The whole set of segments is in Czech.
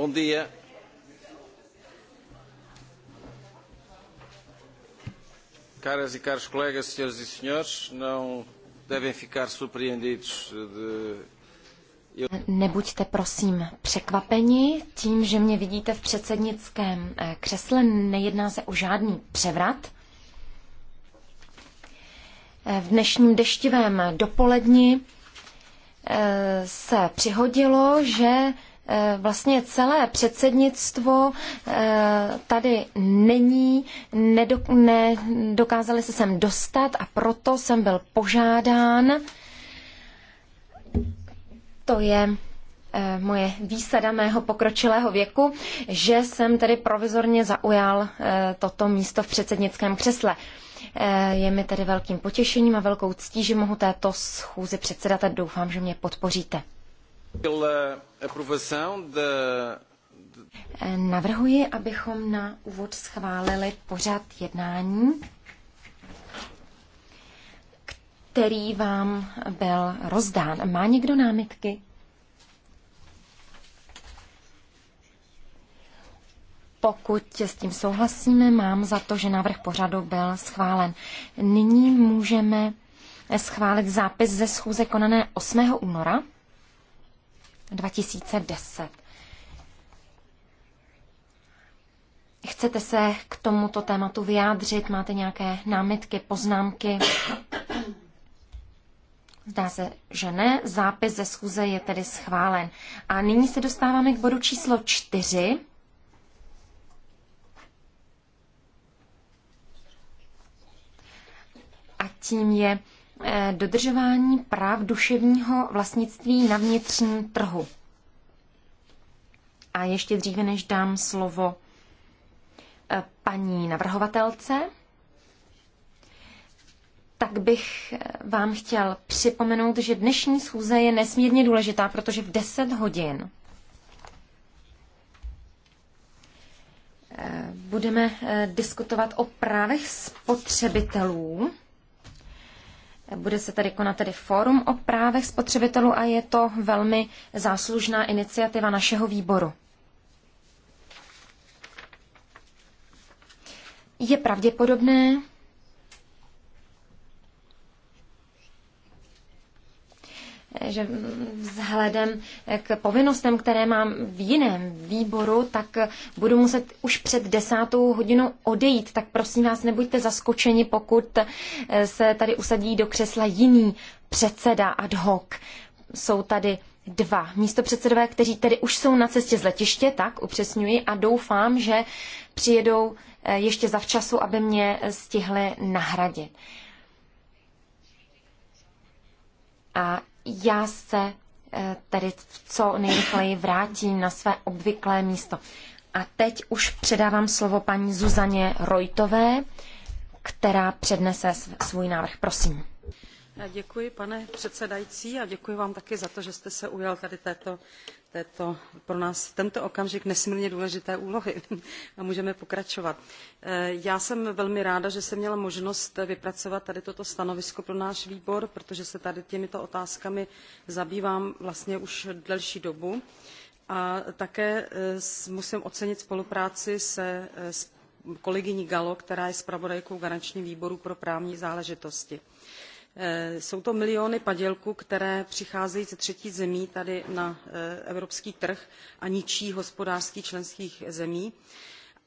Bom dia. Caras e caros colegas, senhoras e senhores, não devem ficar surpreendidos de... Nebuďte prosím překvapeni tím, že mě vidíte v předsednickém eh, křesle. Nejedná se o žádný převrat. Eh, v dnešním deštivém dopoledni eh, se přihodilo, že Eh, vlastně celé předsednictvo eh, tady není, nedokázali se sem dostat a proto jsem byl požádán. To je eh, moje výsada mého pokročilého věku, že jsem tedy provizorně zaujal toto místo v předsednickém křesle. Je mi tedy velkým potěšením a velkou ctí, že mohu této schůzi předsedat a doufám, že mě podpoříte. Navrhuji, abychom na úvod schválili pořad jednání, který vám byl rozdán. Má někdo námitky? Pokud s tím souhlasíme, mám za to, že návrh pořadu byl schválen. Nyní můžeme schválit zápis ze schůze konané 8. února. 2010. Chcete se k tomuto tématu vyjádřit? Máte nějaké námitky, poznámky? Zdá se, že ne. Zápis ze schůze je tedy schválen. A nyní se dostáváme k bodu číslo čtyři. A tím je Eh, dodržování práv duševního vlastnictví na vnitřním trhu. A ještě dříve, než dám slovo eh, paní navrhovatelce, tak bych eh, vám chtěl připomenout, že dnešní schůze je nesmírně důležitá, protože v 10 hodin budeme diskutovat o právech spotřebitelů bude se tady konat tedy fórum o právech spotřebitelů a je to velmi záslužná iniciativa našeho výboru. Je pravděpodobné, že vzhledem k povinnostem, které mám v jiném výboru, tak budu muset už před desátou hodinou odejít. Tak prosím vás, nebuďte zaskočeni, pokud eh, se tady usadí do křesla jiný předseda ad hoc. Jsou tady dva místopředsedové, kteří tedy už jsou na cestě z letiště, tak upřesňuji a doufám, že přijedou eh, ještě zavčasu, aby mě stihli nahradit. A já se eh, tedy co nejrychleji vrátím na své obvyklé místo. A teď už předávám slovo paní Zuzaně Rojtové, která přednese svůj návrh. Prosím. Děkuji, pane předsedající, a děkuji vám taky za to, že jste se ujal tady této této pro nás v tento okamžik nesmírně důležité úlohy a můžeme pokračovat. Eh, já jsem velmi ráda, že jsem měla možnost vypracovat tady toto stanovisko pro náš výbor, protože se tady těmito otázkami zabývám vlastně už delší dobu. A také eh, musím ocenit spolupráci se eh, kolegyní Galo, která je zpravodajkou garančního výboru pro právní záležitosti Eh, jsou to miliony padělků které přicházejí ze třetích zemí tady na eh, evropský trh a ničí hospodářství členských zemí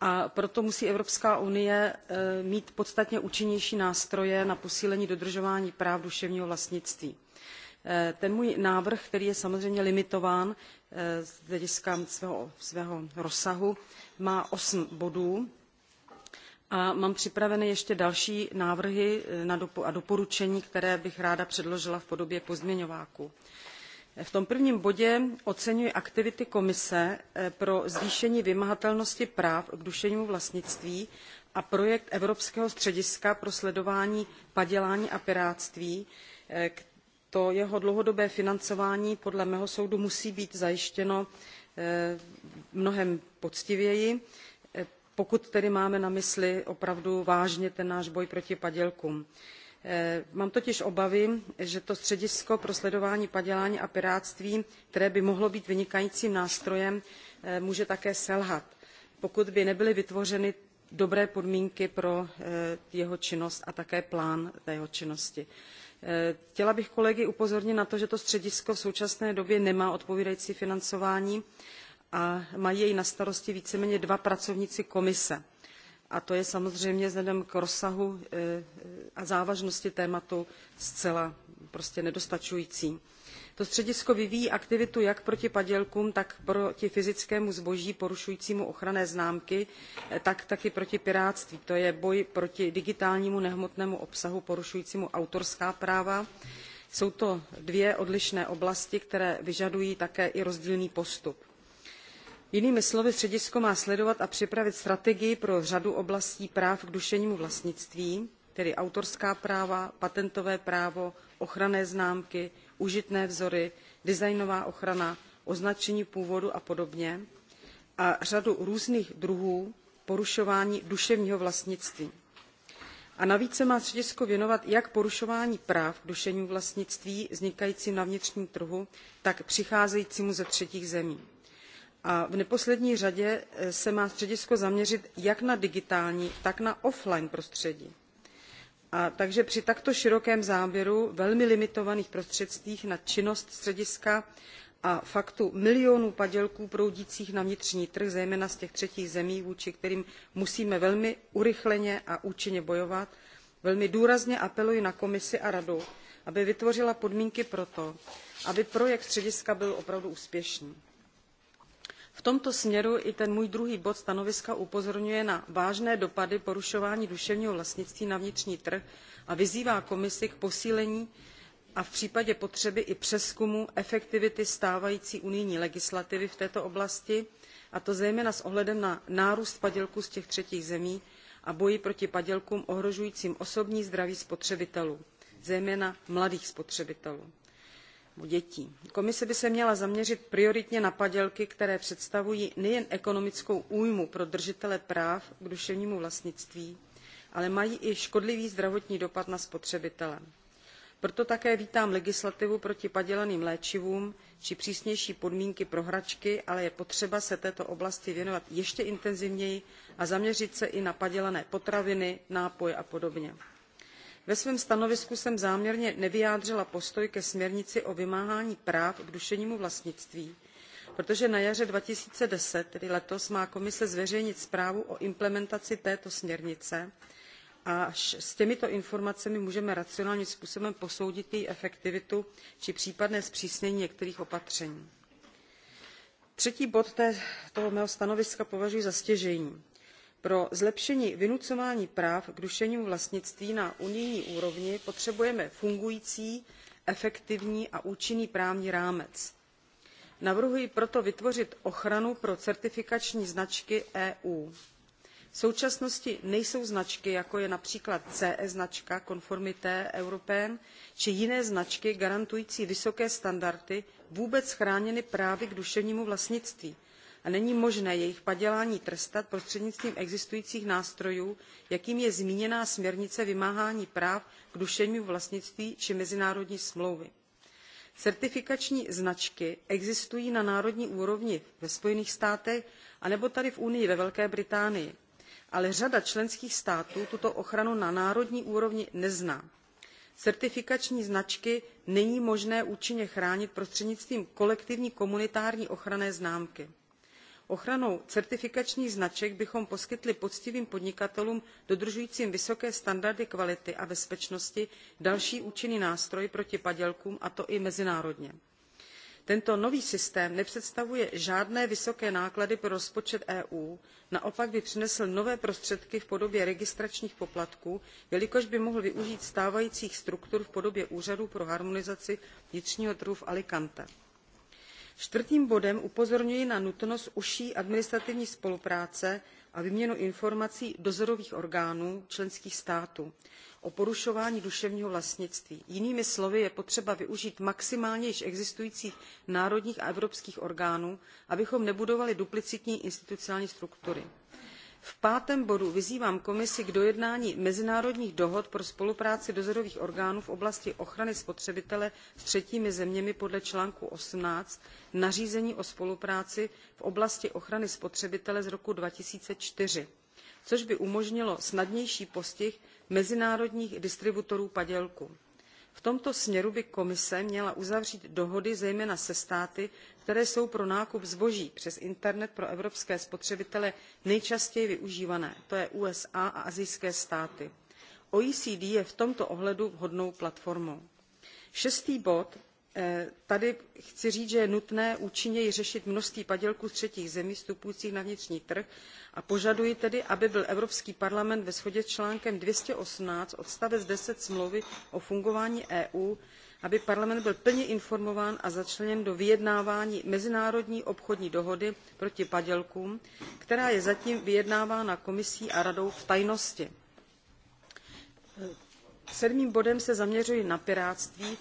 a proto musí evropská unie eh, mít podstatně účinnější nástroje na posílení dodržování práv duševního vlastnictví. ten můj návrh který je samozřejmě limitován z hlediska svého rozsahu má osm bodů a mám připraveny ještě další návrhy eh, a doporučení které bych ráda předložila v podobě pozměňováku. v tom prvním bodě oceňuji aktivity komise eh, pro zvýšení vymahatelnosti práv k duševnímu vlastnictví a projekt evropského střediska pro sledování padělání a pirátství eh, to jeho dlouhodobé financování podle mého soudu musí být zajištěno mnohem poctivěji a pokud tedy máme na mysli opravdu vážně ten náš boj proti padělkům. Eh, mám totiž obavy že to středisko pro sledování padělání a pirátství které by mohlo být vynikajícím nástrojem eh, může také selhat pokud by nebyly vytvořeny dobré podmínky pro eh, jeho činnost a také plán jeho činnosti. chtěla bych kolegy upozornit na to že to středisko v současné době nemá odpovídající financování a a mají jej na starosti víceméně dva pracovníci komise a to je samozřejmě vzhledem k rozsahu e, e, a závažnosti tématu zcela prostě nedostačující. to středisko vyvíjí aktivitu jak proti padělkům tak proti fyzickému zboží porušujícímu ochranné známky e, tak také proti pirátství to je boj proti digitálnímu nehmotnému obsahu porušujícímu autorská práva. jsou to dvě odlišné oblasti které vyžadují také i rozdílný postup jinými slovy středisko má sledovat a připravit strategii pro řadu oblastí práv k duševnímu vlastnictví tedy autorská práva patentové právo ochranné známky užitné vzory designová ochrana označení původu a podobně a řadu různých druhů porušování duševního vlastnictví. A navíc se má středisko věnovat jak porušování práv k duševnímu vlastnictví vznikajícím na vnitřním trhu, tak přicházejícímu ze třetích zemí. A v neposlední řadě eh, se má středisko zaměřit jak na digitální, tak na offline prostředí. A takže při takto širokém záběru velmi limitovaných prostředcích na činnost střediska a faktu milionů padělků proudících na vnitřní trh zejména z těch třetích zemí vůči kterým musíme velmi urychleně a účinně bojovat velmi důrazně apeluji na komisi a radu aby vytvořily podmínky pro to aby projekt střediska byl opravdu úspěšný v tomto směru i ten můj druhý bod stanoviska upozorňuje na vážné dopady porušování duševního vlastnictví na vnitřní trh a vyzývá komisi k posílení a v případě potřeby i přezkumu efektivity stávající unijní legislativy v této oblasti a to zejména s ohledem na nárůst padělků z těch třetích zemí a boji proti padělkům ohrožujícím osobní zdraví spotřebitelů zejména mladých spotřebitelů u dětí. komise by se měla zaměřit prioritně na padělky které představují nejen ekonomickou újmu pro držitele práv k duševnímu vlastnictví ale mají i škodlivý zdravotní dopad na spotřebitele. proto také vítám legislativu proti padělaným léčivům či přísnější podmínky pro hračky ale je potřeba se této oblasti věnovat ještě intenzivněji a zaměřit se i na padělané potraviny nápoje a podobně ve svém stanovisku jsem záměrně nevyjádřila postoj ke směrnici o vymáhání práv k duševnímu vlastnictví protože na jaře two thousand and ten tedy letos má komise zveřejnit zprávu o implementaci této směrnice a s těmito informacemi můžeme racionálním způsobem posoudit její efektivitu či případné zpřísnění některých opatření. třetí bod mého stanoviska považuji za stěžejní pro zlepšení vynucování práv k duševnímu vlastnictví na unijní úrovni potřebujeme fungující efektivní a účinný právní rámec. navrhuji proto vytvořit ochranu pro certifikační značky eu. v současnosti nejsou značky jako je například ce značka conformité européenne či jiné značky garantující vysoké standardy vůbec chráněny právy k duševnímu vlastnictví a není možné jejich padělání trestat prostřednictvím existujících nástrojů jakým je zmíněná směrnice vymáhání práv k duševnímu vlastnictví či mezinárodní smlouvy. certifikační značky existují na národní úrovni ve spojených státech anebo tady v unii ve velké británii ale řada členských států tuto ochranu na národní úrovni nezná certifikační značky není možné účinně chránit prostřednictvím kolektivní komunitární ochranné známky ochranou certifikačních značek bychom poskytli poctivým podnikatelům dodržujícím vysoké standardy kvality a bezpečnosti další účinný nástroj proti padělkům a to i mezinárodně. tento nový systém nepředstavuje žádné vysoké náklady pro rozpočet eu naopak by přinesl nové prostředky v podobě registračních poplatků jelikož by mohl využít stávajících struktur v podobě úřadu pro harmonizaci vnitřního trhu v alicante čtvrtým bodem upozorňuji na nutnost užší administrativní spolupráce a výměnu informací dozorových orgánů členských států o porušování duševního vlastnictví. jinými slovy je potřeba využít maximálně již existujících národních a evropských orgánů abychom nebudovali duplicitní institucionální struktury v pátém bodu vyzývám komisi k dojednání mezinárodních dohod pro spolupráci dozorových orgánů v oblasti ochrany spotřebitele s třetími zeměmi podle článku eighteen nařízení o spolupráci v oblasti ochrany spotřebitele z roku two thousand and four což by umožnilo snadnější postih mezinárodních distributorů padělků v tomto směru by komise měla uzavřít dohody zejména se státy které jsou pro nákup zboží přes internet pro evropské spotřebitele nejčastěji využívané to je usa a asijské státy. oecd je v tomto ohledu vhodnou platformou. šestý bod Eh, tady chci říct že je nutné účinněji řešit množství padělků z třetích zemí vstupujících na vnitřní trh a požaduji tedy aby byl evropský parlament ve shodě s článkem two hundred and eighteen odstavec ten smlouvy o fungování eu aby parlament byl plně informován a začleněn do vyjednávání mezinárodní obchodní dohody proti padělkům která je zatím vyjednávána komisí a radou v tajnosti. Eh, sedmým bodem se zaměřuji na pirátství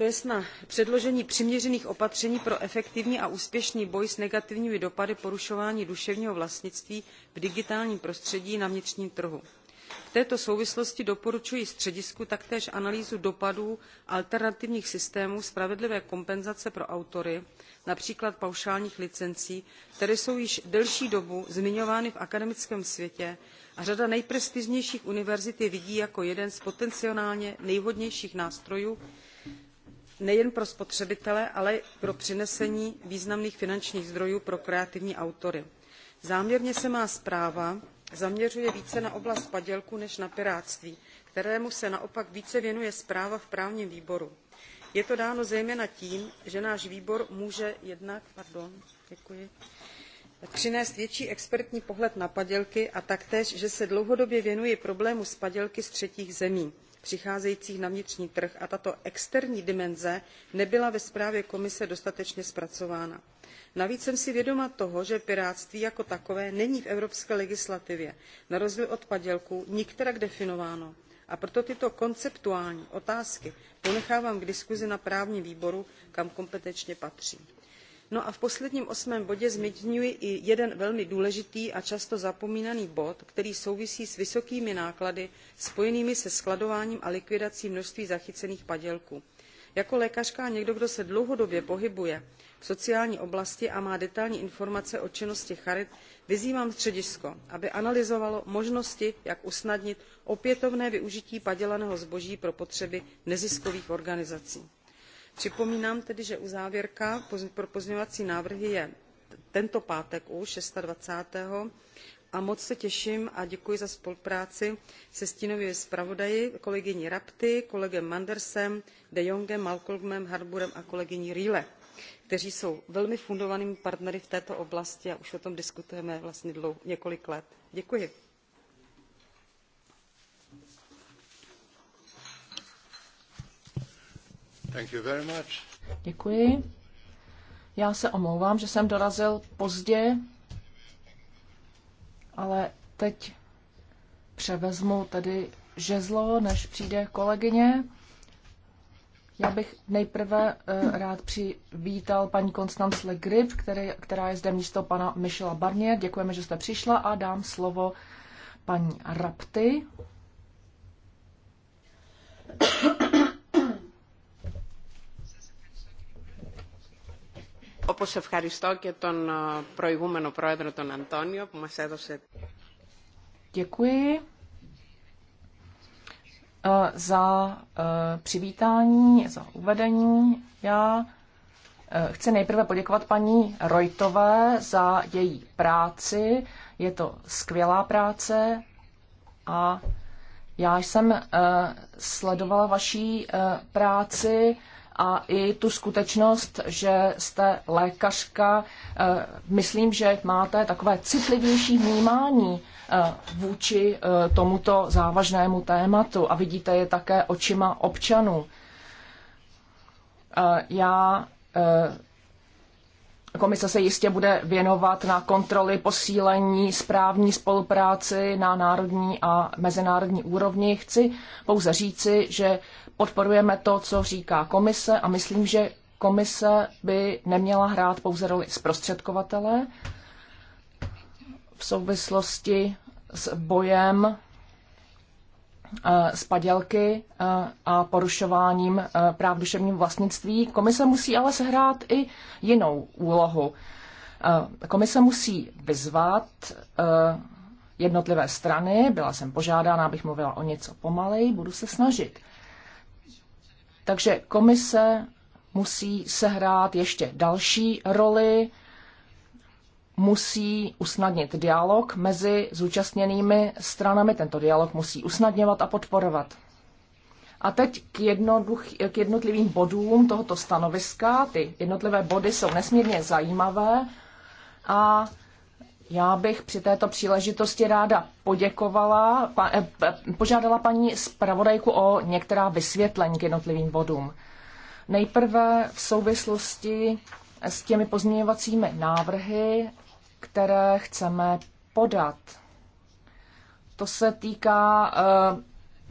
to jest na předložení přiměřených opatření pro efektivní a úspěšný boj s negativními dopady porušování duševního vlastnictví v digitálním prostředí na vnitřním trhu. v této souvislosti doporučuji středisku taktéž analýzu dopadů alternativních systémů spravedlivé kompenzace pro autory například paušálních licencí které jsou již delší dobu zmiňovány v akademickém světě a řada nejprestižnějších univerzit je vidí jako jeden z potenciálně nejvhodnějších nástrojů nejen pro spotřebitele ale i pro přinesení významných finančních zdrojů pro kreativní autory. záměrně se má zpráva zaměřuje více na oblast padělků než na pirátství kterému se naopak více věnuje zpráva v právním výboru. je to dáno zejména tím že náš výbor může jednak přinést větší expertní pohled na padělky a taktéž že se dlouhodobě věnuji problému s padělky z třetích zemí přicházejících na vnitřní trh a tato externí dimenze nebyla ve zprávě komise dostatečně zpracována. navíc jsem si vědoma toho že pirátství jako takové není v evropské legislativě na rozdíl od padělků nikterak definováno a proto tyto konceptuální otázky ponechávám k diskusi na právním výboru kam kompetenčně patří no a v posledním osmém bodě zmiňuji i jeden velmi důležitý a často zapomínaný bod který souvisí s vysokými náklady spojenými se skladováním a likvidací množství zachycených padělků. jako lékařka a někdo kdo se dlouhodobě pohybuje v sociální oblasti a má detailní informace o činnosti charit vyzývám středisko aby analyzovalo možnosti jak usnadnit opětovné využití padělaného zboží pro potřeby neziskových organizací připomínám tedy že uzávěrka pro pozměňovací návrhy je tento pátek už. twenty a moc se těším a děkuji za spolupráci se stínovými zpravodaji kolegyní rapti kolegem mandersem de jongem malcolmem harbourem a kolegyní rhleovou kteří jsou velmi fundovanými partnery v této oblasti a už o tom diskutujeme vlastně několik let. děkuji. Děkuji. Já se omlouvám, že jsem dorazil pozdě, ale teď převezmu tady žezlo, než přijde kolegyně. Já bych nejprve eh, rád přivítal paní Konstanc Legrip, která je zde místo pana Michela Barnier. Děkujeme, že jste přišla a dám slovo paní Rapty. Όπως ευχαριστώ και τον προηγούμενο πρόεδρο, τον Αντώνιο, που μας έδωσε... Děkuji za přivítání, za uvedení. Já e, Chci nejprve poděkovat paní Rojtové za její práci. Je to skvělá práce a já jsem e, sledovala vaší e, práci a i tu skutečnost, že jste lékařka, eh, myslím, že máte takové citlivější vnímání eh, vůči eh, tomuto závažnému tématu a vidíte je také očima občanů. Já Komise se jistě bude věnovat na kontroly, posílení, správní spolupráci na národní a mezinárodní úrovni. Chci pouze říci, že podporujeme to, co říká komise a myslím, že komise by neměla hrát pouze roli zprostředkovatele v souvislosti s bojem Eh, s padělky eh, a porušováním eh, práv duševního vlastnictví. Komise musí ale sehrát i jinou úlohu. Komise musí vyzvat jednotlivé strany. Byla jsem požádána, abych mluvila o něco pomalej, budu se snažit. Takže komise musí sehrát ještě další roli, musí usnadnit dialog mezi zúčastněnými stranami. Tento dialog musí usnadňovat a podporovat. A teď k, jednoduch, k jednotlivým bodům tohoto stanoviska. Ty jednotlivé body jsou nesmírně zajímavé a já bych při této příležitosti ráda poděkovala, pa, eh, požádala paní zpravodajku o některá vysvětlení k jednotlivým bodům. Nejprve v souvislosti s těmi pozměňovacími návrhy které chceme podat. To se týká eh,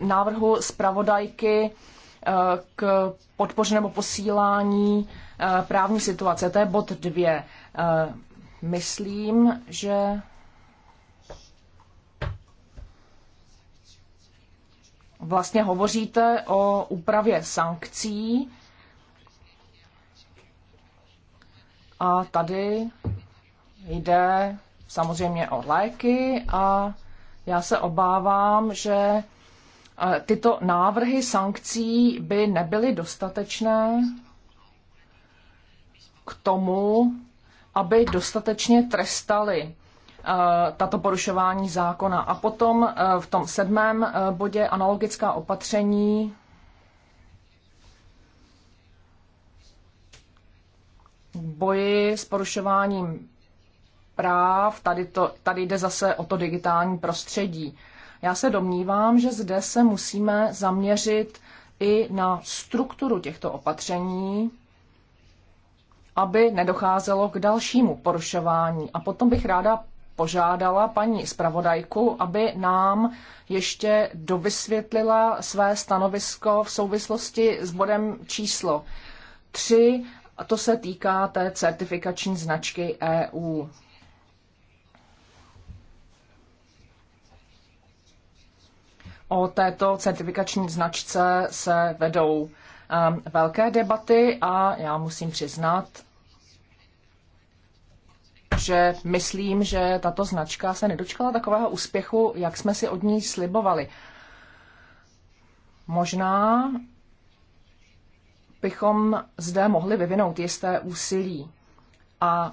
návrhu zpravodajky eh, k podpořenému posílání eh, právní situace. To je bod dvě. Myslím, že vlastně hovoříte o úpravě sankcí a tady Jde samozřejmě o léky a já se obávám, že eh, tyto návrhy sankcí by nebyly dostatečné k tomu, aby dostatečně trestali eh, tato porušování zákona. A potom eh, v tom sedmém bodě analogická opatření boji s porušováním práv, tady, to, tady jde zase o to digitální prostředí. Já se domnívám, že zde se musíme zaměřit i na strukturu těchto opatření, aby nedocházelo k dalšímu porušování. A potom bych ráda požádala paní zpravodajku, aby nám ještě dovysvětlila své stanovisko v souvislosti s bodem číslo 3, a to se týká té certifikační značky EU. O této certifikační značce se vedou um, velké debaty a já musím přiznat, že myslím, že tato značka se nedočkala takového úspěchu, jak jsme si od ní slibovali. Možná bychom zde mohli vyvinout jisté úsilí a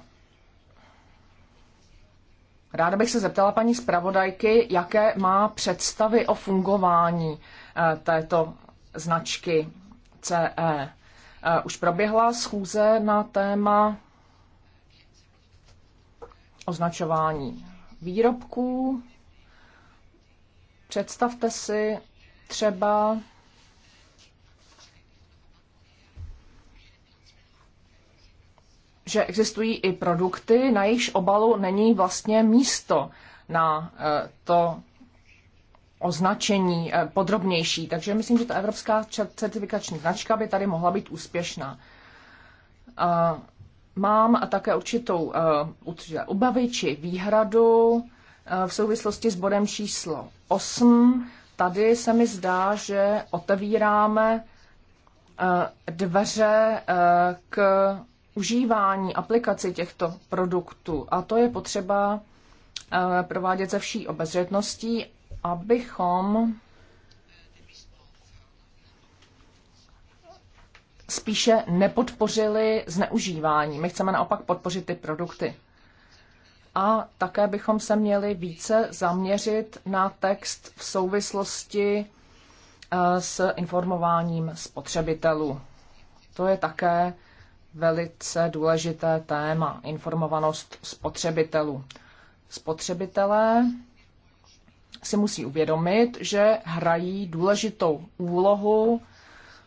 Ráda bych se zeptala paní zpravodajky, jaké má představy o fungování eh, této značky CE. Eh, už proběhla schůze na téma označování výrobků. Představte si třeba že existují i produkty, na jejichž obalu není vlastně místo na eh, to označení eh, podrobnější. Takže myslím, že ta evropská certifikační značka by tady mohla být úspěšná. Mám a také určitou eh, obavy či výhradu v souvislosti s bodem číslo 8. Tady se mi zdá, že otevíráme dveře k užívání aplikaci těchto produktů. A to je potřeba eh, provádět ze vší obezřetností, abychom spíše nepodpořili zneužívání. My chceme naopak podpořit ty produkty. A také bychom se měli více zaměřit na text v souvislosti eh, s informováním spotřebitelů. To je také velice důležité téma informovanost spotřebitelů. Spotřebitelé si musí uvědomit, že hrají důležitou úlohu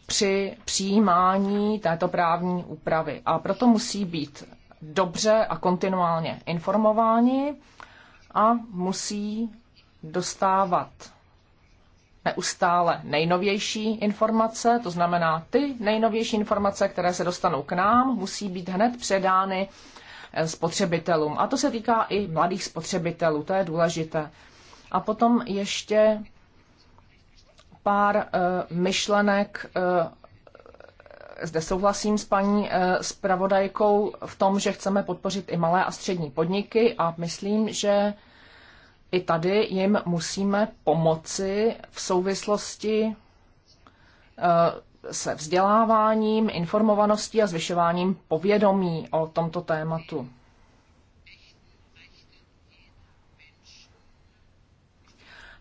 při přijímání této právní úpravy a proto musí být dobře a kontinuálně informováni a musí dostávat neustále nejnovější informace, to znamená ty nejnovější informace, které se dostanou k nám, musí být hned předány eh, spotřebitelům. A to se týká i mladých spotřebitelů, to je důležité. A potom ještě pár uh, myšlenek. Uh, zde souhlasím s paní uh, zpravodajkou v tom, že chceme podpořit i malé a střední podniky a myslím, že i tady jim musíme pomoci v souvislosti eh, se vzděláváním, informovaností a zvyšováním povědomí o tomto tématu.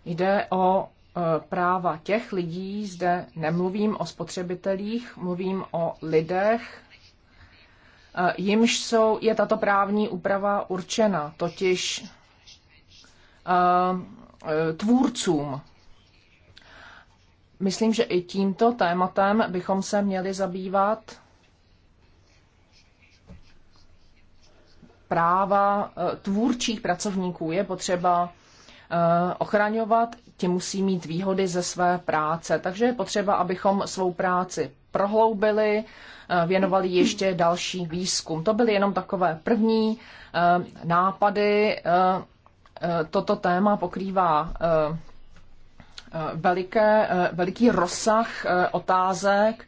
Jde o eh, práva těch lidí, zde nemluvím o spotřebitelích, mluvím o lidech, eh, jimž jsou, je tato právní úprava určena, totiž Eh, tvůrcům. Myslím, že i tímto tématem bychom se měli zabývat. Práva eh, tvůrčích pracovníků je potřeba eh, ochraňovat, ti musí mít výhody ze své práce. Takže je potřeba, abychom svou práci prohloubili, věnovali ještě další výzkum. To byly jenom takové první nápady, toto téma pokrývá eh, eh, veliké, eh, veliký rozsah otázek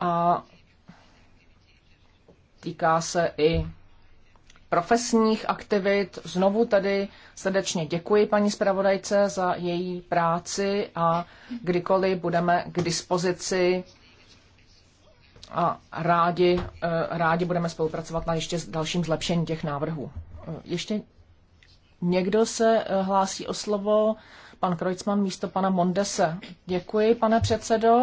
a týká se i profesních aktivit. Znovu tedy srdečně děkuji paní zpravodajce za její práci a kdykoliv budeme k dispozici a rádi, eh, rádi budeme spolupracovat na ještě dalším zlepšení těch návrhů. Eh, ještě někdo se eh, hlásí o slovo? Pan Krojcman místo pana Mondese. Děkuji, pane předsedo.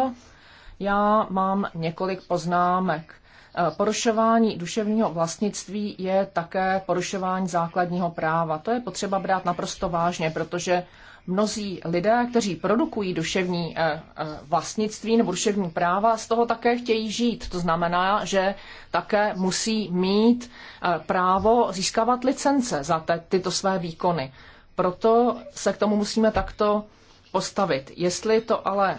Já mám několik poznámek. Eh, porušování duševního vlastnictví je také porušování základního práva. To je potřeba brát naprosto vážně, protože mnozí lidé, kteří produkují duševní eh, eh, vlastnictví nebo duševní práva, z toho také chtějí žít. To znamená, že také musí mít právo získávat licence za te, tyto své výkony. Proto se k tomu musíme takto postavit. Jestli to ale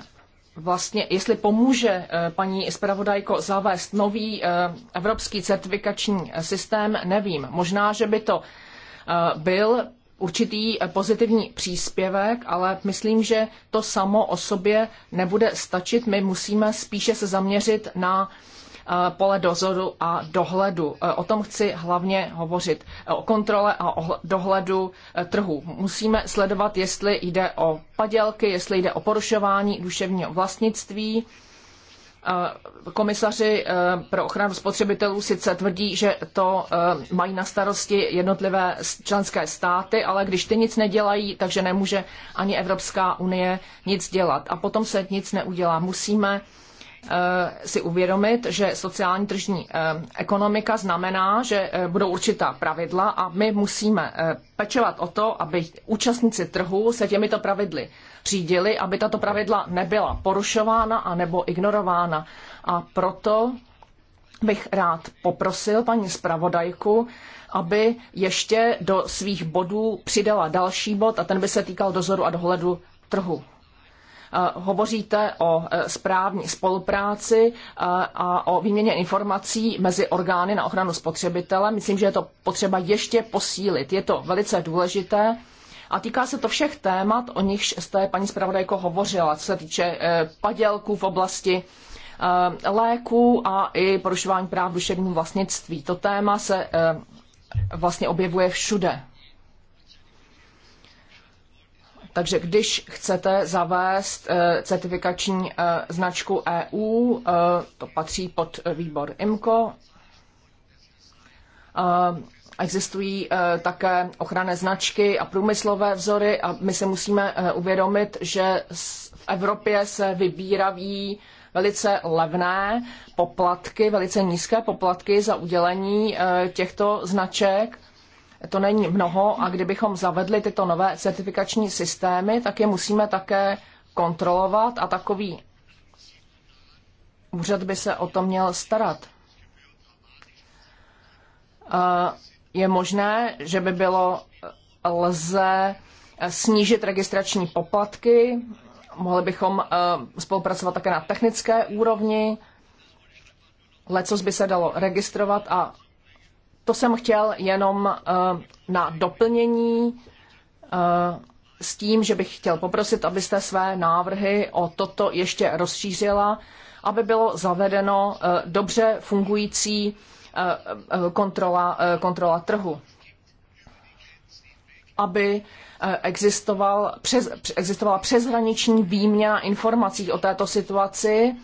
vlastně, jestli pomůže eh, paní zpravodajko zavést nový eh, evropský certifikační systém, nevím. Možná, že by to eh, byl určitý pozitivní příspěvek, ale myslím, že to samo o sobě nebude stačit. My musíme spíše se zaměřit na Eh, pole dozoru a dohledu. Eh, o tom chci hlavně hovořit. Eh, o kontrole a o dohledu trhu. Musíme sledovat, jestli jde o padělky, jestli jde o porušování duševního vlastnictví. Komisaři pro ochranu spotřebitelů sice tvrdí, že to mají na starosti jednotlivé členské státy, ale když ty nic nedělají, takže nemůže ani Evropská unie nic dělat. A potom se nic neudělá. Musíme Eh, si uvědomit, že sociální tržní eh, ekonomika znamená, že eh, budou určitá pravidla a my musíme pečovat o to, aby účastníci trhu se těmito pravidly řídili, aby tato pravidla nebyla porušována nebo ignorována. A proto bych rád poprosil paní zpravodajku, aby ještě do svých bodů přidala další bod a ten by se týkal dozoru a dohledu trhu. Eh, hovoříte o eh, správní spolupráci eh, a o výměně informací mezi orgány na ochranu spotřebitele. Myslím, že je to potřeba ještě posílit. Je to velice důležité. A týká se to všech témat, o nichž jste, paní zpravodajko, hovořila, co se týče padělků v oblasti léků a i porušování práv duševního vlastnictví. To téma se vlastně objevuje všude takže když chcete zavést eh, certifikační eh, značku EU, eh, to patří pod výbor IMCO, Existují také ochranné značky a průmyslové vzory a my se musíme uvědomit, že v Evropě se vybíraví velice levné poplatky, velice nízké poplatky za udělení těchto značek to není mnoho a kdybychom zavedli tyto nové certifikační systémy, tak je musíme také kontrolovat a takový úřad by se o to měl starat. Eh, je možné, že by bylo eh, lze eh, snížit registrační poplatky, mohli bychom spolupracovat také na technické úrovni, lecos by se dalo registrovat a to jsem chtěl jenom eh, na doplnění eh, s tím, že bych chtěl poprosit, abyste své návrhy o toto ještě rozšířila, aby bylo zavedeno eh, dobře fungující kontrola, kontrola trhu. Aby existoval přes, existovala přeshraniční výměna informací o této situaci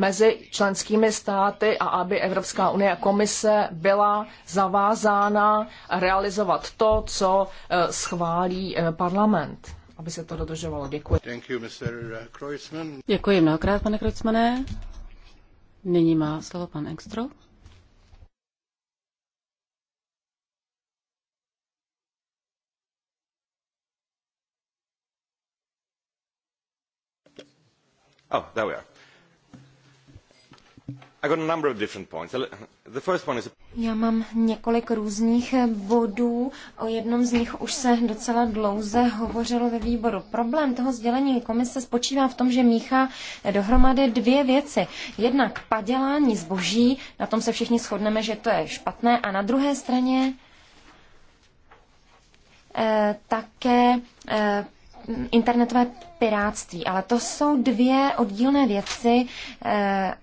mezi členskými státy a aby Evropská unie a komise byla zavázána realizovat to, co eh, schválí eh, parlament aby se to dodržovalo. Děkuji. You, eh, Děkuji mnohokrát, pane Kreutzmane. Nyní má slovo pan Engstro. Oh, there we are. Já mám několik různých bodů, o jednom z nich už se docela dlouze hovořilo ve výboru. Problém toho sdělení komise spočívá v tom, že míchá dohromady dvě věci. Jednak padělání zboží, na tom se všichni shodneme, že to je špatné, a na druhé straně e, také e, internetové piráctví. Ale to jsou dvě oddílné věci. E,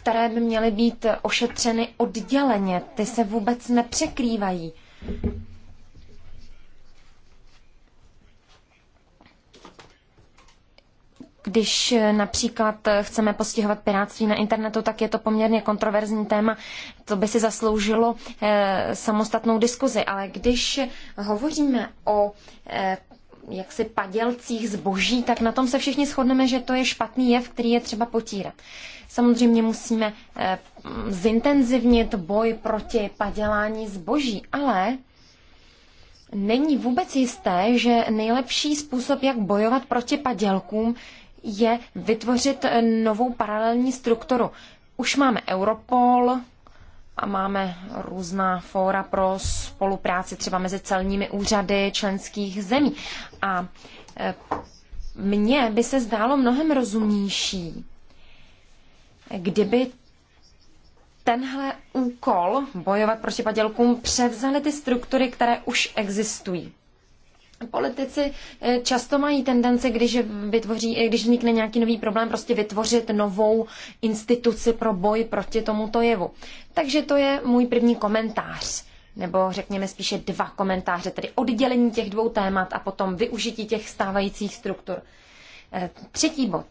které by měly být ošetřeny odděleně. Ty se vůbec nepřekrývají. Když eh, například eh, chceme postihovat pirátství na internetu, tak je to poměrně kontroverzní téma. To by si zasloužilo eh, samostatnou diskuzi. Ale když hovoříme o jaksi padělcích zboží, tak na tom se všichni shodneme, že to je špatný jev, který je třeba potírat. Samozřejmě musíme eh, zintenzivnit boj proti padělání zboží, ale není vůbec jisté, že nejlepší způsob, jak bojovat proti padělkům, je vytvořit eh, novou paralelní strukturu. Už máme Europol, a máme různá fóra pro spolupráci třeba mezi celními úřady členských zemí. A e, mně by se zdálo mnohem rozumnější, kdyby tenhle úkol bojovat proti padělkům převzaly ty struktury, které už existují. Politici eh, často mají tendenci, když, vytvoří, eh, když vznikne nějaký nový problém, prostě vytvořit novou instituci pro boj proti tomuto jevu. Takže to je můj první komentář, nebo řekněme spíše dva komentáře, tedy oddělení těch dvou témat a potom využití těch stávajících struktur. Eh, třetí bod.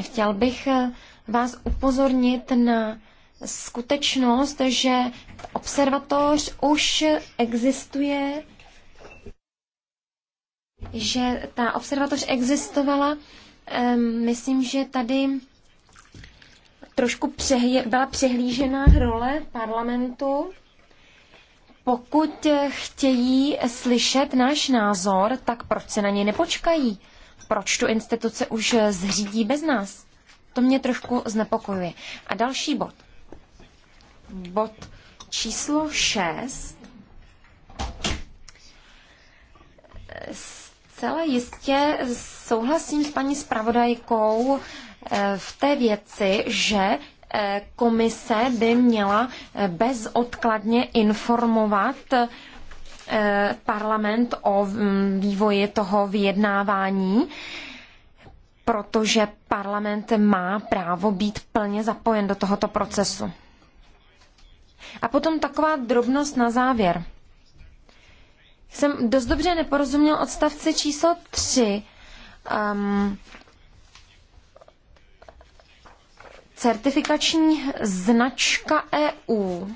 Chtěl bych vás upozornit na skutečnost, že observatoř už existuje, že ta observatoř existovala, myslím, že tady trošku přehlí, byla přehlížená role parlamentu. Pokud chtějí slyšet náš názor, tak proč se na něj nepočkají? Proč tu instituce už zřídí bez nás? To mě trošku znepokojuje. A další bod bod číslo 6 zcela jistě souhlasím s paní zpravodajkou eh, v té věci, že eh, komise by měla eh, bezodkladně informovat parlament o mm, vývoji toho vyjednávání, protože parlament má právo být plně zapojen do tohoto procesu. A potom taková drobnost na závěr. Jsem dost dobře neporozuměl odstavce číslo 3. Um, certifikační značka EU.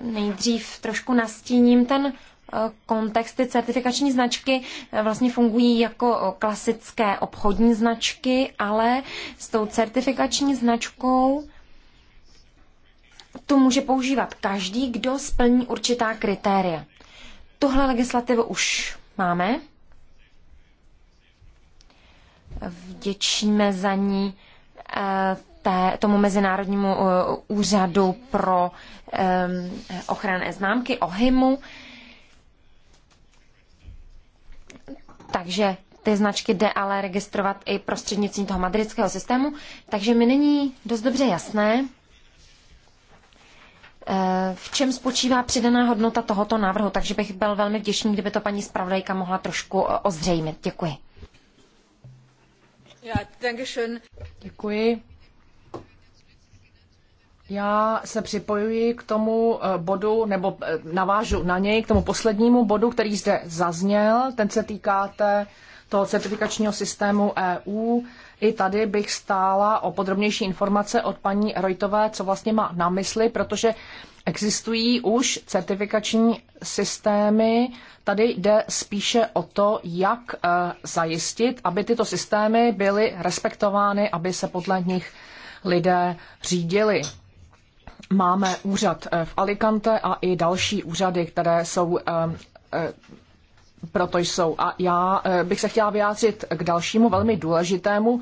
Nejdřív trošku nastíním ten uh, kontext. Ty certifikační značky eh, vlastně fungují jako eh, klasické obchodní značky, ale s tou certifikační značkou tu může používat každý, kdo splní určitá kritéria. Tohle legislativu už máme. Vděčíme za ní eh, té, tomu Mezinárodnímu eh, úřadu pro eh, ochranné známky, OHIMu. Takže ty značky jde ale registrovat i prostřednictvím toho madridského systému, takže mi není dost dobře jasné, Eh, v čem spočívá přidaná hodnota tohoto návrhu, takže bych byl velmi vděčný, kdyby to paní zpravodajka mohla trošku eh, ozřejmit. Děkuji. Děkuji. Já se připojuji k tomu eh, bodu, nebo navážu na něj, k tomu poslednímu bodu, který zde zazněl. Ten se týká té, toho certifikačního systému EU. I tady bych stála o podrobnější informace od paní Rojtové, co vlastně má na mysli, protože existují už certifikační systémy. Tady jde spíše o to, jak eh, zajistit, aby tyto systémy byly respektovány, aby se podle nich lidé řídili. Máme úřad eh, v Alicante a i další úřady, které jsou eh, proto jsou. A já eh, bych se chtěla vyjádřit k dalšímu velmi důležitému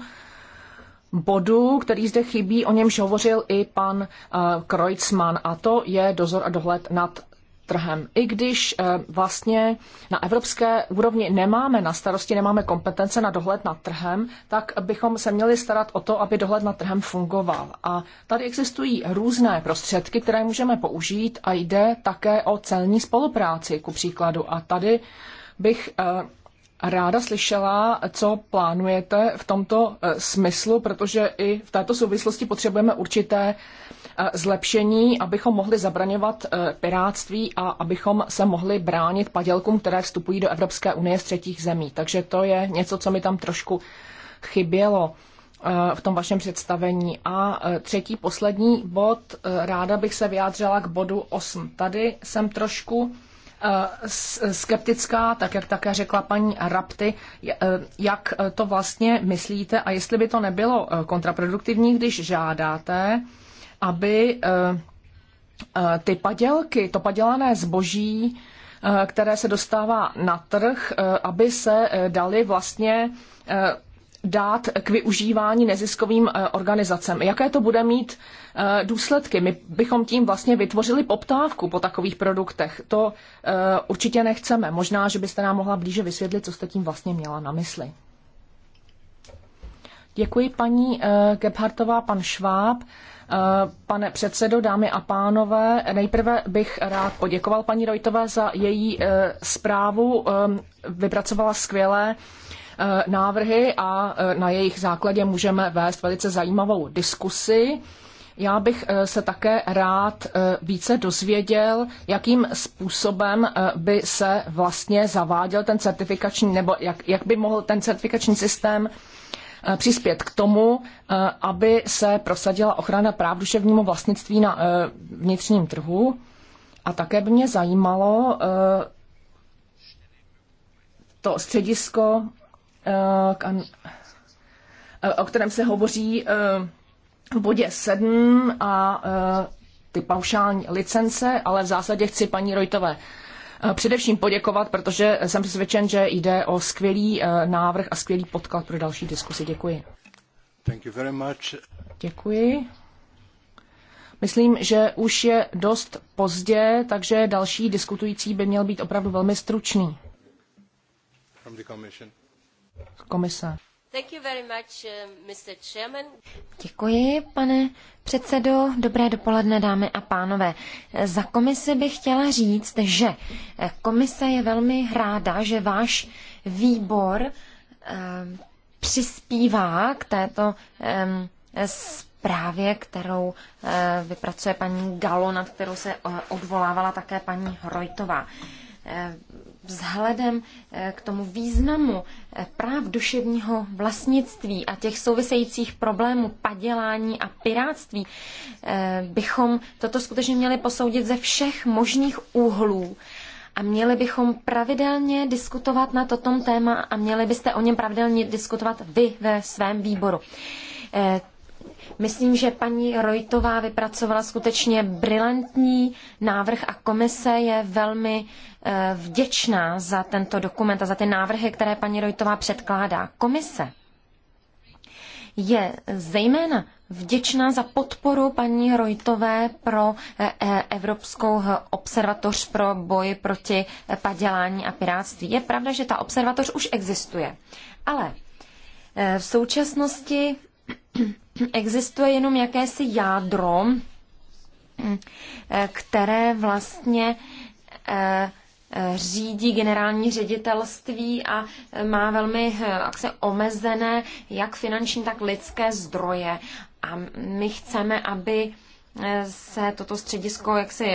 bodu, který zde chybí, o němž hovořil i pan eh, Kreutzmann, a to je dozor a dohled nad trhem. I když eh, vlastně na evropské úrovni nemáme na starosti, nemáme kompetence na dohled nad trhem, tak bychom se měli starat o to, aby dohled nad trhem fungoval. A tady existují různé prostředky, které můžeme použít a jde také o celní spolupráci, ku příkladu. A tady bych eh, ráda slyšela, co plánujete v tomto eh, smyslu, protože i v této souvislosti potřebujeme určité eh, zlepšení, abychom mohli zabraňovat piráctví a abychom se mohli bránit padělkům, které vstupují do Evropské unie z třetích zemí. Takže to je něco, co mi tam trošku chybělo v tom vašem představení. A třetí, poslední bod, ráda bych se vyjádřila k bodu 8. Tady jsem trošku Eh, skeptická, tak jak také řekla paní Rapty, eh, jak eh, to vlastně myslíte a jestli by to nebylo kontraproduktivní, když žádáte, aby ty padělky, to padělané zboží, které se dostává na trh, aby se dali vlastně dát k využívání neziskovým eh, organizacem. Jaké to bude mít eh, důsledky? My bychom tím vlastně vytvořili poptávku po takových produktech. To eh, určitě nechceme. Možná, že byste nám mohla blíže vysvětlit, co jste tím vlastně měla na mysli. Děkuji paní Gebhartová, pan Šváb. Pane předsedo, dámy a pánové, nejprve bych rád poděkoval paní Rojtové za její zprávu. Vypracovala skvělé Eh, návrhy a eh, na jejich základě můžeme vést velice zajímavou diskusi. Já bych eh, se také rád více dozvěděl, jakým způsobem by se vlastně zaváděl ten certifikační, nebo jak, jak by mohl ten certifikační systém přispět k tomu, aby se prosadila ochrana práv duševnímu vlastnictví na vnitřním trhu. A také by mě zajímalo to středisko Eh, eh, o kterém se hovoří eh, v bodě 7 a ty paušální licence, ale v zásadě chci paní Rojtové především poděkovat, protože jsem přesvědčen, že jde o skvělý návrh a skvělý podklad pro další diskusi. Děkuji. Thank you very much. Děkuji. Myslím, že už je dost pozdě, takže další diskutující by měl být opravdu velmi stručný. From the commission. Komise. Uh, Děkuji, pane předsedo. Dobré dopoledne, dámy a pánové. Za komisi bych chtěla říct, že komise je velmi ráda, že váš výbor eh, přispívá k této zprávě, kterou eh, vypracuje paní Galo, nad kterou se eh, odvolávala také paní Hrojtová vzhledem eh, k tomu významu eh, práv duševního vlastnictví a těch souvisejících problémů padělání a piráctví eh, bychom toto skutečně měli posoudit ze všech možných úhlů. A měli bychom pravidelně diskutovat na toto téma a měli byste o něm pravidelně diskutovat vy ve svém výboru. Myslím, že paní Rojtová vypracovala skutečně brilantní návrh a komise je velmi eh, vděčná za tento dokument a za ty návrhy, které paní Rojtová předkládá. Komise je zejména vděčná za podporu paní Rojtové pro eh, eh, Evropskou observatoř pro boj proti padělání a pirátství. Je pravda, že ta observatoř už existuje, ale v současnosti existuje jenom jakési jádro, mm, eh, které vlastně eh, eh, řídí generální ředitelství a má velmi se omezené jak finanční, tak lidské zdroje. A my chceme, aby se toto středisko jaksi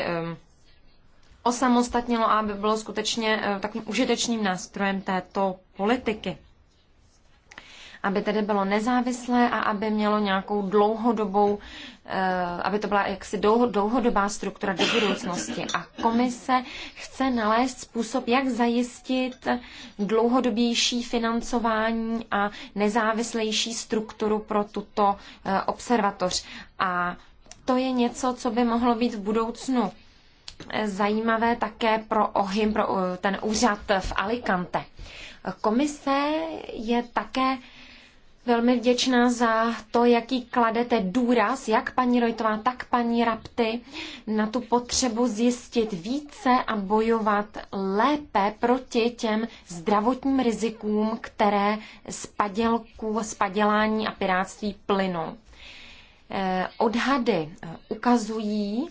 osamostatnilo a aby bylo skutečně takovým užitečným nástrojem této politiky aby tedy bylo nezávislé a aby mělo nějakou dlouhodobou, eh, aby to byla jaksi dlouhodobá struktura do budoucnosti. A komise chce nalézt způsob, jak zajistit dlouhodobější financování a nezávislejší strukturu pro tuto eh, observatoř. A to je něco, co by mohlo být v budoucnu eh, zajímavé také pro OHIM, pro ten úřad v Alicante. Komise je také velmi vděčná za to, jaký kladete důraz, jak paní Rojtová, tak paní Rapty, na tu potřebu zjistit více a bojovat lépe proti těm zdravotním rizikům, které z padělku, z padělání a piráctví plynou. Eh, odhady eh, ukazují,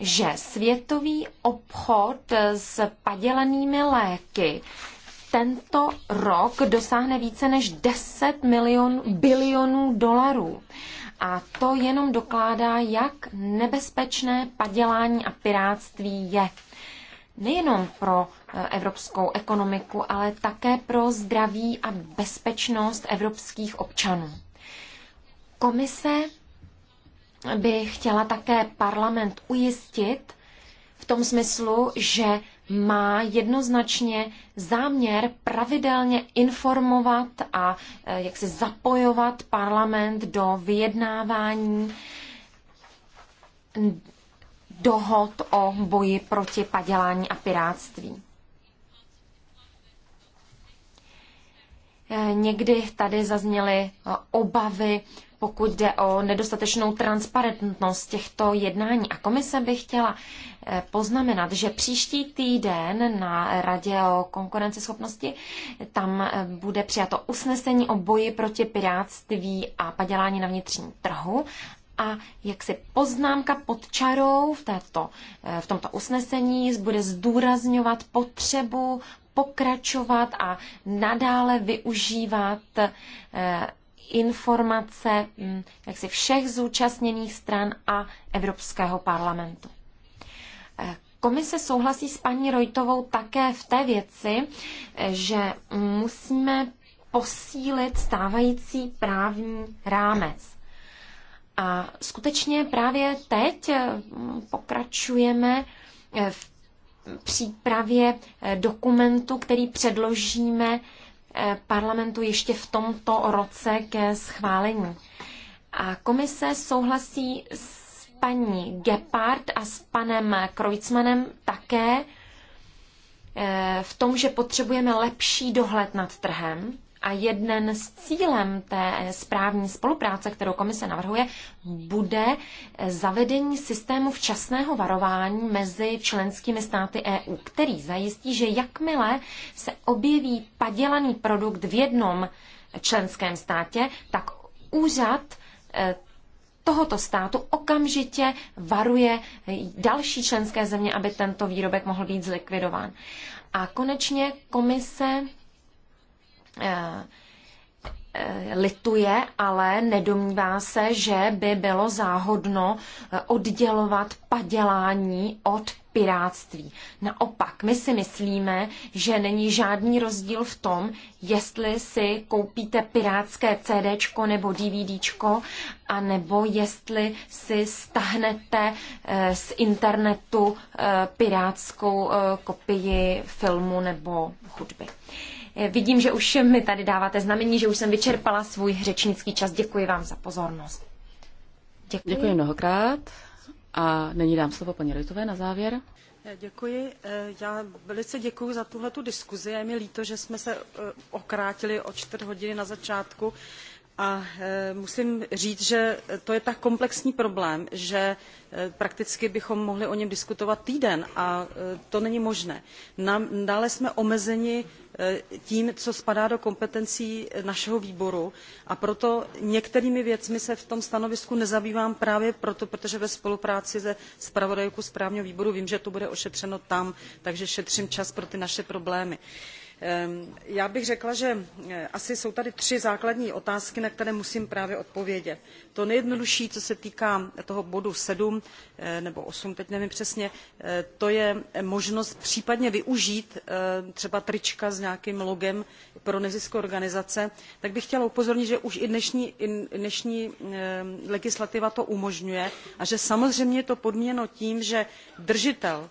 že světový obchod s padělanými léky tento rok dosáhne více než 10 milion, bilionů dolarů. A to jenom dokládá, jak nebezpečné padělání a piráctví je. Nejenom pro eh, evropskou ekonomiku, ale také pro zdraví a bezpečnost evropských občanů. Komise by chtěla také parlament ujistit v tom smyslu, že má jednoznačně záměr pravidelně informovat a eh, jak se zapojovat parlament do vyjednávání dohod o boji proti padělání a piráctví. Eh, někdy tady zazněly eh, obavy pokud jde o nedostatečnou transparentnost těchto jednání. A komise by chtěla eh, poznamenat, že příští týden na Radě o konkurenceschopnosti eh, tam eh, bude přijato usnesení o boji proti pirátství a padělání na vnitřním trhu a jak si poznámka pod čarou v, této, v tomto usnesení bude zdůrazňovat potřebu pokračovat a nadále využívat informace mm, jaksi všech zúčastněných stran a Evropského parlamentu. Eh, komise souhlasí s paní Rojtovou také v té věci, eh, že musíme posílit stávající právní rámec. A skutečně právě teď eh, pokračujeme v přípravě dokumentu, který předložíme Eh, parlamentu ještě v tomto roce ke schválení. A komise souhlasí s paní Gepard a s panem Kreutzmanem také eh, v tom, že potřebujeme lepší dohled nad trhem a jeden z cílem té správní spolupráce, kterou komise navrhuje, bude zavedení systému včasného varování mezi členskými státy EU, který zajistí, že jakmile se objeví padělaný produkt v jednom členském státě, tak úřad eh, tohoto státu okamžitě varuje další členské země, aby tento výrobek mohl být zlikvidován. A konečně komise Eh, lituje, ale nedomnívá se, že by bylo záhodno eh, oddělovat padělání od piráctví. Naopak, my si myslíme, že není žádný rozdíl v tom, jestli si koupíte pirátské CD nebo DVD, a nebo jestli si stahnete eh, z internetu pirátskou kopii filmu nebo hudby. Eh, vidím, že už mi tady dáváte znamení, že už jsem vyčerpala svůj řečnický čas. Děkuji vám za pozornost. Děkuji, Děkuji mnohokrát. A nyní dám slovo paní Rojtové na závěr. Eh, děkuji. Eh, já velice děkuji za tuhle diskuzi. Je mi líto, že jsme se okrátili o čtvrt hodiny na začátku. A musím říct, že to je tak komplexní problém, že prakticky bychom mohli o něm diskutovat týden a to není možné. Dále jsme omezeni Eh, tím co spadá do kompetencí našeho výboru a proto některými věcmi se v tom stanovisku nezabývám právě proto protože ve spolupráci se zpravodajkou správního výboru vím že to bude ošetřeno tam takže šetřím čas pro ty naše problémy já bych řekla že eh, asi jsou tady tři základní otázky na které musím právě odpovědět. to nejjednodušší co se týká toho bodu seven eh, nebo eight teď nevím přesně eh, to je možnost případně využít třeba trička s nějakým logem pro neziskové organizace tak bych chtěla upozornit že už i dnešní, i dnešní legislativa to umožňuje a že samozřejmě je to podmíněno tím že držitel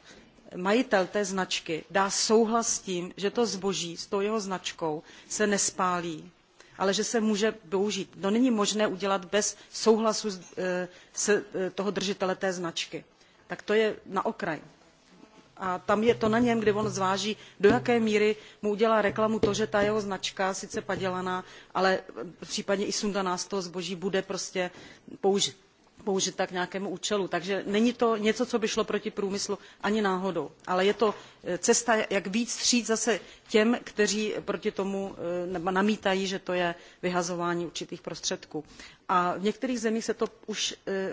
majitel té značky dá souhlas s tím, že to zboží s tou jeho značkou se nespálí, ale že se může použít. To není možné udělat bez souhlasu eh, eh, toho držitele té značky. Tak to je na okraj. A tam je to na něm, kdy on zváží, do jaké míry mu udělá reklamu to, že ta jeho značka, sice padělaná, ale případně i sundaná z toho zboží, bude prostě použita použita k nějakému účelu. Takže není to něco, co by šlo proti průmyslu ani náhodou, ale je to eh, cesta, jak víc vstříc zase těm, kteří proti tomu eh, namítají, že to je vyhazování určitých prostředků. A v některých zemích se to už eh,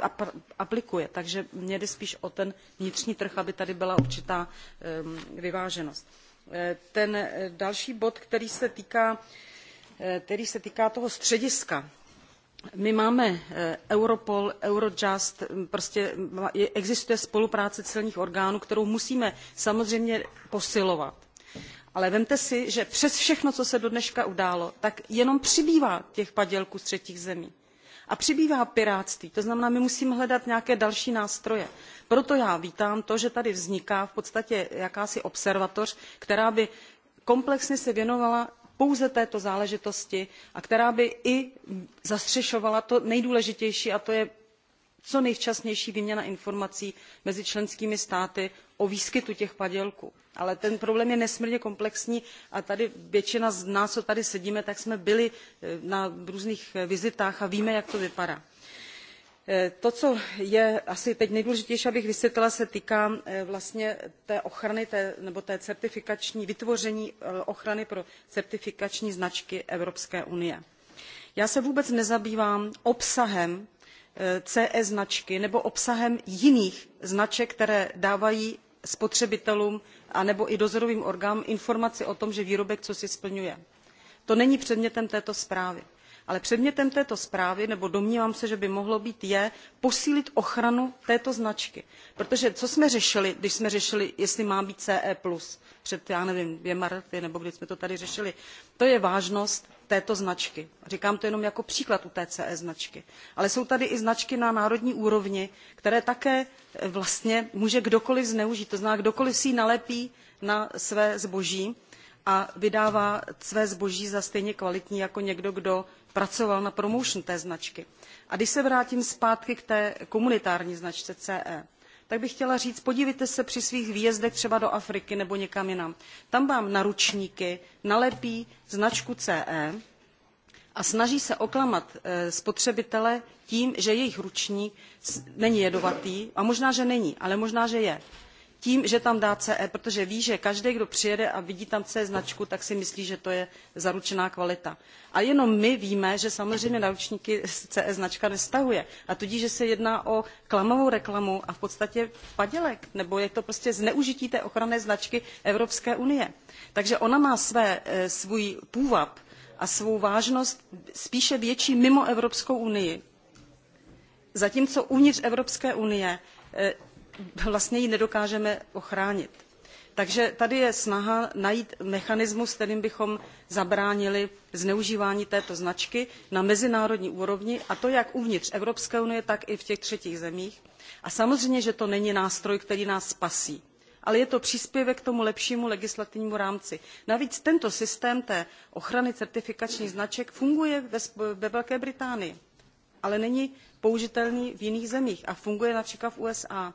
aplikuje, takže mě jde spíš o ten vnitřní trh, aby tady byla určitá ehm, vyváženost. Ten další bod, který se týká který se týká toho střediska my máme eh, europol eurojust prostě existuje spolupráce celních orgánů kterou musíme samozřejmě posilovat ale vezměte si že přes všechno co se do dneška událo tak jenom přibývá těch padělků z třetích zemí a přibývá pirátství to znamená my musíme hledat nějaké další nástroje. proto já vítám to že tady vzniká v podstatě jakási observatoř která by komplexně se věnovala pouze této záležitosti a která by i zastřešovala to nejdůležitější a to je co nejvčasnější výměna informací mezi členskými státy o výskytu těch padělků. ale ten problém je nesmírně komplexní a tady většina z nás co tady sedíme tak jsme byli eh, na různých eh, vizitách a víme jak to vypadá to co je asi teď nejdůležitější abych vysvětlila se týká eh, vlastně té ochrany nebo té certifikační vytvoření eh, ochrany pro certifikační značky evropské unie. já se vůbec nezabývám obsahem eh, ce značky nebo obsahem jiných značek které dávají spotřebitelům anebo i dozorovým orgánům informaci o tom že výrobek cosi splňuje. to není předmětem této zprávy ale předmětem této zprávy nebo domnívám se že by mohlo být je posílit ochranu této značky protože co jsme řešili když jsme řešili jestli má být ce před já nevím dvěma lety nebo kdy jsme to tady řešili to je vážnost této značky. říkám to jenom jako příklad u té ce značky. ale jsou tady i značky na národní úrovni které také eh, vlastně může kdokoliv zneužít to znamená kdokoliv si ji nalepí na své zboží a vydává své zboží za stejně kvalitní jako někdo kdo pracoval na promotion té značky. A když se vrátím zpátky k té komunitární značce CE, tak bych chtěla říct, podívejte se při svých výjezdech třeba do Afriky nebo někam jinam. Tam vám ručníky nalepí značku CE a snaží se oklamat e, spotřebitele tím, že jejich ručník není jedovatý a možná, že není, ale možná, že je tím že tam dá ce protože ví že každý kdo přijede a vidí tam ce značku tak si myslí že to je zaručená kvalita. a jenom my víme že samozřejmě na ročníky ce značka nevztahuje a tudíž že se jedná o klamavou reklamu a v podstatě padělek nebo je to prostě zneužití té ochranné značky evropské unie. takže ona má své, e, svůj půvab a svou vážnost spíše větší mimo evropskou unii zatímco uvnitř evropské unie e, vlastně ji nedokážeme ochránit. takže tady je snaha najít mechanismus kterým bychom zabránili zneužívání této značky na mezinárodní úrovni a to jak uvnitř evropské unie tak i v těch třetích zemích a samozřejmě že to není nástroj který nás spasí ale je to příspěvek k tomu lepšímu legislativnímu rámci. navíc tento systém té ochrany certifikačních značek funguje ve velké británii ale není použitelný v jiných zemích a funguje například v usa.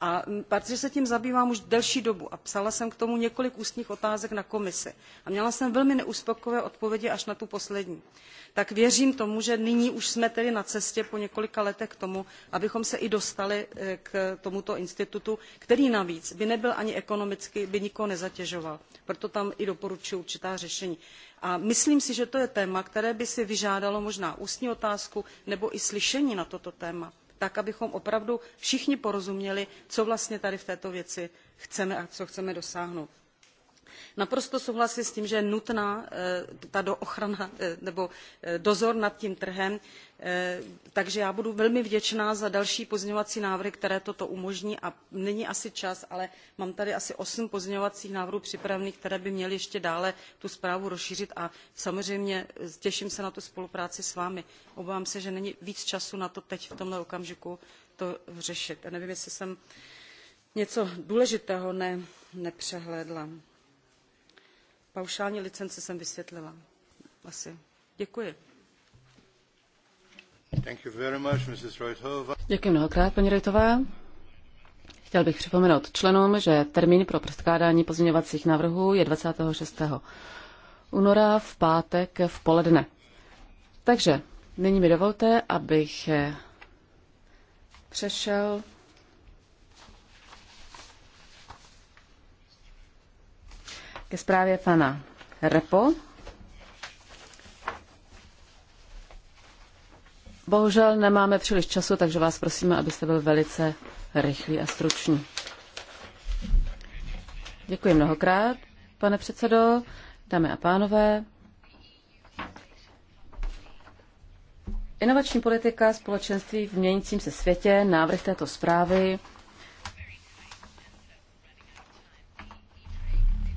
A protože se tím zabývám už delší dobu a psala jsem k tomu několik ústních otázek na komisi a měla jsem velmi neuspokojivé odpovědi až na tu poslední tak věřím tomu že nyní už jsme tedy na cestě po několika letech k tomu abychom se i dostali e, k tomuto institutu který navíc by nebyl ani ekonomicky by nikoho nezatěžoval proto tam i doporučuji určitá řešení. A myslím si, že to je téma, které by si vyžádalo možná ústní otázku nebo i slyšení na toto téma, tak abychom opravdu všichni porozuměli, co vlastně tady v této věci chceme a co chceme dosáhnout naprosto souhlasím s tím že je nutná eh, ochrana eh, nebo eh, dozor nad tím trhem takže já budu velmi vděčná za další pozměňovací návrhy které toto umožní a není asi čas ale mám tady asi osm pozměňovacích návrhů připravených které by měly ještě dále tu zprávu rozšířit a samozřejmě těším se na tu spolupráci s vámi. obávám se že není víc času na to teď v tomto okamžiku to řešit. nevím jestli jsem něco důležitého ne, nepřehlédla. Paušální licence jsem vysvětlila. Asi. Děkuji. Děkuji mnohokrát, paní Rejtová. Chtěl bych připomenout členům, že termín pro předkládání pozměňovacích návrhů je 26. února v pátek v poledne. Takže nyní mi dovolte, abych přešel ke zprávě pana Repo. Bohužel nemáme příliš času, takže vás prosíme, abyste byl velice rychlý a stručný. Děkuji mnohokrát, pane předsedo, dámy a pánové. Inovační politika společenství v měnícím se světě, návrh této zprávy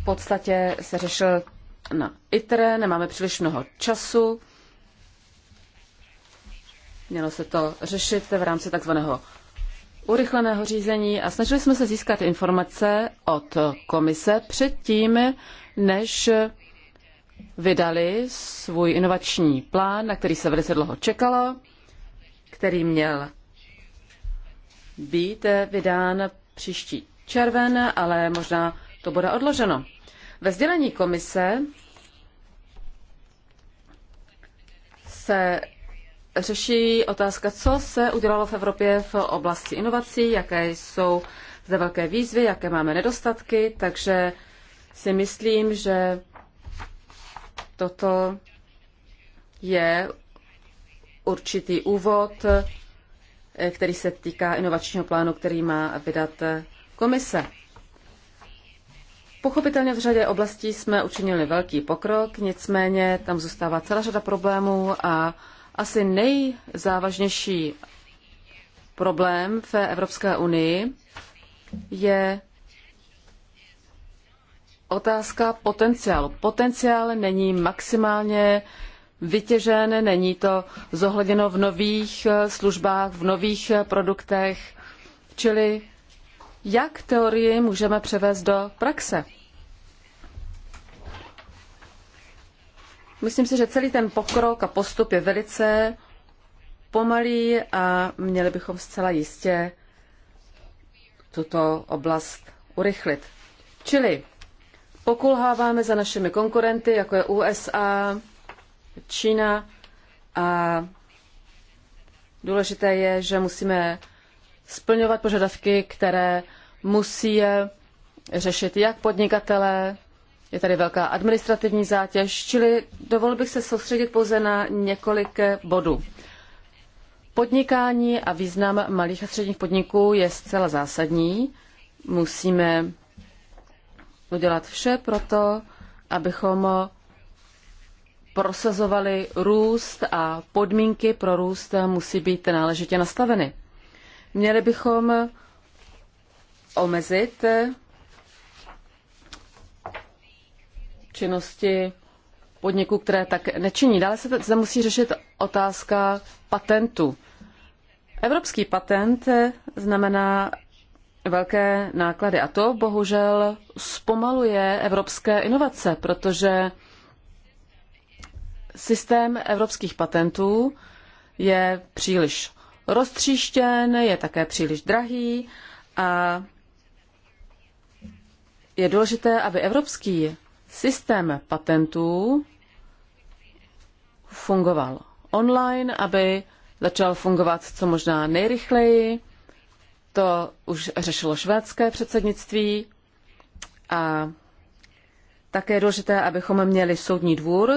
podstatě se řešil na ITRE, nemáme příliš mnoho času. Mělo se to řešit v rámci takzvaného urychleného řízení a snažili jsme se získat informace od komise předtím, než vydali svůj inovační plán, na který se velice dlouho čekalo, který měl být vydán příští červen, ale možná to bude odloženo. Ve sdělení komise se řeší otázka, co se udělalo v Evropě v oblasti inovací, jaké jsou zde velké výzvy, jaké máme nedostatky, takže si myslím, že toto je určitý úvod, který se týká inovačního plánu, který má vydat komise. Pochopitelně v řadě oblastí jsme učinili velký pokrok, nicméně tam zůstává celá řada problémů a asi nejzávažnější problém v Evropské unii je otázka potenciálu. Potenciál není maximálně vytěžen, není to zohledněno v nových eh, službách, v nových eh, produktech, čili jak teorii můžeme převést do praxe. Myslím si, že celý ten pokrok a postup je velice pomalý a měli bychom zcela jistě tuto oblast urychlit. Čili pokulháváme za našimi konkurenty, jako je USA, Čína a důležité je, že musíme splňovat požadavky, které musí řešit jak podnikatelé, je tady velká administrativní zátěž, čili dovolil bych se soustředit pouze na několik bodů. Podnikání a význam malých a středních podniků je zcela zásadní. Musíme udělat vše pro to, abychom prosazovali růst a podmínky pro růst musí být náležitě nastaveny. Měli bychom omezit činnosti podniků, které tak nečiní. Dále se zde musí řešit otázka patentu. Evropský patent znamená velké náklady a to bohužel zpomaluje evropské inovace, protože systém evropských patentů je příliš roztříštěn, je také příliš drahý a je důležité, aby evropský systém patentů fungoval online, aby začal fungovat co možná nejrychleji. To už řešilo švédské předsednictví a také je důležité, abychom měli soudní dvůr,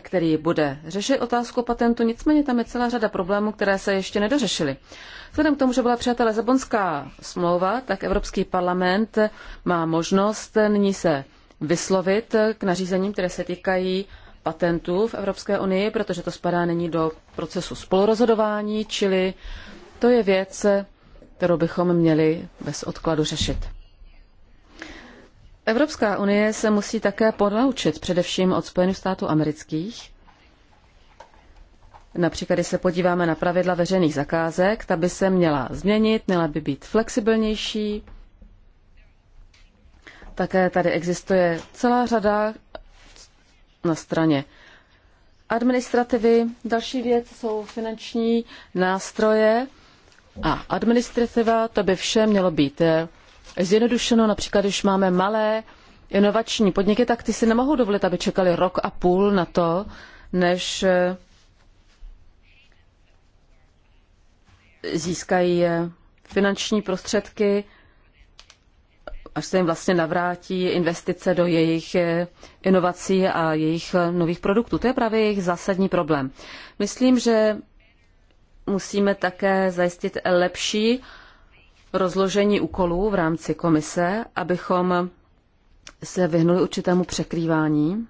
který bude řešit otázku patentu, nicméně tam je celá řada problémů, které se ještě nedořešily. Vzhledem k tomu, že byla přijata Lezabonská smlouva, tak Evropský parlament má možnost nyní se vyslovit k nařízením, které se týkají patentů v Evropské unii, protože to spadá nyní do procesu spolurozhodování, čili to je věc, kterou bychom měli bez odkladu řešit. Evropská unie se musí také podlaučit především od Spojených států amerických. Například, když se podíváme na pravidla veřejných zakázek, ta by se měla změnit, měla by být flexibilnější. Také tady existuje celá řada na straně administrativy. Další věc jsou finanční nástroje a administrativa, to by vše mělo být zjednodušeno. Například, když máme malé inovační podniky, tak ty si nemohou dovolit, aby čekali rok a půl na to, než eh, získají eh, finanční prostředky, až se jim vlastně navrátí investice do jejich eh, inovací a jejich nových produktů. To je právě jejich zásadní problém. Myslím, že musíme také zajistit lepší rozložení úkolů v rámci komise, abychom se vyhnuli určitému překrývání.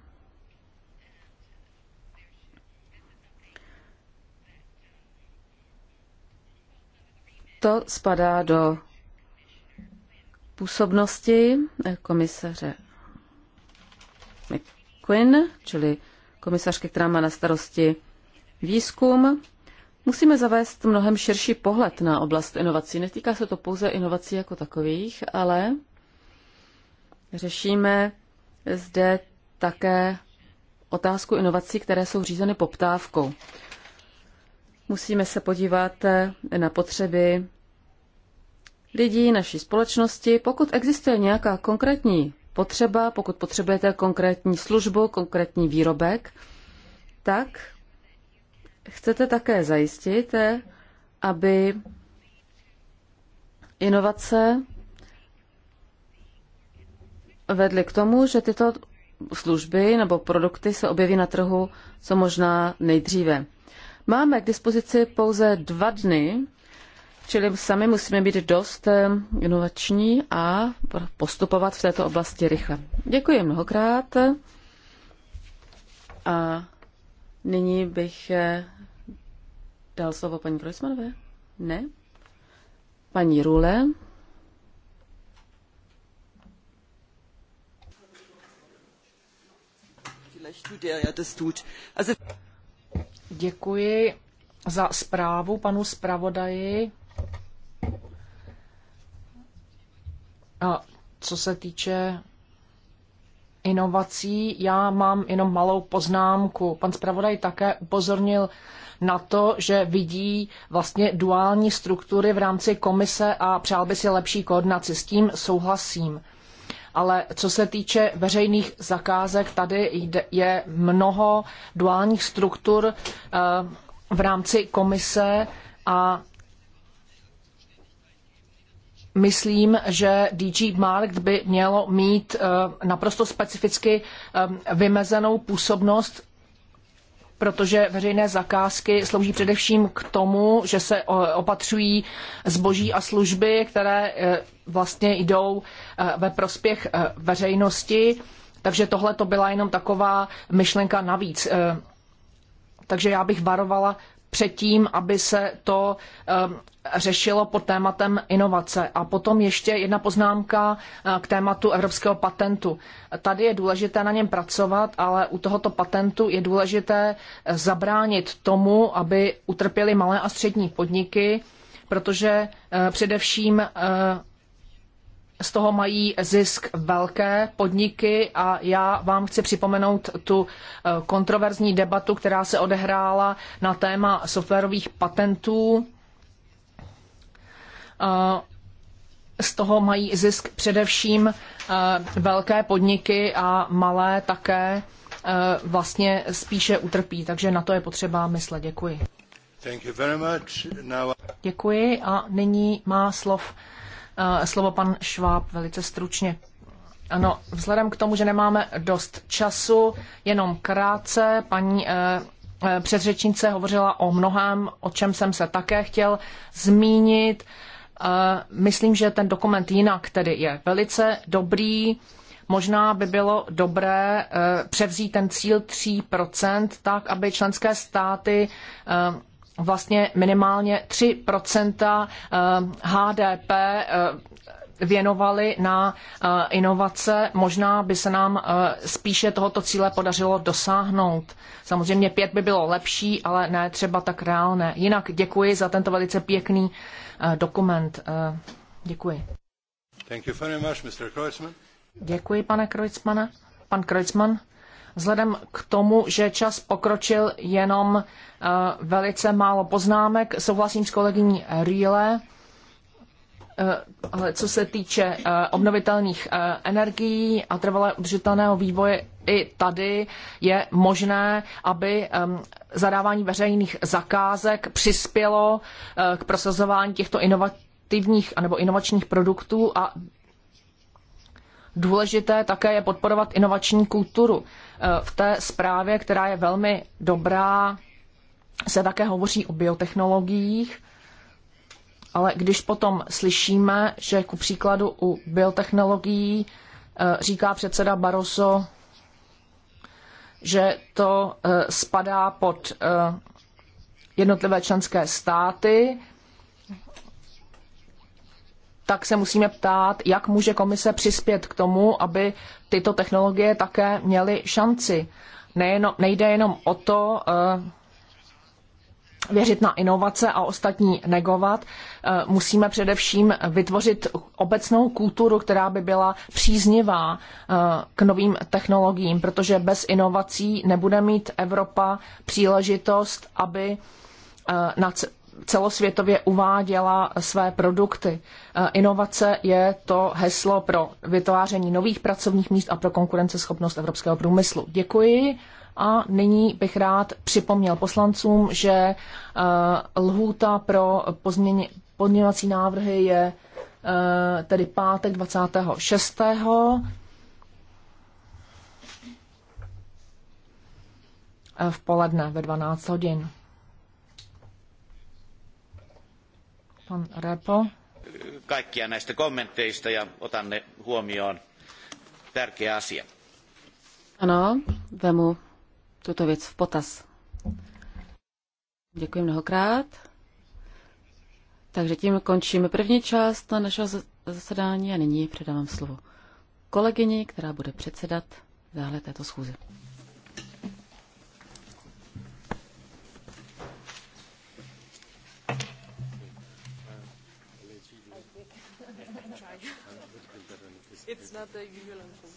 To spadá do působnosti komisaře McQueen, čili komisařky, která má na starosti výzkum, Musíme zavést mnohem širší pohled na oblast inovací. Netýká se to pouze inovací jako takových, ale řešíme zde také otázku inovací, které jsou řízeny poptávkou. Musíme se podívat na potřeby lidí, naší společnosti. Pokud existuje nějaká konkrétní potřeba, pokud potřebujete konkrétní službu, konkrétní výrobek, tak chcete také zajistit, aby inovace vedly k tomu, že tyto služby nebo produkty se objeví na trhu co možná nejdříve. Máme k dispozici pouze dva dny, čili sami musíme být dost eh, inovační a postupovat v této oblasti rychle. Děkuji mnohokrát a Nyní bych eh, dal slovo paní Projsmanové. Ne? Paní Rule. Er Děkuji za zprávu panu zpravodaji. A co se týče inovací. Já mám jenom malou poznámku. Pan zpravodaj také upozornil na to, že vidí vlastně duální struktury v rámci komise a přál by si lepší koordinaci. S tím souhlasím. Ale co se týče veřejných zakázek, tady je mnoho duálních struktur eh, v rámci komise a Myslím, že DG Markt by mělo mít eh, naprosto specificky eh, vymezenou působnost, protože veřejné zakázky slouží především k tomu, že se eh, opatřují zboží a služby, které vlastně jdou ve prospěch veřejnosti. Takže tohle to byla jenom taková myšlenka navíc. Takže já bych varovala předtím, aby se to ehm, řešilo pod tématem inovace. A potom ještě jedna poznámka eh, k tématu evropského patentu. Tady je důležité na něm pracovat, ale u tohoto patentu je důležité eh, zabránit tomu, aby utrpěly malé a střední podniky, protože eh, především z toho mají zisk velké podniky a já vám chci připomenout tu eh, kontroverzní debatu, která se odehrála na téma softwarových patentů. Eh, z toho mají zisk především eh, velké podniky a malé také vlastně spíše utrpí, takže na to je potřeba myslet. Děkuji. Now... Děkuji a nyní má slov Eh, slovo pan Šváb velice stručně. Ano, vzhledem k tomu, že nemáme dost času, jenom krátce, paní eh, eh, předřečnice hovořila o mnohem, o čem jsem se také chtěl zmínit. Myslím, že ten dokument jinak tedy je velice dobrý. Možná by bylo dobré převzít ten cíl 3%, tak aby členské státy vlastně minimálně 3 eh, HDP eh, věnovali na eh, inovace. Možná by se nám spíše tohoto cíle podařilo dosáhnout. Samozřejmě pět by bylo lepší, ale ne třeba tak reálné. Jinak děkuji za tento velice pěkný dokument. Děkuji. Thank you very much, Mr. Děkuji, pane Kreuzmane. Pan Kreuzmann. Vzhledem k tomu, že čas pokročil jenom eh, velice málo poznámek, souhlasím s kolegyní Rýle, eh, ale co se týče eh, obnovitelných energií a trvalé udržitelného vývoje, i tady je možné, aby ehm, zadávání veřejných zakázek přispělo k prosazování těchto inovativních nebo inovačních produktů a Důležité také je podporovat inovační kulturu. E, v té zprávě, která je velmi dobrá, se také hovoří o biotechnologiích, ale když potom slyšíme, že ku příkladu u biotechnologií e, říká předseda Barroso, že to e, spadá pod jednotlivé členské státy, tak se musíme ptát, jak může komise přispět k tomu, aby tyto technologie také měly šanci. Nejeno, nejde jenom o to eh, věřit na inovace a ostatní negovat. Eh, musíme především vytvořit obecnou kulturu, která by byla příznivá eh, k novým technologiím, protože bez inovací nebude mít Evropa příležitost, aby na celosvětově uváděla své produkty. E, inovace je to heslo pro vytváření nových pracovních míst a pro konkurenceschopnost evropského průmyslu. Děkuji. A nyní bych rád připomněl poslancům, že e, lhůta pro pozměňovací návrhy je e, tedy pátek 26. v poledne ve 12 hodin. Pan Repo. Kaikkia näistä kommenteista ja otan ne huomioon. Tärkeä asia. Ano, vemu tuto věc v potaz. Děkuji mnohokrát. Takže tím končíme první část našeho zasedání a nyní předávám slovo kolegyni, která bude předsedat záhle této schůzi. not the usual entry.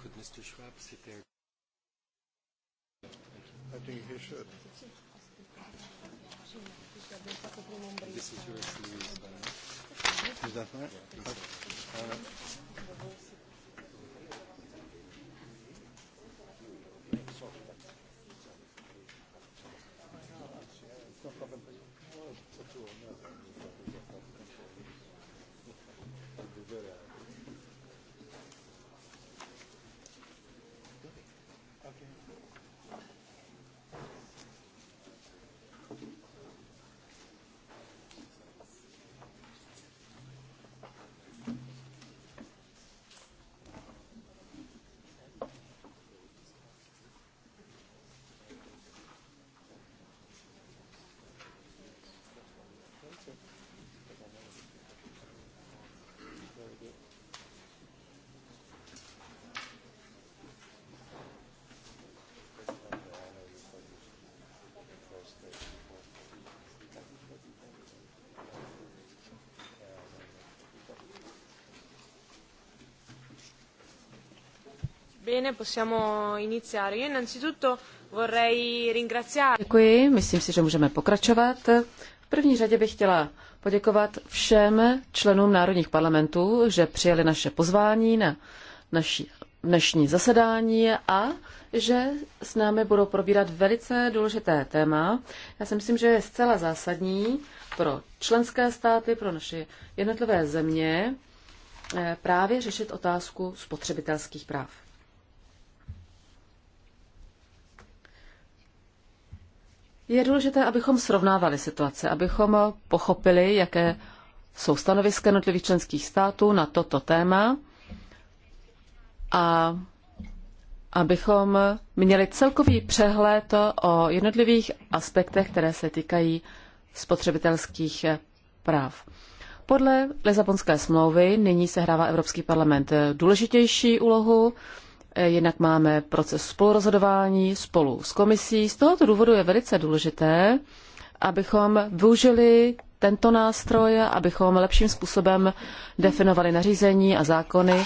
Could Mr. Schwab sit there? I think he should. This is your series, Is that right? Yeah, Bene, possiamo iniziare. Io innanzitutto vorrei ringraziare. Děkuji, myslím si, že můžeme pokračovat. V první řadě bych chtěla poděkovat všem členům národních parlamentů, že přijali naše pozvání na naši dnešní zasedání a že s námi budou probírat velice důležité téma. Já si myslím, že je zcela zásadní pro členské státy, pro naše jednotlivé země eh, právě řešit otázku spotřebitelských práv. Je důležité, abychom srovnávali situace, abychom pochopili, jaké jsou stanoviska jednotlivých členských států na toto téma a abychom měli celkový přehled o jednotlivých aspektech, které se týkají spotřebitelských práv. Podle Lisabonské smlouvy nyní se hrává Evropský parlament důležitější úlohu. Eh, jednak máme proces spolurozhodování spolu s komisí. Z tohoto důvodu je velice důležité, abychom využili tento nástroj, abychom lepším způsobem definovali nařízení a zákony,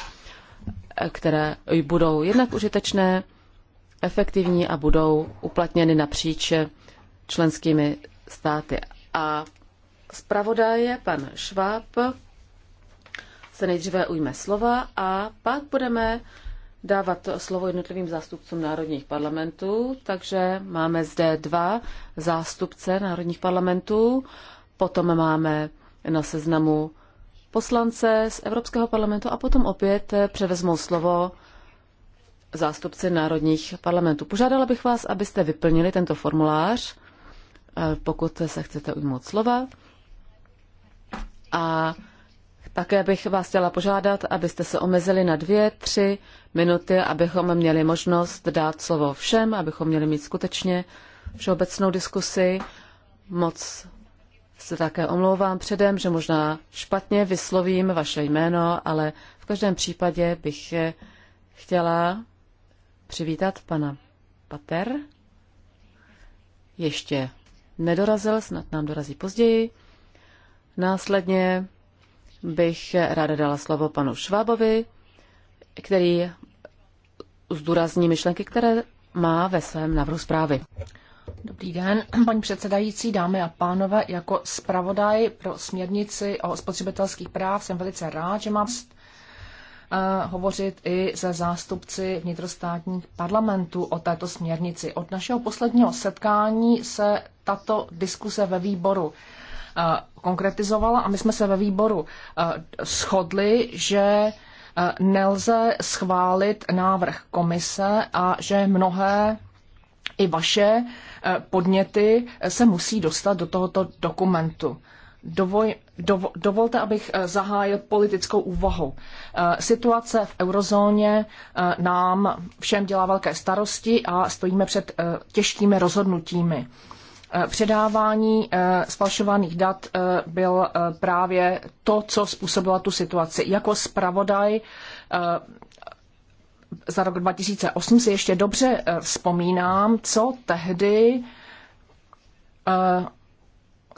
eh, které budou jednak užitečné, efektivní a budou uplatněny napříč členskými státy. A je pan Šváb se nejdříve ujme slova a pak budeme dávat slovo jednotlivým zástupcům národních parlamentů, takže máme zde dva zástupce národních parlamentů, potom máme na seznamu poslance z Evropského parlamentu a potom opět převezmou slovo zástupci národních parlamentů. Požádala bych vás, abyste vyplnili tento formulář, eh, pokud se chcete ujmout slova. A také bych vás chtěla požádat, abyste se omezili na dvě, tři minuty, abychom měli možnost dát slovo všem, abychom měli mít skutečně všeobecnou diskusi. Moc se také omlouvám předem, že možná špatně vyslovím vaše jméno, ale v každém případě bych chtěla přivítat pana Pater. Ještě nedorazil, snad nám dorazí později. Následně bych ráda dala slovo panu Švábovi, který zdůrazní myšlenky, které má ve svém návrhu zprávy. Dobrý den, paní předsedající, dámy a pánové. Jako zpravodaj pro směrnici o spotřebitelských práv jsem velice rád, že mám eh, hovořit i se zástupci vnitrostátních parlamentů o této směrnici. Od našeho posledního setkání se tato diskuse ve výboru Eh, konkretizovala a my jsme se ve výboru eh, shodli, že eh, nelze schválit návrh komise a že mnohé i vaše podněty se musí dostat do tohoto dokumentu. Dovoj, dovo, dovolte, abych zahájil politickou úvahu. Situace v eurozóně nám všem dělá velké starosti a stojíme před těžkými rozhodnutími. Eh, předávání eh, spalšovaných dat eh, byl právě to, co způsobilo tu situaci. Jako zpravodaj za rok 2008 si ještě dobře vzpomínám, co tehdy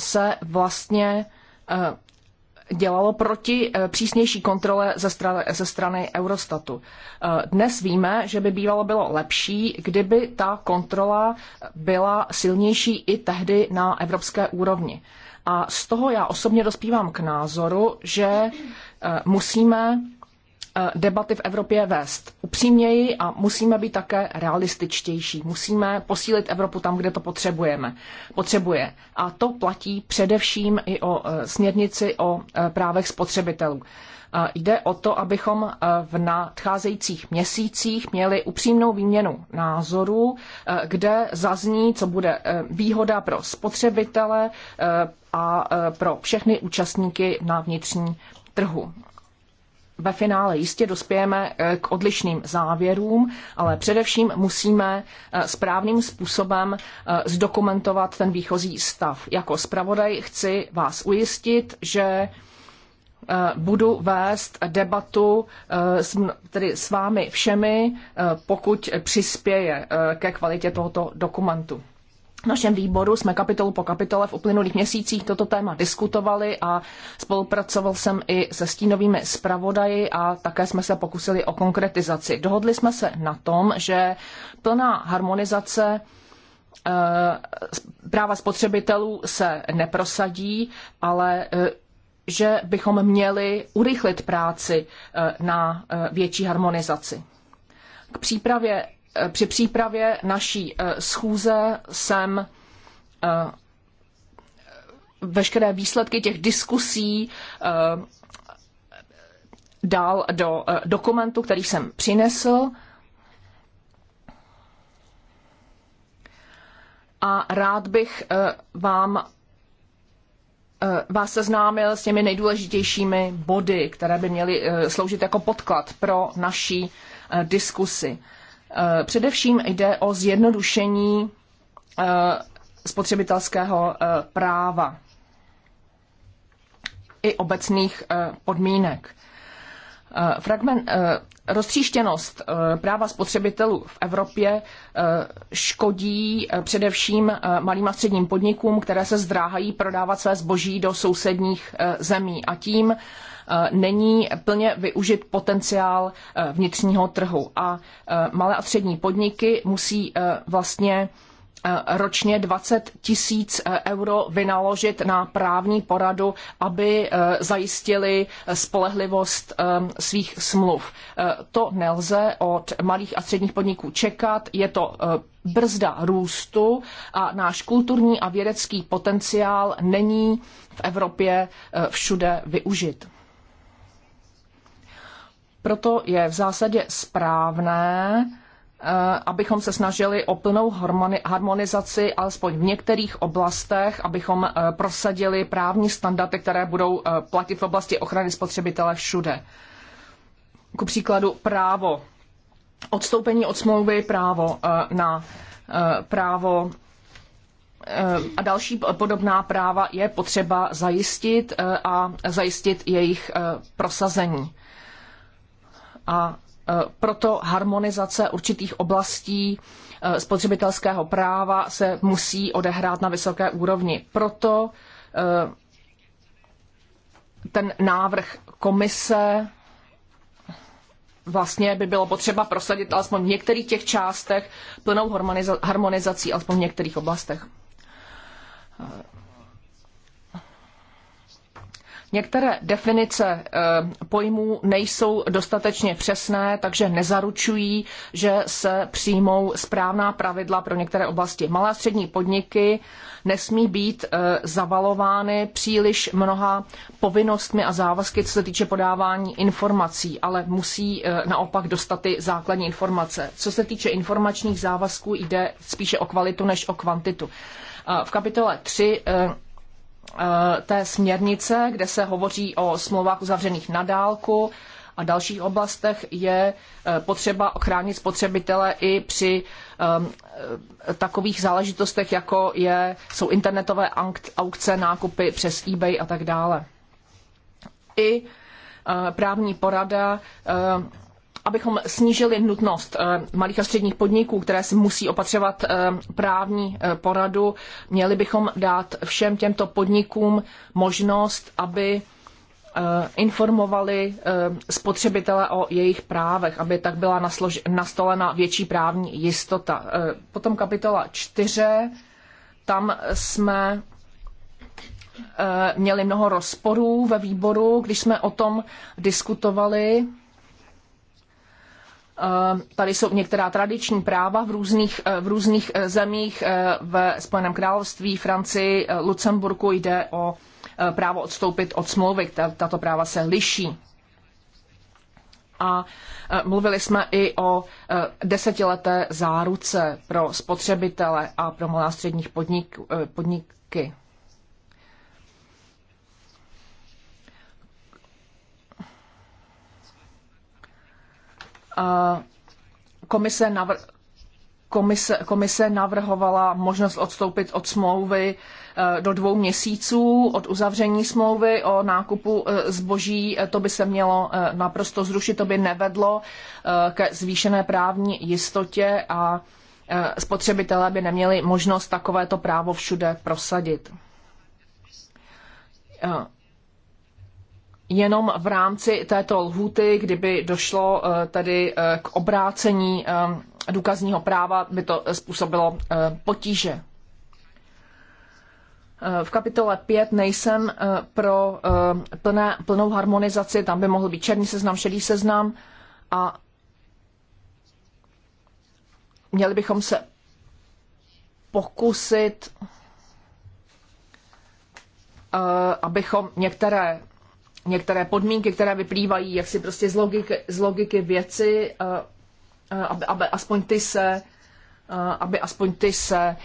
se vlastně dělalo proti eh, přísnější kontrole ze strany, ze strany Eurostatu. Eh, dnes víme, že by bývalo bylo lepší, kdyby ta kontrola byla silnější i tehdy na evropské úrovni. A z toho já osobně dospívám k názoru, že eh, musíme Eh, debaty v Evropě vést upřímněji a musíme být také realističtější. Musíme posílit Evropu tam, kde to potřebujeme. Potřebuje. A to platí především i o eh, směrnici o eh, právech spotřebitelů. Jde o to, abychom v nadcházejících měsících měli upřímnou výměnu názorů, kde zazní, co bude výhoda pro spotřebitele a pro všechny účastníky na vnitřní trhu ve finále jistě dospějeme eh, k odlišným závěrům, ale především musíme eh, správným způsobem eh, zdokumentovat ten výchozí stav. Jako zpravodaj chci vás ujistit, že budu vést debatu s, tedy s vámi všemi, pokud přispěje ke kvalitě tohoto dokumentu v našem výboru jsme kapitolu po kapitole v uplynulých měsících toto téma diskutovali a spolupracoval jsem i se stínovými zpravodaji a také jsme se pokusili o konkretizaci. Dohodli jsme se na tom, že plná harmonizace eh, práva spotřebitelů se neprosadí, ale eh, že bychom měli urychlit práci eh, na větší harmonizaci. K přípravě při přípravě naší eh, schůze jsem eh, veškeré výsledky těch diskusí eh, dal do dokumentu, který jsem přinesl. A rád bych vám vás seznámil s těmi nejdůležitějšími body, které by měly sloužit jako podklad pro naší diskusi. Eh, především jde o zjednodušení eh, spotřebitelského eh, práva i obecných podmínek. Fragment, roztříštěnost práva spotřebitelů v Evropě škodí především malým a středním podnikům, které se zdráhají prodávat své zboží do sousedních zemí a tím Eh, není plně využit potenciál eh, vnitřního trhu. A eh, malé a střední podniky musí vlastně ročně 20 tisíc euro vynaložit na právní poradu, aby zajistili spolehlivost svých smluv. To nelze od malých a středních podniků čekat, je to brzda růstu a náš kulturní a vědecký potenciál není v Evropě všude využit. Proto je v zásadě správné, eh, abychom se snažili o plnou harmonizaci, alespoň v některých oblastech, abychom eh, prosadili právní standardy, které budou eh, platit v oblasti ochrany spotřebitele všude. Ku příkladu právo odstoupení od smlouvy, právo na právo a další podobná práva je potřeba zajistit a zajistit jejich prosazení a e, proto harmonizace určitých oblastí e, spotřebitelského práva se musí odehrát na vysoké úrovni. Proto e, ten návrh komise vlastně by bylo potřeba prosadit alespoň v některých těch částech plnou harmonizací, alespoň v některých oblastech. Některé definice eh, pojmů nejsou dostatečně přesné, takže nezaručují, že se přijmou správná pravidla pro některé oblasti. Malé a střední podniky nesmí být eh, zavalovány příliš mnoha povinnostmi a závazky, co se týče podávání informací, ale musí eh, naopak dostat ty základní informace. Co se týče informačních závazků, jde spíše o kvalitu než o kvantitu. V kapitole 3 Eh, té směrnice, kde se hovoří o smlouvách uzavřených na dálku a dalších oblastech, je eh, potřeba ochránit spotřebitele i při eh, takových záležitostech, jako je, jsou internetové aukce, nákupy přes eBay a tak dále. I právní porada abychom snížili nutnost eh, malých a středních podniků, které si musí opatřovat eh, právní eh, poradu, měli bychom dát všem těmto podnikům možnost, aby informovali spotřebitele o jejich právech, aby tak byla naslož- nastolena větší právní jistota. Potom kapitola 4, tam jsme měli mnoho rozporů ve výboru, když jsme o tom diskutovali Eh, tady jsou některá tradiční práva v různých, eh, v různých eh, zemích, ve Spojeném království, Francii, Lucemburku jde o právo odstoupit od smlouvy. Tato práva se liší. A mluvili jsme i o desetileté záruce pro spotřebitele a pro malá středních podnik, podniky. komise, navr- komise, komise navrhovala možnost odstoupit od smlouvy e, do dvou měsíců od uzavření smlouvy o nákupu e, zboží. E, to by se mělo naprosto zrušit, to by nevedlo ke zvýšené právní jistotě a spotřebitelé by neměli možnost takovéto právo všude prosadit jenom v rámci této lhuty, kdyby došlo eh, tedy eh, k obrácení eh, důkazního práva, by to způsobilo potíže. V kapitole 5 nejsem pro plné, plnou harmonizaci, tam by mohl být černý seznam, šedý seznam a měli bychom se pokusit, abychom některé některé podmínky, které vyplývají jaksi prostě z logiky, z logiky věci, eh, eh, aby, aby aspoň ty se, eh, aby aspoň ty se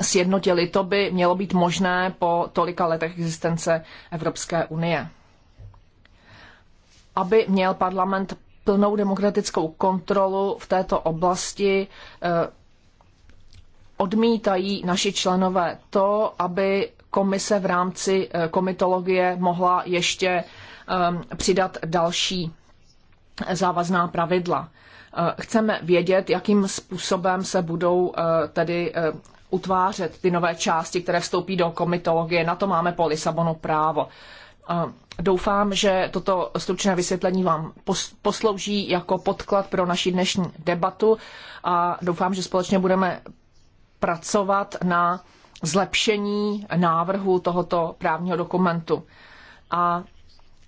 sjednotili. To by mělo být možné po tolika letech existence Evropské unie. Aby měl parlament plnou demokratickou kontrolu v této oblasti, odmítají naši členové to, aby komise v rámci eh, komitologie mohla ještě ehm, přidat další závazná pravidla. Eh, chceme vědět, jakým způsobem se budou eh, tedy utvářet ty nové části, které vstoupí do komitologie. Na to máme po Lisabonu právo. Doufám, že toto stručné vysvětlení vám poslouží jako podklad pro naši dnešní debatu a doufám, že společně budeme pracovat na zlepšení návrhu tohoto právního dokumentu. A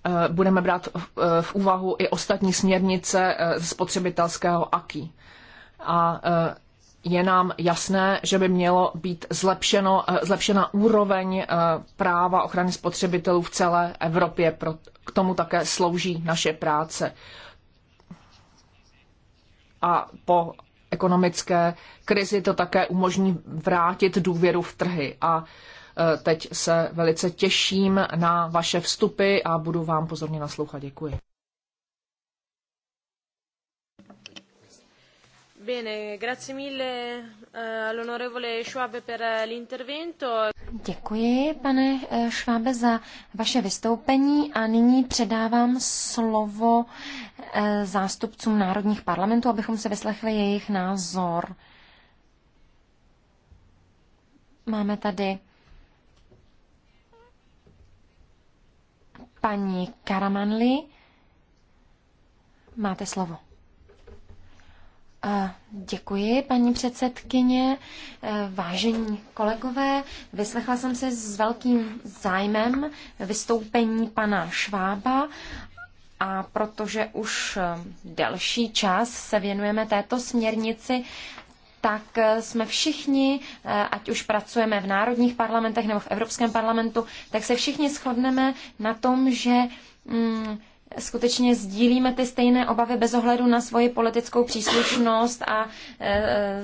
e, budeme brát e, v úvahu i ostatní směrnice e, spotřebitelského AKI. A je nám jasné, že by mělo být zlepšeno, zlepšena úroveň práva ochrany spotřebitelů v celé Evropě. K tomu také slouží naše práce. A po ekonomické krizi to také umožní vrátit důvěru v trhy. A e, teď se velice těším na vaše vstupy a budu vám pozorně naslouchat. Děkuji. Bene, grazie mille eh, all'onorevole Schwabe per eh, l'intervento. Děkuji, pane eh, Schwabe, za vaše vystoupení a nyní předávám slovo zástupcům národních parlamentů, abychom se vyslechli jejich názor. Máme tady paní Karamanli. Máte slovo. Děkuji, paní předsedkyně. E, vážení kolegové, vyslechla jsem se s velkým zájmem vystoupení pana Švába a protože už e, delší čas se věnujeme této směrnici, tak e, jsme všichni, ať už pracujeme v národních parlamentech nebo v Evropském parlamentu, tak se všichni shodneme na tom, že mm, skutečně sdílíme ty stejné obavy bez ohledu na svoji politickou příslušnost a e, e,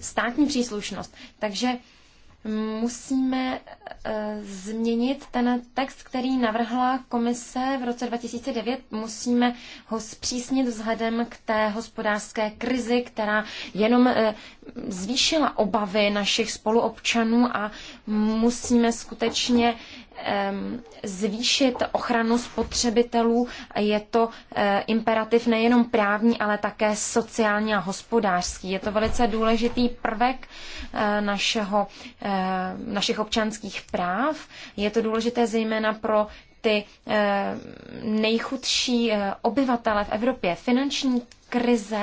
státní příslušnost. Takže musíme e, změnit ten text, který navrhla komise v roce 2009. Musíme ho zpřísnit vzhledem k té hospodářské krizi, která jenom zvýšila obavy našich spoluobčanů a musíme skutečně zvýšit ochranu spotřebitelů. Je to eh, imperativ nejenom právní, ale také sociální a hospodářský. Je to velice důležitý prvek eh, našeho, eh, našich občanských práv. Je to důležité zejména pro ty nejchudší obyvatele v Evropě. Finanční krize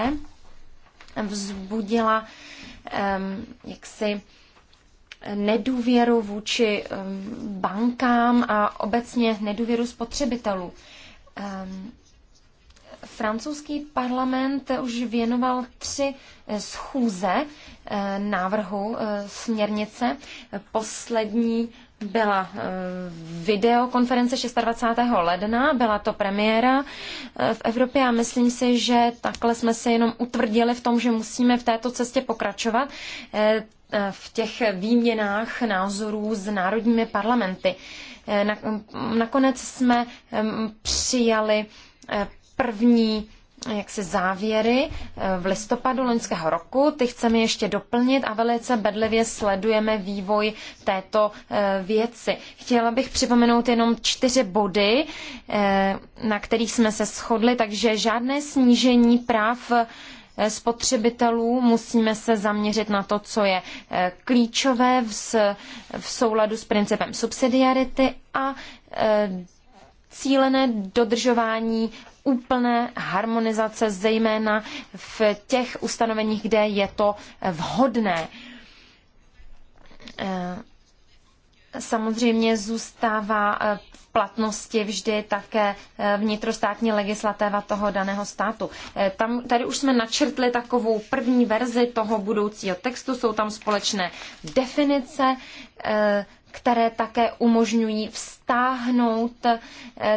vzbudila jaksi nedůvěru vůči um, bankám a obecně nedůvěru spotřebitelů. Um, francouzský parlament už věnoval tři eh, schůze eh, návrhu eh, směrnice. Poslední byla videokonference 26. ledna, byla to premiéra v Evropě a myslím si, že takhle jsme se jenom utvrdili v tom, že musíme v této cestě pokračovat v těch výměnách názorů s národními parlamenty. Eh, mm, nakonec jsme mm, přijali eh, první eh, jak se závěry v listopadu loňského roku. Ty chceme ještě doplnit a velice bedlivě sledujeme vývoj této věci. Chtěla bych připomenout jenom čtyři body, na kterých jsme se shodli, takže žádné snížení práv Eh, spotřebitelů. Musíme se zaměřit na to, co je eh, klíčové v souladu s principem subsidiarity a eh, cílené dodržování úplné harmonizace, zejména v těch ustanoveních, kde je to vhodné Samozřejmě zůstává eh, v platnosti vždy také eh, vnitrostátní legislativa toho daného státu. Eh, tam, tady už jsme načrtli takovou první verzi toho budoucího textu, jsou tam společné definice, které také umožňují vztáhnout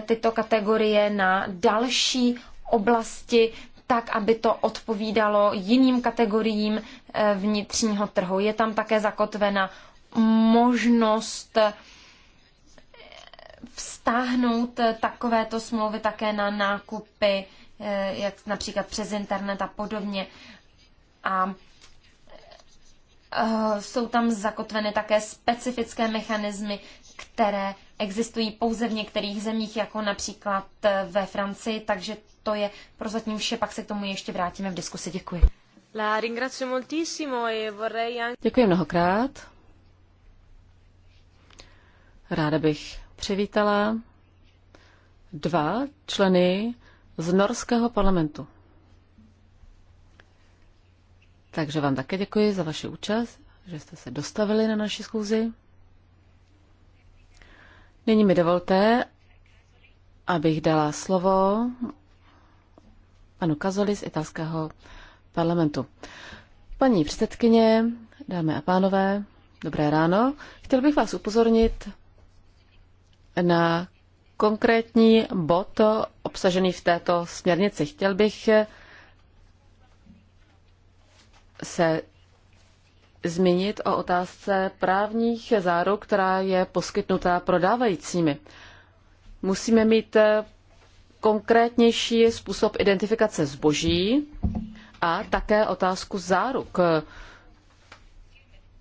tyto kategorie na další oblasti tak, aby to odpovídalo jiným kategoriím vnitřního trhu. Je tam také zakotvena možnost vztáhnout takovéto smlouvy také na nákupy, eh, jak například přes internet a podobně. A eh, jsou tam zakotveny také specifické mechanismy, které existují pouze v některých zemích, jako například eh, ve Francii, takže to je prozatím vše, pak se k tomu ještě vrátíme v diskusi. Děkuji. La ringrazio moltissimo e vorrei anche... Děkuji mnohokrát. Ráda bych přivítala dva členy z norského parlamentu. Takže vám také děkuji za vaši účast, že jste se dostavili na naši schůzi. Nyní mi dovolte, abych dala slovo panu Kazoli z italského parlamentu. Paní předsedkyně, dámy a pánové, dobré ráno. Chtěl bych vás upozornit na konkrétní bod obsažený v této směrnici. Chtěl bych se zmínit o otázce právních záruk, která je poskytnutá prodávajícími. Musíme mít konkrétnější způsob identifikace zboží a také otázku záruk.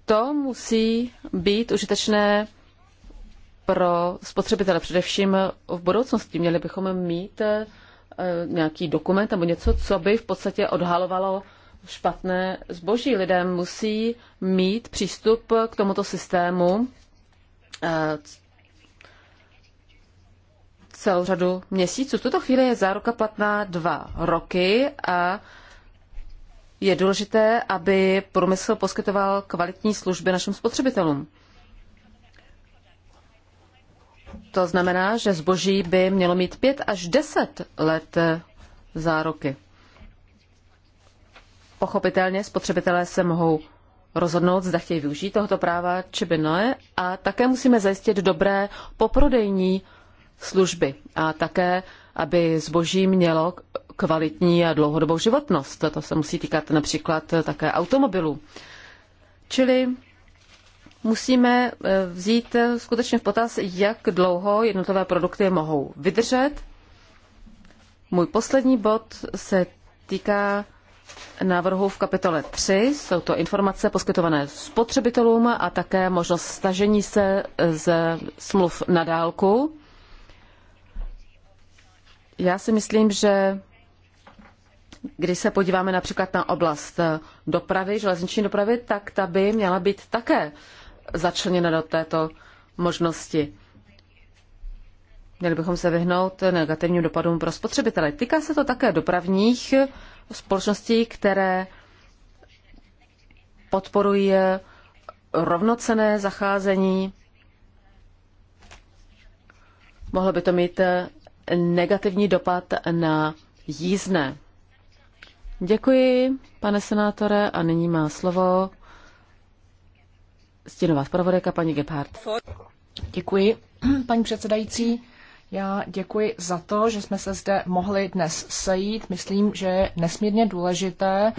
To musí být užitečné pro spotřebitele, především v budoucnosti. Měli bychom mít eh, nějaký dokument nebo něco, co by v podstatě odhalovalo špatné zboží. Lidé musí mít přístup k tomuto systému eh, celou řadu měsíců. V tuto chvíli je záruka platná dva roky a je důležité, aby průmysl poskytoval kvalitní služby našim spotřebitelům. To znamená, že zboží by mělo mít 5 až 10 let záruky. Pochopitelně spotřebitelé se mohou rozhodnout, zda chtějí využít tohoto práva, či by ne. A také musíme zajistit dobré poprodejní služby a také, aby zboží mělo kvalitní a dlouhodobou životnost. To se musí týkat například také automobilů. Čili musíme eh, vzít eh, skutečně v potaz, jak dlouho jednotlivé produkty mohou vydržet. Můj poslední bod se týká návrhu v kapitole 3. Jsou to informace poskytované spotřebitelům a také možnost stažení se eh, z smluv na dálku. Já si myslím, že když se podíváme například na oblast dopravy, železniční dopravy, tak ta by měla být také začleněna do této možnosti. Měli bychom se vyhnout negativním dopadům pro spotřebitele. Týká se to také dopravních společností, které podporují rovnocené zacházení. Mohlo by to mít negativní dopad na jízdné. Děkuji, pane senátore, a nyní má slovo Stěnová zpravodajka paní Gebhardt. Děkuji, paní předsedající. Já děkuji za to, že jsme se zde mohli dnes sejít. Myslím, že je nesmírně důležité,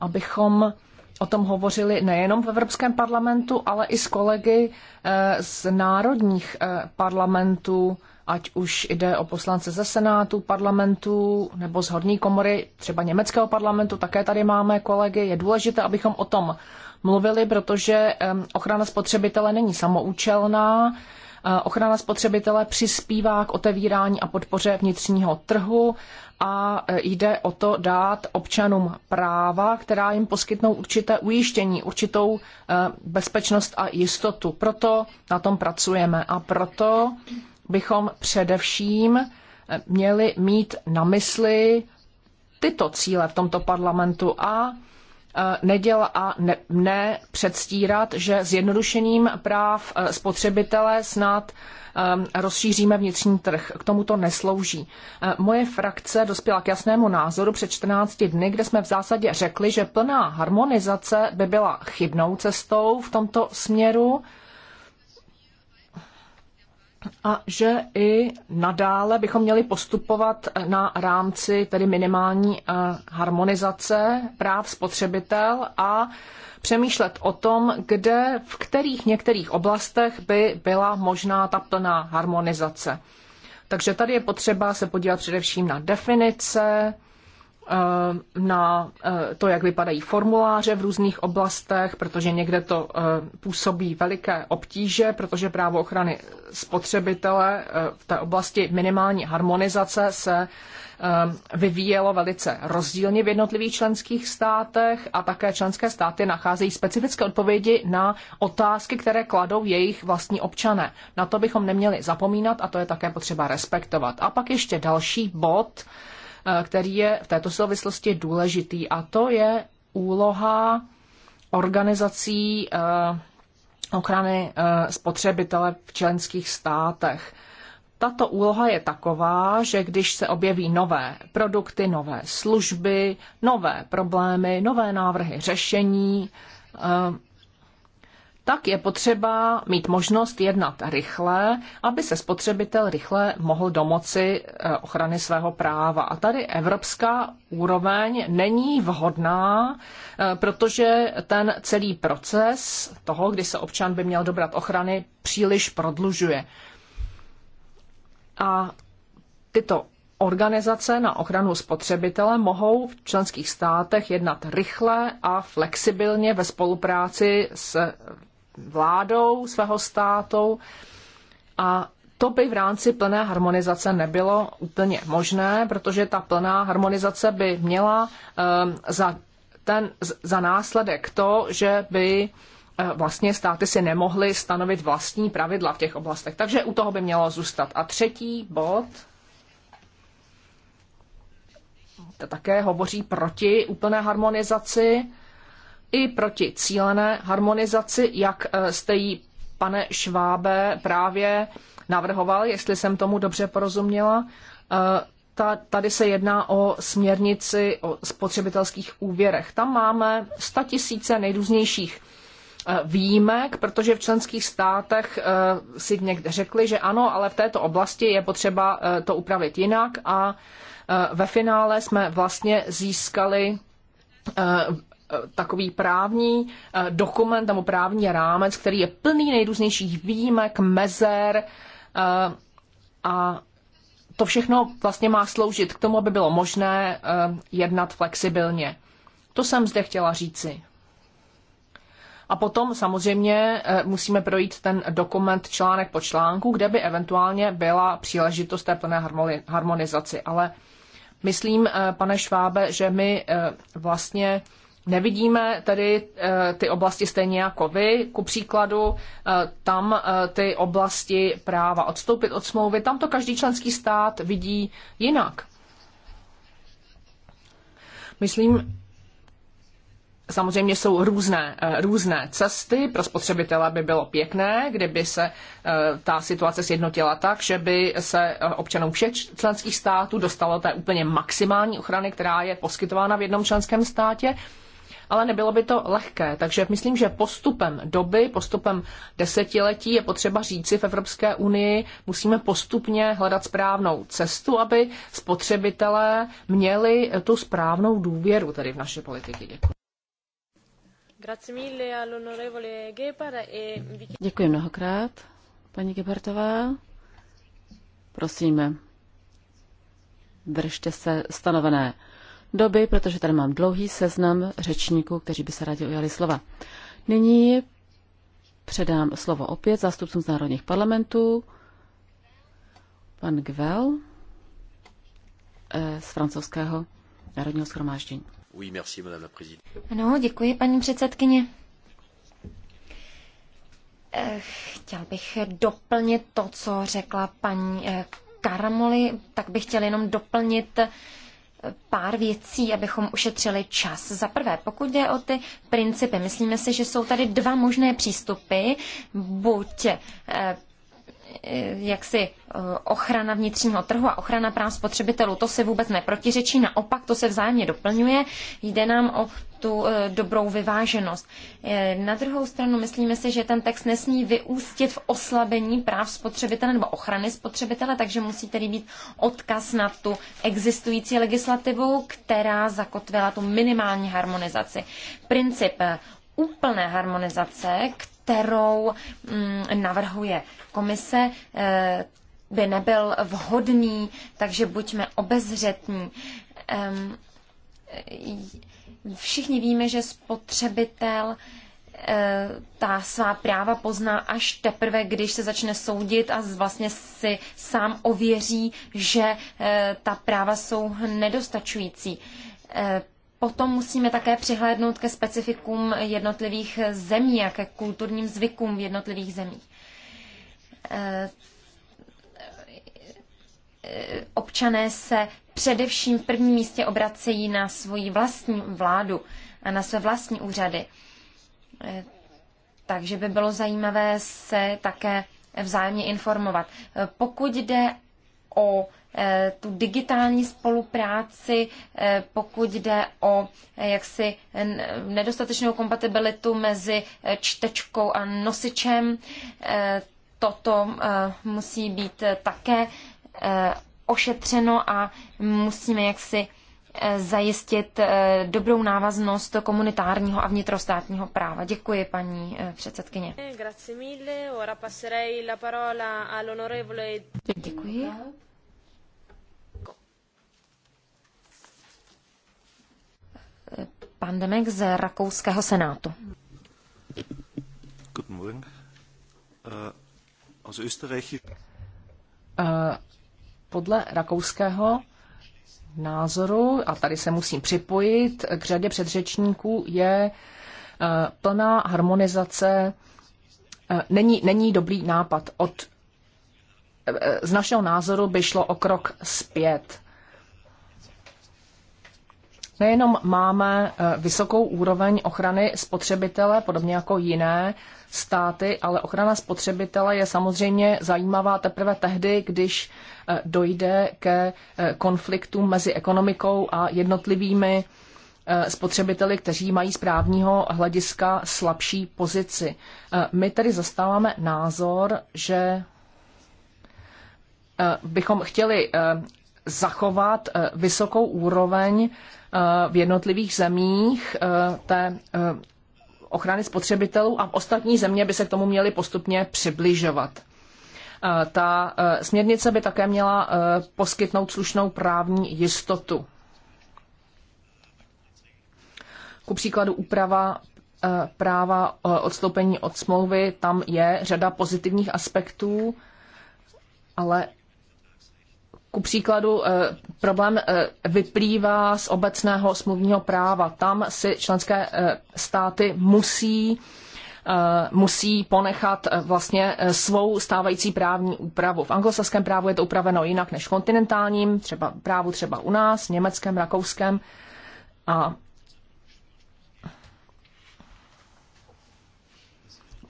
abychom o tom hovořili nejenom v Evropském parlamentu, ale i s kolegy eh, z národních eh, parlamentů, ať už jde o poslance ze Senátu, parlamentu nebo z horní komory, třeba německého parlamentu, také tady máme kolegy. Je důležité, abychom o tom mluvili, protože ochrana spotřebitele není samoučelná. E, ochrana spotřebitele přispívá k otevírání a podpoře vnitřního trhu a e, jde o to dát občanům práva, která jim poskytnou určité ujištění, určitou e, bezpečnost a jistotu. Proto na tom pracujeme a proto bychom především měli mít na mysli tyto cíle v tomto parlamentu a Eh, neděl a ne, ne předstírat, že zjednodušením práv eh, spotřebitele snad eh, rozšíříme vnitřní trh. K tomu to neslouží. Moje frakce dospěla k jasnému názoru před 14 dny, kde jsme v zásadě řekli, že plná harmonizace by byla chybnou cestou v tomto směru a že i nadále bychom měli postupovat na rámci tedy minimální eh, harmonizace práv spotřebitel a přemýšlet o tom, kde, v kterých některých oblastech by byla možná ta plná harmonizace. Takže tady je potřeba se podívat především na definice, Eh, na eh, to, jak vypadají formuláře v různých oblastech, protože někde to eh, působí veliké obtíže, protože právo ochrany spotřebitele v té oblasti minimální harmonizace se vyvíjelo velice rozdílně v jednotlivých členských státech a také členské státy nacházejí specifické odpovědi na otázky, které kladou jejich vlastní občané. Na to bychom neměli zapomínat a to je také potřeba respektovat. A pak ještě další bod, Eh, který je v této souvislosti důležitý, a to je úloha organizací eh, ochrany eh, spotřebitele v členských státech. Tato úloha je taková, že když se objeví nové produkty, nové služby, nové problémy, nové návrhy řešení, tak je potřeba mít možnost jednat rychle, aby se spotřebitel rychle mohl domoci eh, ochrany svého práva. A tady evropská úroveň není vhodná, eh, protože ten celý proces toho, kdy se občan by měl dobrat ochrany, příliš prodlužuje. A tyto Organizace na ochranu spotřebitele mohou v členských státech jednat rychle a flexibilně ve spolupráci s vládou svého státu a to by v rámci plné harmonizace nebylo úplně možné, protože ta plná harmonizace by měla ehm, za, ten, za následek to, že by eh, vlastně státy si nemohly stanovit vlastní pravidla v těch oblastech. Takže u toho by mělo zůstat. A třetí bod, to také hovoří proti úplné harmonizaci, i proti cílené harmonizaci, jak eh, jste ji, pane Švábe, právě navrhoval, jestli jsem tomu dobře porozuměla. Eh, tady se jedná o směrnici o spotřebitelských úvěrech. Tam máme 100 tisíce nejrůznějších eh, výjimek, protože v členských státech si někde řekli, že ano, ale v této oblasti je potřeba to upravit jinak a ve finále jsme vlastně získali takový právní eh, dokument nebo právní rámec, který je plný nejrůznějších výjimek, mezer eh, a to všechno vlastně má sloužit k tomu, aby bylo možné eh, jednat flexibilně. To jsem zde chtěla říci. A potom samozřejmě musíme projít ten dokument článek po článku, kde by eventuálně byla příležitost té plné harmonizaci. Ale myslím, pane Švábe, že my vlastně Nevidíme tedy eh, ty oblasti stejně jako vy. Ku příkladu, eh, tam eh, ty oblasti práva odstoupit od smlouvy, tam to každý členský stát vidí jinak. Myslím, Samozřejmě jsou různé, různé cesty. Pro spotřebitele by bylo pěkné, kdyby se ta situace sjednotila tak, že by se občanům všech členských států dostalo té úplně maximální ochrany, která je poskytována v jednom členském státě ale nebylo by to lehké. Takže myslím, že postupem doby, postupem desetiletí je potřeba říci v Evropské unii, musíme postupně hledat správnou cestu, aby spotřebitelé měli tu správnou důvěru tady v naše politiky. Děkuji. E Děkuji mnohokrát, paní Gebertová. Prosím, držte se stanovené doby, protože tady mám dlouhý seznam řečníků, kteří by se rádi ujali slova. Nyní předám slovo opět zástupcům z národních parlamentů. Pan Gvel eh, z francouzského národního schromáždění. ano, děkuji, paní předsedkyně. Eh, chtěl bych doplnit to, co řekla paní eh, Karamoli, tak bych chtěl jenom doplnit pár věcí, abychom ušetřili čas. Za prvé, pokud jde o ty principy, myslíme si, že jsou tady dva možné přístupy, buď eh, Eh, jaksi eh, ochrana vnitřního trhu a ochrana práv spotřebitelů, to se vůbec neprotiřečí, naopak to se vzájemně doplňuje, jde nám o tu eh, dobrou vyváženost. Na druhou stranu myslíme si, že ten text nesmí vyústit v oslabení práv spotřebitele nebo ochrany spotřebitele, takže musí tedy být odkaz na tu existující legislativu, která zakotvila tu minimální harmonizaci. Princip úplné harmonizace, který kterou mm, navrhuje komise, eh, by nebyl vhodný, takže buďme obezřetní. Ehm, všichni víme, že spotřebitel eh, ta svá práva pozná až teprve, když se začne soudit a vlastně si sám ověří, že eh, ta práva jsou nedostačující potom musíme také přihlédnout ke specifikům jednotlivých zemí a ke kulturním zvykům v jednotlivých zemích. Eh, občané se především v prvním místě obracejí na svoji vlastní vládu a na své vlastní úřady. Eh, takže by bylo zajímavé se také vzájemně informovat. Eh, pokud jde o Eh, tu digitální spolupráci, eh, pokud jde o eh, jaksi nedostatečnou kompatibilitu mezi čtečkou a nosičem. Toto musí být také ošetřeno a musíme jaksi zajistit dobrou návaznost komunitárního a vnitrostátního práva. Děkuji, paní předsedkyně. Děkuji. pan Demek z Rakouského senátu. Guten Morgen. Uh, aus Österreich... uh, podle rakouského názoru, a tady se musím připojit k řadě předřečníků, je äh, plná harmonizace není, není dobrý nápad. Od, z našeho názoru by šlo o krok zpět. Nejenom máme eh, vysokou úroveň ochrany spotřebitele, podobně jako jiné státy, ale ochrana spotřebitele je samozřejmě zajímavá teprve tehdy, když eh, dojde ke eh, konfliktům mezi ekonomikou a jednotlivými spotřebiteli, kteří mají z právního hlediska slabší pozici. My tedy zastáváme názor, že bychom chtěli zachovat eh, vysokou úroveň eh, v jednotlivých zemích eh, té ochrany spotřebitelů a ostatní země by se k tomu měly postupně přibližovat. Ta směrnice by také měla poskytnout slušnou právní jistotu. Ku příkladu úprava práva odstoupení od smlouvy, tam je řada pozitivních aspektů, ale ku příkladu eh, problém eh, vyplývá z obecného smluvního práva. Tam si členské eh, státy musí musí ponechat vlastně svou stávající právní úpravu. V anglosaském právu je to upraveno jinak než v kontinentálním, třeba právu třeba u nás, německém, rakouském. A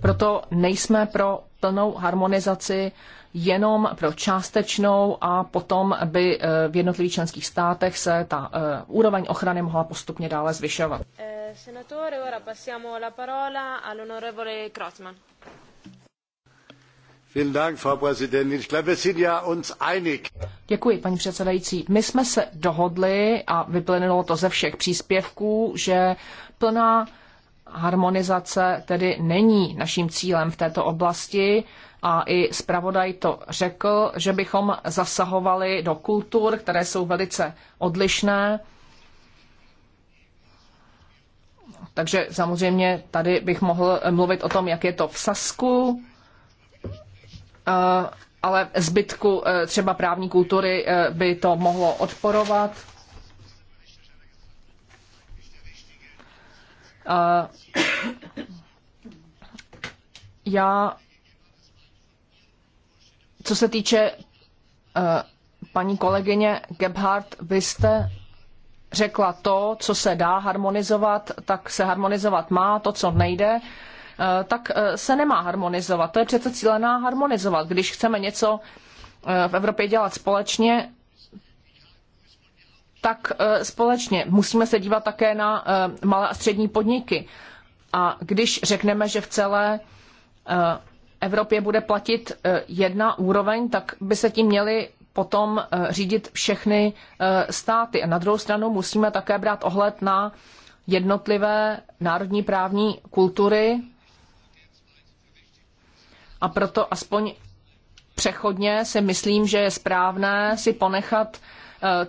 proto nejsme pro plnou harmonizaci jenom pro částečnou a potom by eh, v jednotlivých členských státech se ta eh, úroveň ochrany mohla postupně dále zvyšovat. Eh, senatore, ora passiamo la parola all'onorevole Děkuji, paní předsedající. My jsme se dohodli, a vyplynulo to ze všech příspěvků, že plná harmonizace tedy není naším cílem v této oblasti a i zpravodaj to řekl, že bychom zasahovali do kultur, které jsou velice odlišné. Takže samozřejmě tady bych mohl mluvit o tom, jak je to v Sasku, eh, ale zbytku eh, třeba právní kultury eh, by to mohlo odporovat. Já co se týče eh, paní kolegyně Gebhardt, vy jste řekla to, co se dá harmonizovat, tak se harmonizovat má, to, co nejde, eh, tak eh, se nemá harmonizovat. To je přece cílená harmonizovat. Když chceme něco v Evropě dělat společně, tak společně musíme se dívat také na malé a střední podniky. A když řekneme, že v celé Evropě bude platit eh, jedna úroveň, tak by se tím měly potom eh, řídit všechny eh, státy. A na druhou stranu musíme také brát ohled na jednotlivé národní právní kultury a proto aspoň přechodně si myslím, že je správné si ponechat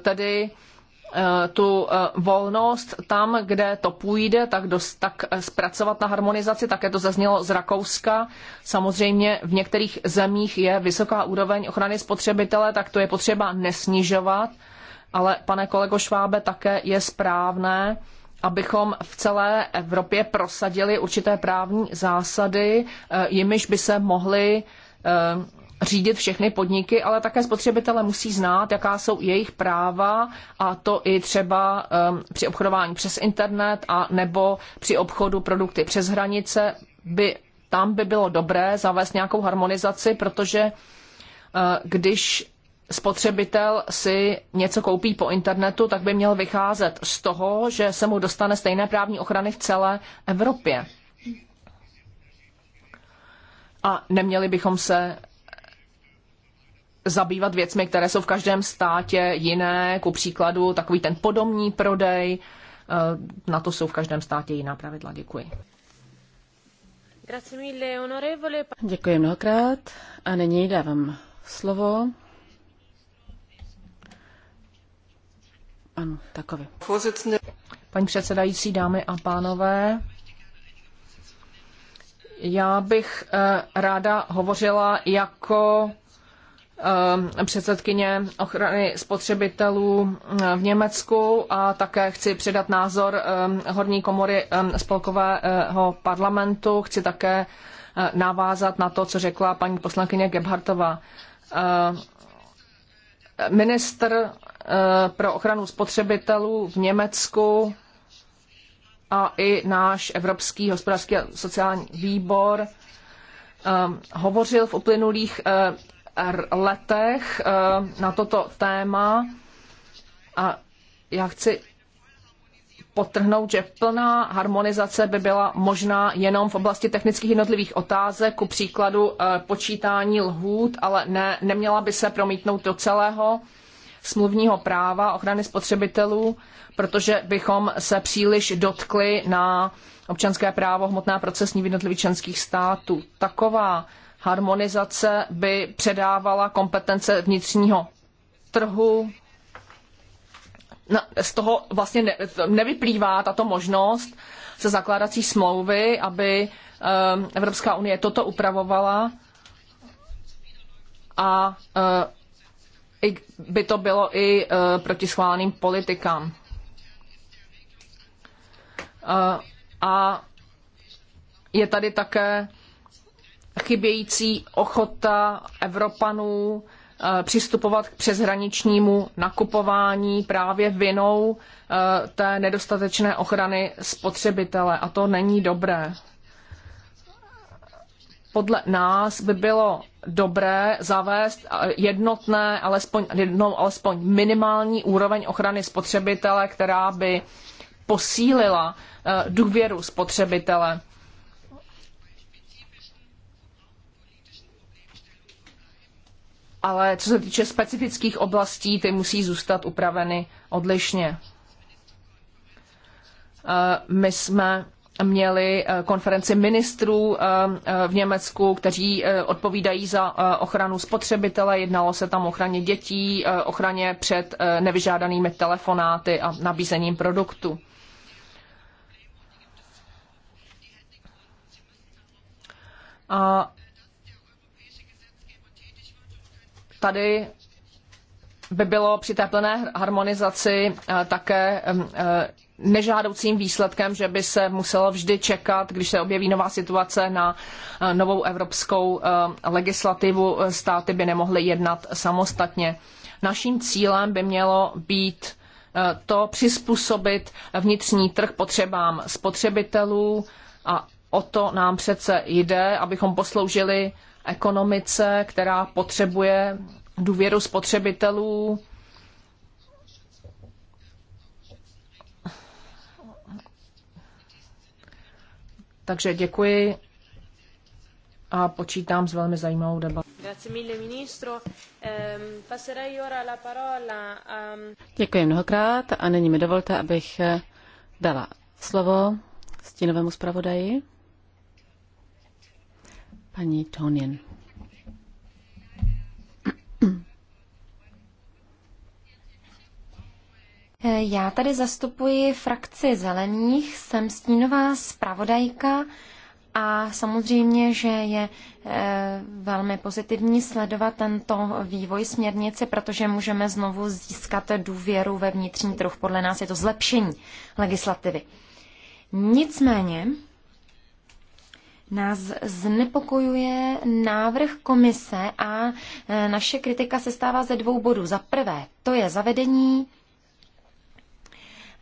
tedy Eh, tu eh, volnost tam, kde to půjde, tak, dost, tak eh, zpracovat na harmonizaci, také to zaznělo z Rakouska. Samozřejmě v některých zemích je vysoká úroveň ochrany spotřebitele, tak to je potřeba nesnižovat. Ale pane kolego Švábe, také je správné, abychom v celé Evropě prosadili určité právní zásady, jimiž by se mohly řídit všechny podniky, ale také spotřebitele musí znát, jaká jsou jejich práva a to i třeba um, při obchodování přes internet a nebo při obchodu produkty přes hranice by tam by bylo dobré zavést nějakou harmonizaci, protože uh, když spotřebitel si něco koupí po internetu, tak by měl vycházet z toho, že se mu dostane stejné právní ochrany v celé Evropě. A neměli bychom se zabývat věcmi, které jsou v každém státě jiné, ku příkladu takový ten podomní prodej. Eh, na to jsou v každém státě jiná pravidla. Děkuji. Děkuji mnohokrát a nyní dávám slovo panu Takovi. Paní předsedající, dámy a pánové, já bych eh, ráda hovořila jako Ehm, předsedkyně ochrany spotřebitelů ehm, v Německu a také chci předat názor ehm, horní komory spolkového parlamentu. Chci také eh, navázat na to, co řekla paní poslankyně Gebhartová. Ministr eh, pro ochranu spotřebitelů v Německu a i náš Evropský hospodářský a sociální výbor hovořil v uplynulých eh, letech eh, na toto téma a já chci potrhnout, že plná harmonizace by byla možná jenom v oblasti technických jednotlivých otázek, ku příkladu eh, počítání lhůt, ale ne, neměla by se promítnout do celého smluvního práva ochrany spotřebitelů, protože bychom se příliš dotkli na občanské právo hmotná procesní v jednotlivých členských států. Taková Harmonizace by předávala kompetence vnitřního trhu. No, z toho vlastně nevyplývá tato možnost ze zakládací smlouvy, aby ehm, Evropská unie toto upravovala a eh, by to bylo i eh, proti schváleným politikám. Eh, a je tady také chybějící ochota Evropanů eh, přistupovat k přeshraničnímu nakupování právě vinou eh, té nedostatečné ochrany spotřebitele a to není dobré. Podle nás by bylo dobré zavést eh, jednotné, alespoň, jednou alespoň minimální úroveň ochrany spotřebitele, která by posílila důvěru spotřebitele ale co se týče specifických oblastí, ty musí zůstat upraveny odlišně. Eh, my jsme měli eh, konferenci ministrů eh, v Německu, kteří odpovídají za ochranu spotřebitele. Jednalo se tam o ochraně dětí, ochraně před nevyžádanými telefonáty a nabízením produktu. A Tady by bylo při té plné harmonizaci eh, také eh, nežádoucím výsledkem, že by se muselo vždy čekat, když se objeví nová situace na eh, novou evropskou legislativu, státy by nemohly jednat samostatně. Naším cílem by mělo být to přizpůsobit vnitřní trh potřebám spotřebitelů a o to nám přece jde, abychom posloužili ekonomice, která potřebuje důvěru spotřebitelů. Takže děkuji a počítám s velmi zajímavou debatou. Ehm, mm, děkuji mnohokrát a nyní mi dovolte, abych eh, dala slovo stínovému zpravodaji paní Tonin. Já tady zastupuji frakci zelených, jsem stínová zpravodajka a samozřejmě, že je eh, velmi pozitivní sledovat tento vývoj směrnice, protože můžeme znovu získat důvěru ve vnitřní trh. Podle nás je to zlepšení legislativy. Nicméně, nás znepokojuje návrh komise a e, naše kritika se stává ze dvou bodů. Za prvé, to je zavedení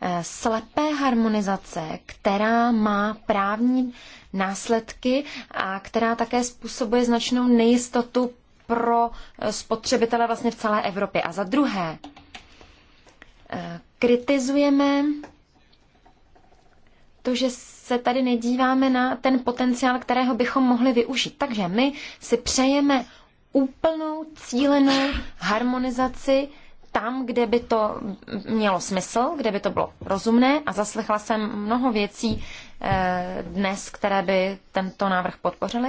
e, slepé harmonizace, která má právní následky a která také způsobuje značnou nejistotu pro e, spotřebitele vlastně v celé Evropě. A za druhé, kritizujeme to, že se tady nedíváme na ten potenciál, kterého bychom mohli využít. Takže my si přejeme úplnou cílenou harmonizaci tam, kde by to mělo smysl, kde by to bylo rozumné a zaslechla jsem mnoho věcí eh, dnes, které by tento návrh podpořily.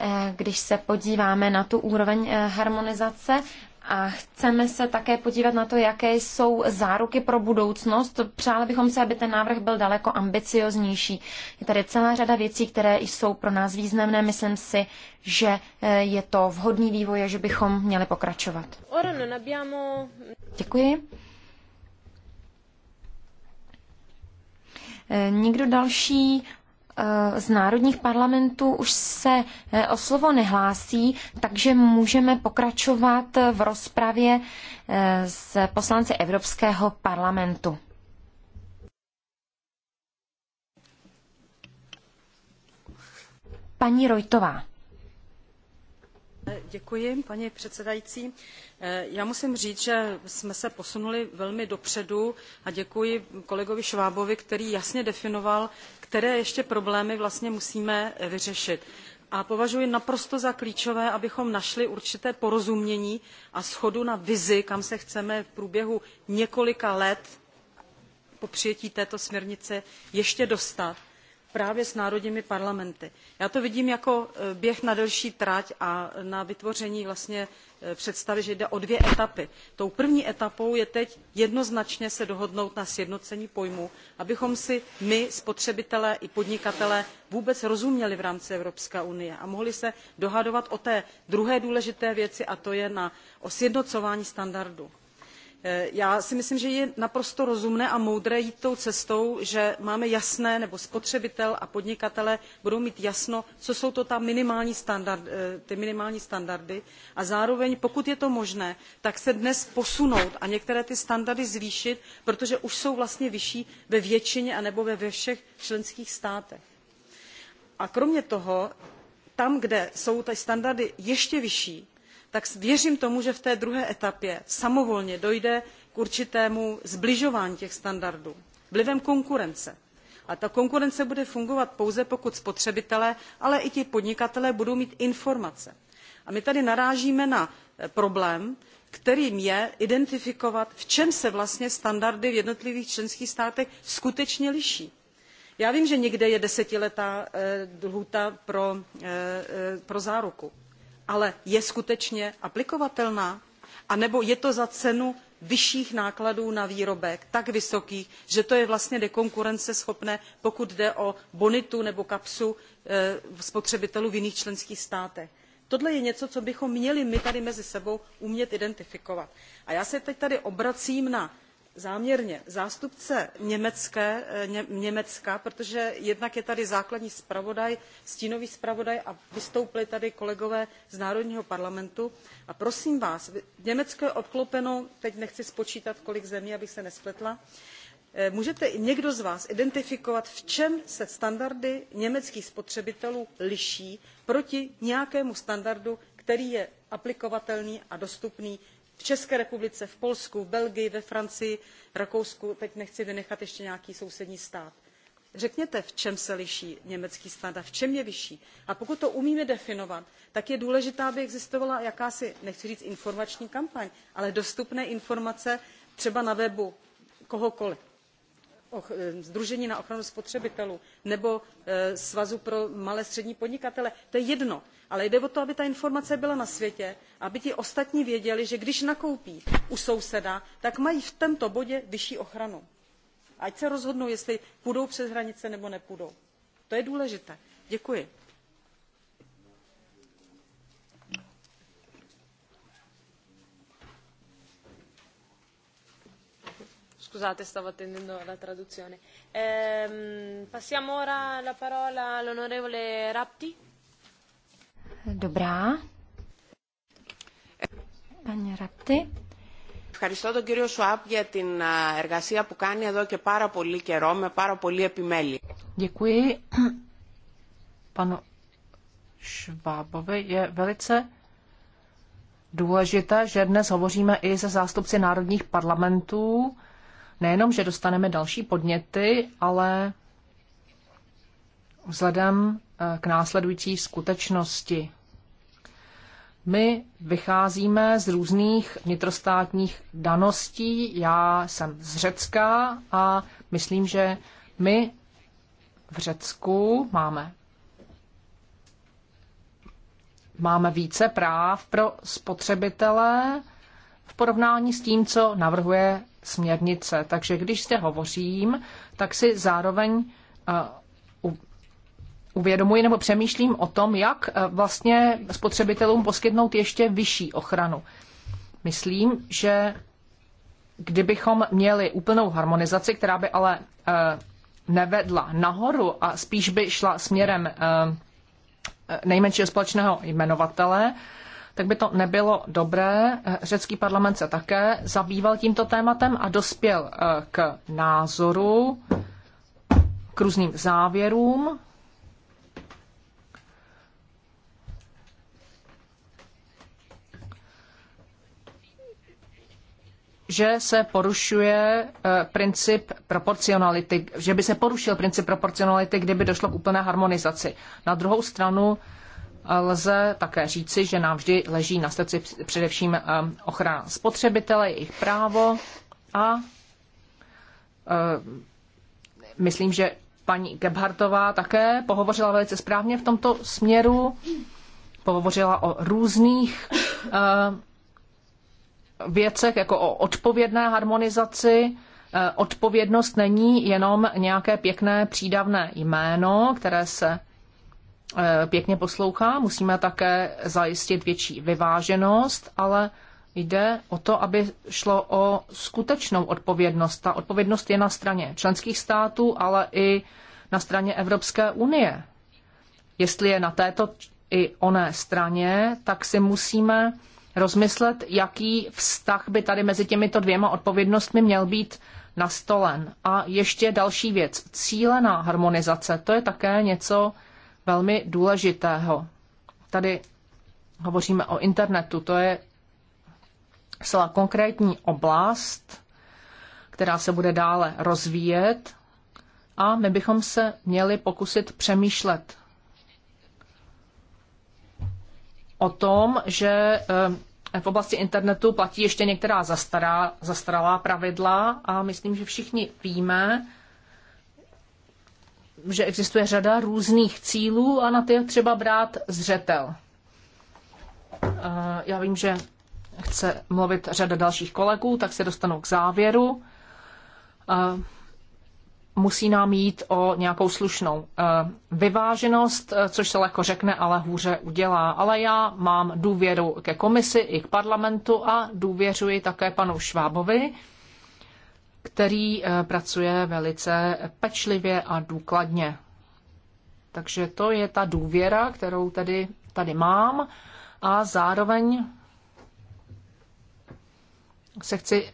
Eh, když se podíváme na tu úroveň eh, harmonizace, a chceme se také podívat na to, jaké jsou záruky pro budoucnost. Přáli bychom se, aby ten návrh byl daleko ambicioznější. Je tady celá řada věcí, které jsou pro nás významné. Myslím si, že eh, je to vhodný vývoj a že bychom měli pokračovat. Děkuji. Eh, nikdo další Eh, z národních parlamentů už se eh, o slovo nehlásí, takže můžeme pokračovat v rozpravě eh, s poslanci Evropského parlamentu. Paní Rojtová. Eh, děkuji, paní předsedající. Eh, já musím říct, že jsme se posunuli velmi dopředu a děkuji kolegovi Švábovi, který jasně definoval, které ještě problémy vlastně musíme eh, vyřešit a považuji naprosto za klíčové abychom našli určité porozumění a shodu na vizi kam se chceme v průběhu několika let po přijetí této směrnice ještě dostat právě s národními parlamenty. já to vidím jako e, běh na delší trať a na vytvoření vlastně e, představy že jde o dvě etapy. tou první etapou je teď jednoznačně se dohodnout na sjednocení pojmů abychom si my spotřebitelé i podnikatelé vůbec rozuměli v rámci evropské unie a mohli se dohadovat o té druhé důležité věci a to je na, o sjednocování standardů Eh, já si myslím že je naprosto rozumné a moudré jít tou cestou že máme jasné nebo spotřebitel a podnikatelé budou mít jasno co jsou to eh, ty minimální standardy a zároveň pokud je to možné tak se dnes posunout a některé ty standardy zvýšit protože už jsou vlastně vyšší ve většině nebo ve všech členských státech. a kromě toho tam kde jsou ty standardy ještě vyšší tak věřím tomu že v té druhé etapě samovolně dojde k určitému sbližování těch standardů vlivem konkurence. a ta konkurence bude fungovat pouze pokud spotřebitelé ale i ti podnikatelé budou mít informace. a my tady narážíme na eh, problém kterým je identifikovat v čem se vlastně standardy v jednotlivých členských státech skutečně liší. já vím že někde je desetiletá eh, lhůta pro, eh, pro záruku ale je skutečně aplikovatelná? A nebo je to za cenu vyšších nákladů na výrobek, tak vysokých, že to je vlastně nekonkurenceschopné, pokud jde o bonitu nebo kapsu eh, spotřebitelů v jiných členských státech tohle je něco co bychom měli my tady mezi sebou umět identifikovat. a já se teď tady obracím na záměrně zástupce Německé, eh, ně, Německa, protože jednak je tady základní zpravodaj, stínový zpravodaj a vystoupili tady kolegové z Národního parlamentu. A prosím vás, Německo je obklopeno, teď nechci spočítat, kolik zemí, abych se nespletla, eh, můžete někdo z vás identifikovat v čem se standardy německých spotřebitelů liší proti nějakému standardu který je aplikovatelný a dostupný české republice v polsku v belgii ve francii v rakousku teď nechci vynechat ještě nějaký sousední stát. řekněte v čem se liší německý standard v čem je vyšší a pokud to umíme definovat tak je důležité aby existovala jakási nechci říct informační kampaň ale dostupné informace třeba na webu kohokoliv Eh, sdružení na ochranu spotřebitelů nebo eh, svazu pro malé a střední podnikatele to je jedno ale jde o to aby ta informace byla na světě aby ti ostatní věděli že když nakoupí u souseda tak mají v tomto bodě vyšší ochranu ať se rozhodnou jestli půjdou přes hranice nebo nepůjdou. to je důležité. děkuji. Scusate, stavo attendendo la traduzione. Ehm, passiamo ora la parola all'onorevole Rapti. Dobrá. Paní Rapti. Ευχαριστώ τον κύριο Σουάπ για την εργασία που κάνει εδώ και πάρα πολύ καιρό με πάρα πολύ επιμέλεια. Děkuji panu Švábovi. Je velice důležité, že dnes hovoříme i se zástupci národních parlamentů nejenom, že dostaneme další podněty, ale vzhledem eh, k následující skutečnosti. My vycházíme z různých vnitrostátních daností. Já jsem z Řecka a myslím, že my v Řecku máme máme více práv pro spotřebitele v porovnání s tím, co navrhuje směrnice. Takže když zde hovořím, tak si zároveň eh, uvědomuji nebo přemýšlím o tom, jak eh, vlastně spotřebitelům poskytnout ještě vyšší ochranu. Myslím, že kdybychom měli úplnou harmonizaci, která by ale eh, nevedla nahoru a spíš by šla směrem nejmenšího společného jmenovatele, tak by to nebylo dobré. Řecký parlament se také zabýval tímto tématem a dospěl eh, k názoru, k různým závěrům. že se porušuje eh, princip proporcionality, že by se porušil princip proporcionality, kdyby došlo k úplné harmonizaci. Na druhou stranu lze také říci, že nám vždy leží na srdci především um, ochrana spotřebitele, jejich právo a um, myslím, že paní Gebhardová také pohovořila velice správně v tomto směru. Pohovořila o různých um, věcech, jako o odpovědné harmonizaci. Uh, odpovědnost není jenom nějaké pěkné přídavné jméno, které se Eh, pěkně poslouchá. Musíme také zajistit větší vyváženost, ale jde o to, aby šlo o skutečnou odpovědnost. Ta odpovědnost je na straně členských států, ale i na straně Evropské unie. Jestli je na této i oné straně, tak si musíme rozmyslet, jaký vztah by tady mezi těmito dvěma odpovědnostmi měl být nastolen. A ještě další věc, cílená harmonizace, to je také něco, velmi důležitého. Tady hovoříme o internetu, to je celá konkrétní oblast, která se bude dále rozvíjet a my bychom se měli pokusit přemýšlet o tom, že eh, v oblasti internetu platí ještě některá zastará, zastaralá pravidla a myslím, že všichni víme, že existuje řada různých cílů a na ty je třeba brát zřetel. Eh, já vím, že chce mluvit řada dalších kolegů, tak se dostanu k závěru. Eh, musí nám jít o nějakou slušnou eh, vyváženost, což se lehko řekne, ale hůře udělá. Ale já mám důvěru ke komisi i k parlamentu a důvěřuji také panu Švábovi který eh, pracuje velice pečlivě a důkladně. Takže to je ta důvěra, kterou tady, tady mám a zároveň se chci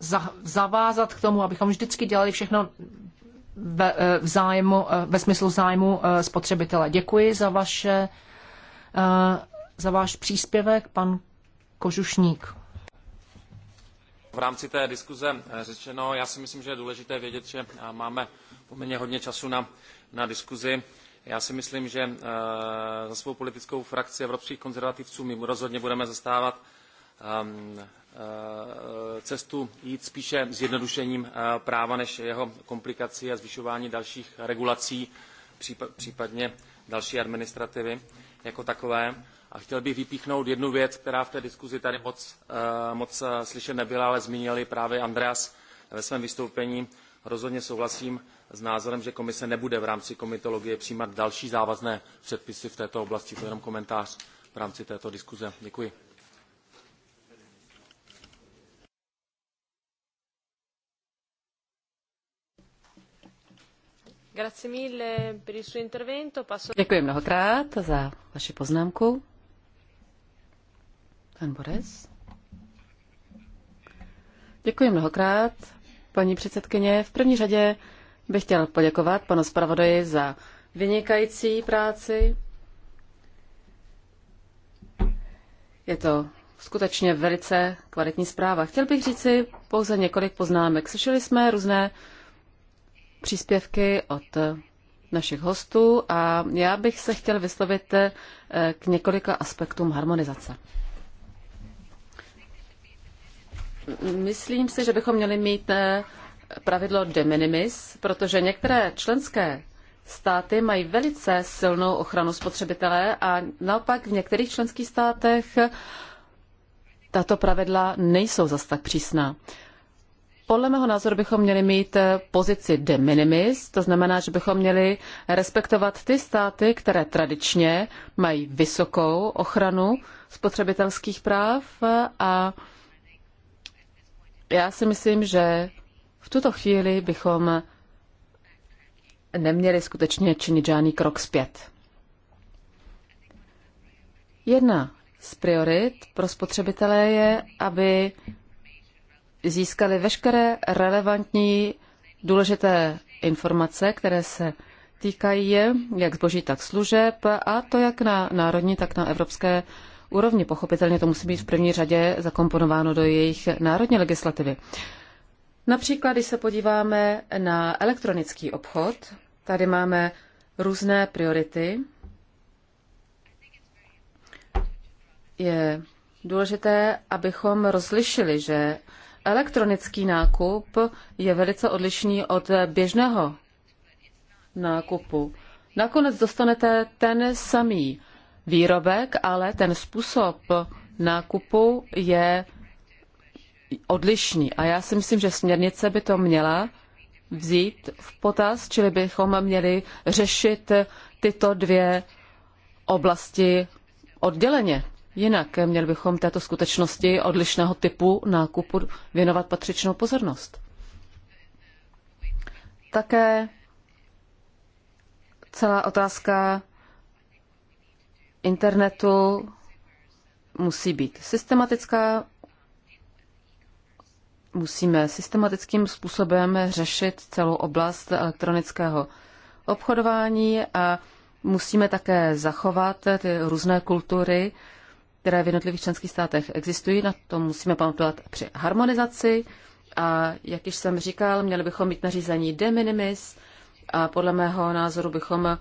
za, zavázat k tomu, abychom vždycky dělali všechno ve, eh, v zájmu, eh, ve smyslu zájmu spotřebitele. Děkuji za, vaše, za váš příspěvek, pan Kožušník v rámci té diskuze eh, řečeno. Já si myslím, že je důležité vědět, že eh, máme poměrně hodně času na, na diskuzi. Já si myslím, že eh, za svou politickou frakci evropských konzervativců my rozhodně budeme zastávat ehm, cestu jít spíše zjednodušením práva než jeho komplikací a zvyšování dalších regulací, případně další administrativy jako takové. A chtěl bych vypíchnout jednu věc, která v té diskuzi tady moc, eh, moc eh, slyšet nebyla, ale zmínili právě Andreas ve svém vystoupení. Rozhodně souhlasím s názorem, že komise nebude v rámci komitologie přijímat další závazné předpisy v této oblasti. To je jenom komentář v rámci této diskuze. Děkuji. Děkuji mnohokrát za vaši poznámku. Pan Borez. Děkuji mnohokrát, paní předsedkyně. V první řadě bych chtěl poděkovat panu zpravodaji za vynikající práci. Je to skutečně velice kvalitní zpráva. Chtěl bych říci pouze několik poznámek. Slyšeli jsme různé příspěvky od našich hostů a já bych se chtěl vyslovit eh, k několika aspektům harmonizace. Myslím si, že bychom měli mít eh, pravidlo de minimis, protože některé členské státy mají velice silnou ochranu spotřebitele a naopak v některých členských státech tato pravidla nejsou zas tak přísná. Podle mého názoru bychom měli mít eh, pozici de minimis, to znamená, že bychom měli respektovat ty státy, které tradičně mají vysokou ochranu spotřebitelských práv eh, a já si myslím, že v tuto chvíli bychom neměli skutečně činit žádný krok zpět. Jedna z priorit pro spotřebitele je, aby získali veškeré relevantní důležité informace, které se týkají jak zboží, tak služeb a to jak na národní, tak na evropské úrovni. Pochopitelně to musí být v první řadě zakomponováno do jejich národní legislativy. Například, když se podíváme na elektronický obchod, tady máme různé priority. Je důležité, abychom rozlišili, že elektronický nákup je velice odlišný od běžného nákupu. Nakonec dostanete ten samý výrobek, ale ten způsob nákupu je odlišný. A já si myslím, že směrnice by to měla vzít v potaz, čili bychom měli řešit tyto dvě oblasti odděleně jinak. Měli bychom této skutečnosti odlišného typu nákupu věnovat patřičnou pozornost. Také celá otázka internetu musí být systematická. Musíme systematickým způsobem řešit celou oblast elektronického obchodování a musíme také zachovat ty různé kultury, které v jednotlivých členských státech existují. Na to musíme pamatovat při harmonizaci. A jak již jsem říkal, měli bychom mít nařízení de minimis a podle mého názoru bychom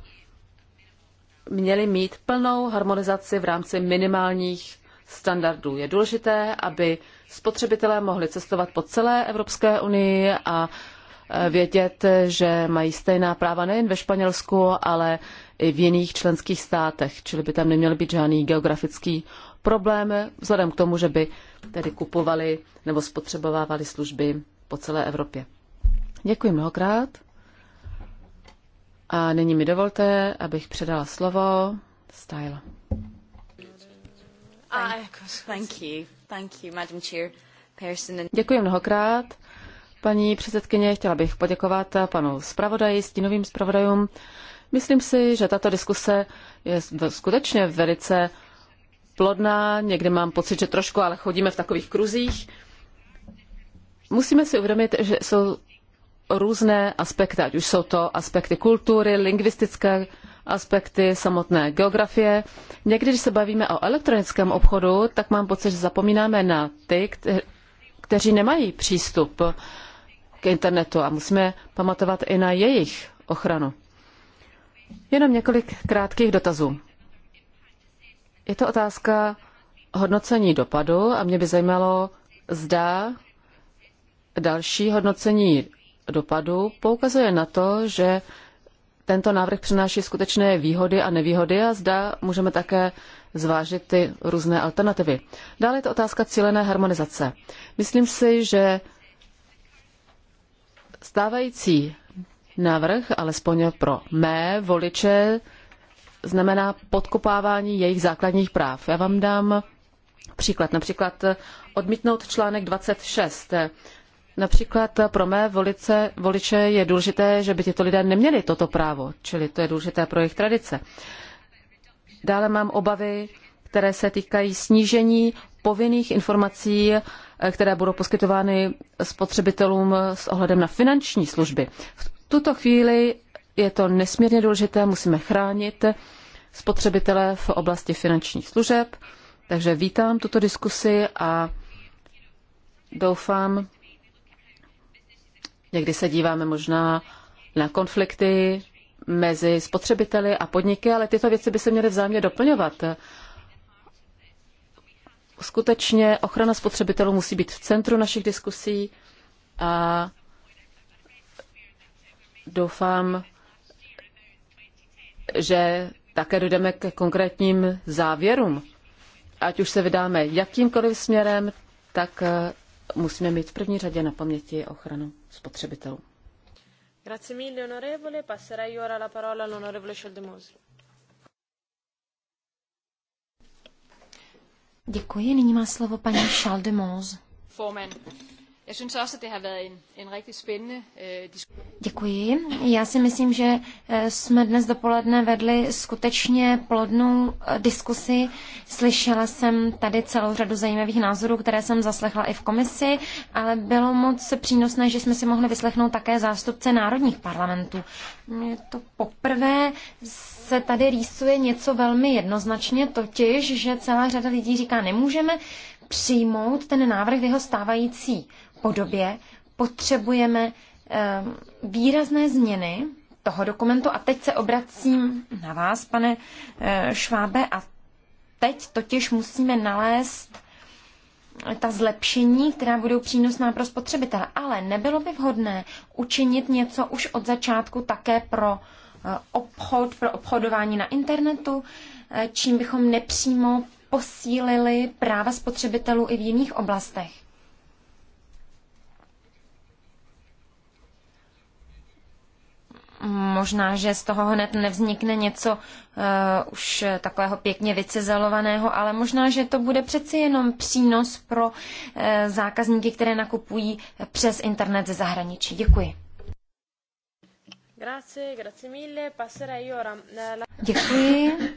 měli mít plnou harmonizaci v rámci minimálních standardů. Je důležité, aby spotřebitelé mohli cestovat po celé Evropské unii a e, vědět, že mají stejná práva nejen ve Španělsku, ale i v jiných členských státech, čili by tam neměl být žádný geografický problém vzhledem k tomu, že by tedy kupovali nebo spotřebovávali služby po celé Evropě. Děkuji mnohokrát. A nyní mi dovolte, abych předala slovo Style. Ah, Děkuji mnohokrát. Paní předsedkyně, chtěla bych poděkovat panu zpravodaji, stínovým zpravodajům. Myslím si, že tato diskuse je skutečně velice plodná, někdy mám pocit, že trošku, ale chodíme v takových kruzích. Musíme si uvědomit, že jsou různé aspekty, ať už jsou to aspekty kultury, lingvistické aspekty samotné geografie. Někdy, když se bavíme o elektronickém obchodu, tak mám pocit, že zapomínáme na ty, kteří nemají přístup k internetu a musíme pamatovat i na jejich ochranu. Jenom několik krátkých dotazů. Je to otázka hodnocení dopadu a mě by zajímalo, zda další hodnocení dopadu poukazuje na to, že tento návrh přináší skutečné výhody a nevýhody a zda můžeme také zvážit ty různé alternativy. Dále je to otázka cílené harmonizace. Myslím si, že stávající návrh, alespoň pro mé voliče, znamená podkopávání jejich základních práv. Já vám dám příklad. Například odmítnout článek 26. Například pro mé volice, voliče je důležité, že by tito lidé neměli toto právo, čili to je důležité pro jejich tradice. Dále mám obavy, které se týkají snížení povinných informací, eh, které budou poskytovány spotřebitelům s ohledem na finanční služby. V tuto chvíli je to nesmírně důležité, musíme chránit spotřebitele v oblasti finančních služeb, takže vítám tuto diskusi a doufám, někdy se díváme možná na konflikty mezi spotřebiteli a podniky, ale tyto věci by se měly vzájemně doplňovat. Skutečně ochrana spotřebitelů musí být v centru našich diskusí a doufám, že také dojdeme ke konkrétním závěrům. Ať už se vydáme jakýmkoliv směrem, tak eh, musíme mít v první řadě na paměti ochranu spotřebitelů. Grazie mille onorevole, passerei ora la parola all'onorevole Děkuji, nyní má slovo paní Scholdemoser. Øh, Děkuji. Já si myslím, že eh, jsme dnes dopoledne vedli skutečně plodnou eh, diskusi. Slyšela jsem tady celou řadu zajímavých názorů, které jsem zaslechla i v komisi, ale bylo moc přínosné, že jsme si mohli vyslechnout také zástupce národních parlamentů. Je to poprvé se tady rýsuje něco velmi jednoznačně, totiž, že celá řada lidí říká, nemůžeme přijmout ten návrh v jeho stávající podobě, potřebujeme ehm, výrazné změny toho dokumentu. A teď se obracím na vás, pane eh, Švábe, a teď totiž musíme nalézt eh, ta zlepšení, která budou přínosná pro spotřebitele. Ale nebylo by vhodné učinit něco už od začátku také pro eh, obchod, pro obchodování na internetu, čím bychom nepřímo posílili práva spotřebitelů i v jiných oblastech. Možná, že z toho hned nevznikne něco uh, už takového pěkně vycizelovaného, ale možná, že to bude přeci jenom přínos pro uh, zákazníky, které nakupují přes internet ze zahraničí. Děkuji. Eh, Děkuji.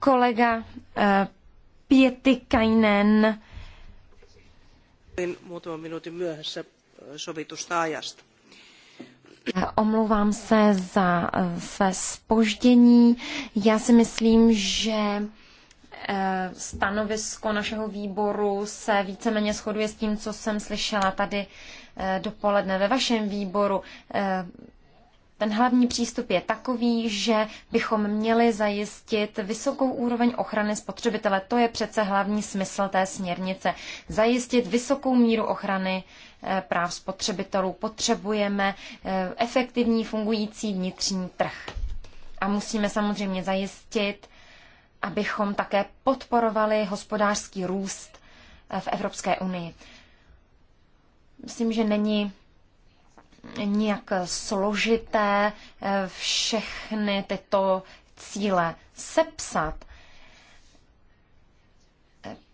Kolega eh, eh, Pietikainen. Eh, omlouvám se za své spoždění. Já si myslím, že stanovisko našeho výboru se víceméně shoduje s tím, co jsem slyšela tady dopoledne ve vašem výboru. Ten hlavní přístup je takový, že bychom měli zajistit vysokou úroveň ochrany spotřebitele. To je přece hlavní smysl té směrnice. Zajistit vysokou míru ochrany eh, práv spotřebitelů. Potřebujeme eh, efektivní fungující vnitřní trh. A musíme samozřejmě zajistit, abychom také podporovali hospodářský růst eh, v Evropské unii. Myslím, že není nějak složité eh, všechny tyto cíle sepsat,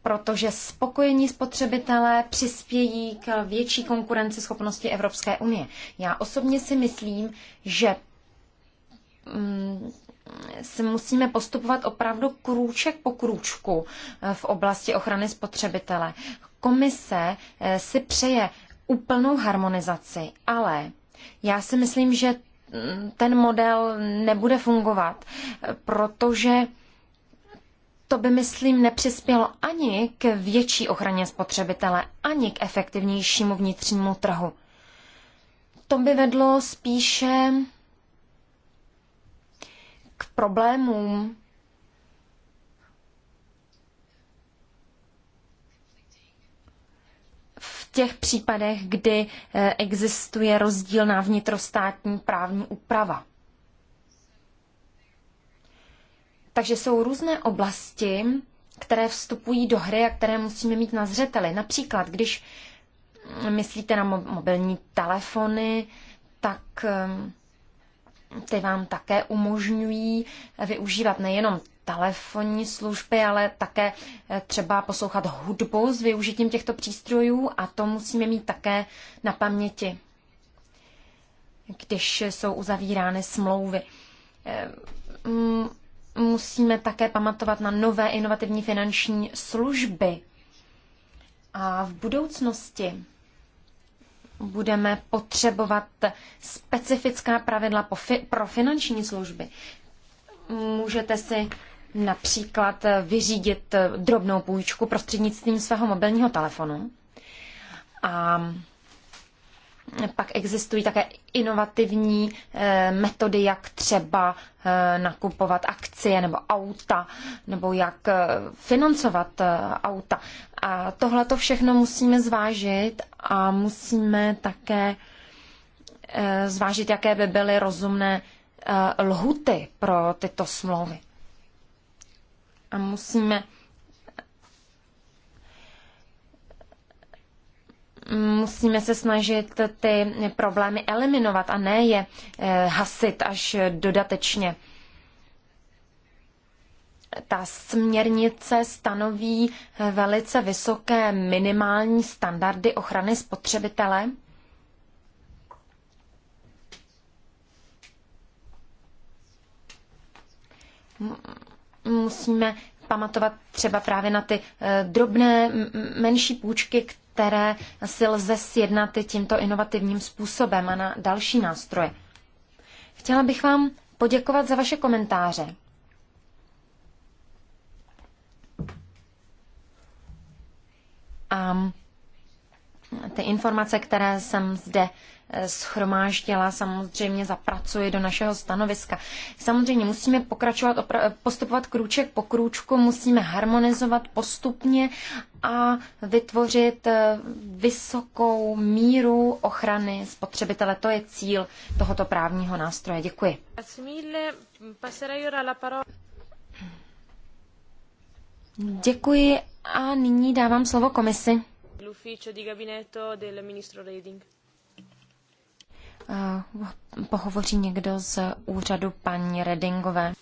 protože spokojení spotřebitelé přispějí k větší konkurenceschopnosti Evropské unie. Já osobně si myslím, že mm, se musíme postupovat opravdu krůček po krůčku eh, v oblasti ochrany spotřebitele. Komise eh, si přeje úplnou harmonizaci, ale já si myslím, že mm, ten model nebude fungovat, protože to by, myslím, nepřispělo ani k větší ochraně spotřebitele, ani k efektivnějšímu vnitřnímu trhu. To by vedlo spíše k problémům těch případech, kdy eh, existuje rozdílná vnitrostátní právní úprava. Takže jsou různé oblasti, které vstupují do hry a které musíme mít na zřeteli. Například, když myslíte na mobilní telefony, tak eh, ty vám také umožňují využívat nejenom telefonní služby, ale také eh, třeba poslouchat hudbu s využitím těchto přístrojů a to musíme mít také na paměti, když jsou uzavírány smlouvy. Eh, musíme také pamatovat na nové inovativní finanční služby. A v budoucnosti budeme potřebovat specifická pravidla pro finanční služby. Můžete si například vyřídit drobnou půjčku prostřednictvím svého mobilního telefonu. A pak existují také inovativní eh, metody, jak třeba eh, nakupovat akcie nebo auta, nebo jak eh, financovat auta. A tohle to všechno musíme zvážit a musíme také zvážit, jaké by byly rozumné lhuty pro tyto smlouvy a musíme musíme se snažit ty problémy eliminovat a ne je eh, hasit až dodatečně. Ta směrnice stanoví eh, velice vysoké minimální standardy ochrany spotřebitele. M- musíme pamatovat třeba právě na ty eh, drobné, menší půjčky, které si lze sjednat tímto inovativním způsobem a na další nástroje. Chtěla bych vám poděkovat za vaše komentáře. A ty informace, které jsem zde eh, schromáždila, samozřejmě zapracuji do našeho stanoviska. Samozřejmě musíme pokračovat, postupovat krůček po krůčku, musíme harmonizovat postupně a vytvořit eh, vysokou míru ochrany spotřebitele. To je cíl tohoto právního nástroje. Děkuji. Děkuji a nyní dávám slovo komisi dell'ufficio di gabinetto del ministro Reding. Uh, pohovoří někdo z úřadu paní Redingové.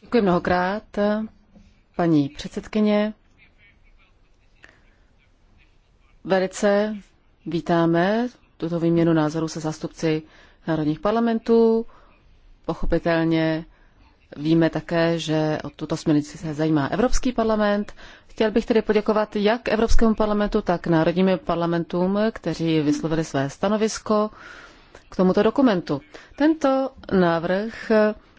Děkuji mnohokrát, paní předsedkyně. Velice vítáme tuto výměnu názoru se zástupci národních parlamentů. Pochopitelně Víme také, že o tuto směrnici se zajímá Evropský parlament. Chtěl bych tedy poděkovat jak Evropskému parlamentu, tak národním parlamentům, kteří vyslovili své stanovisko k tomuto dokumentu. Tento návrh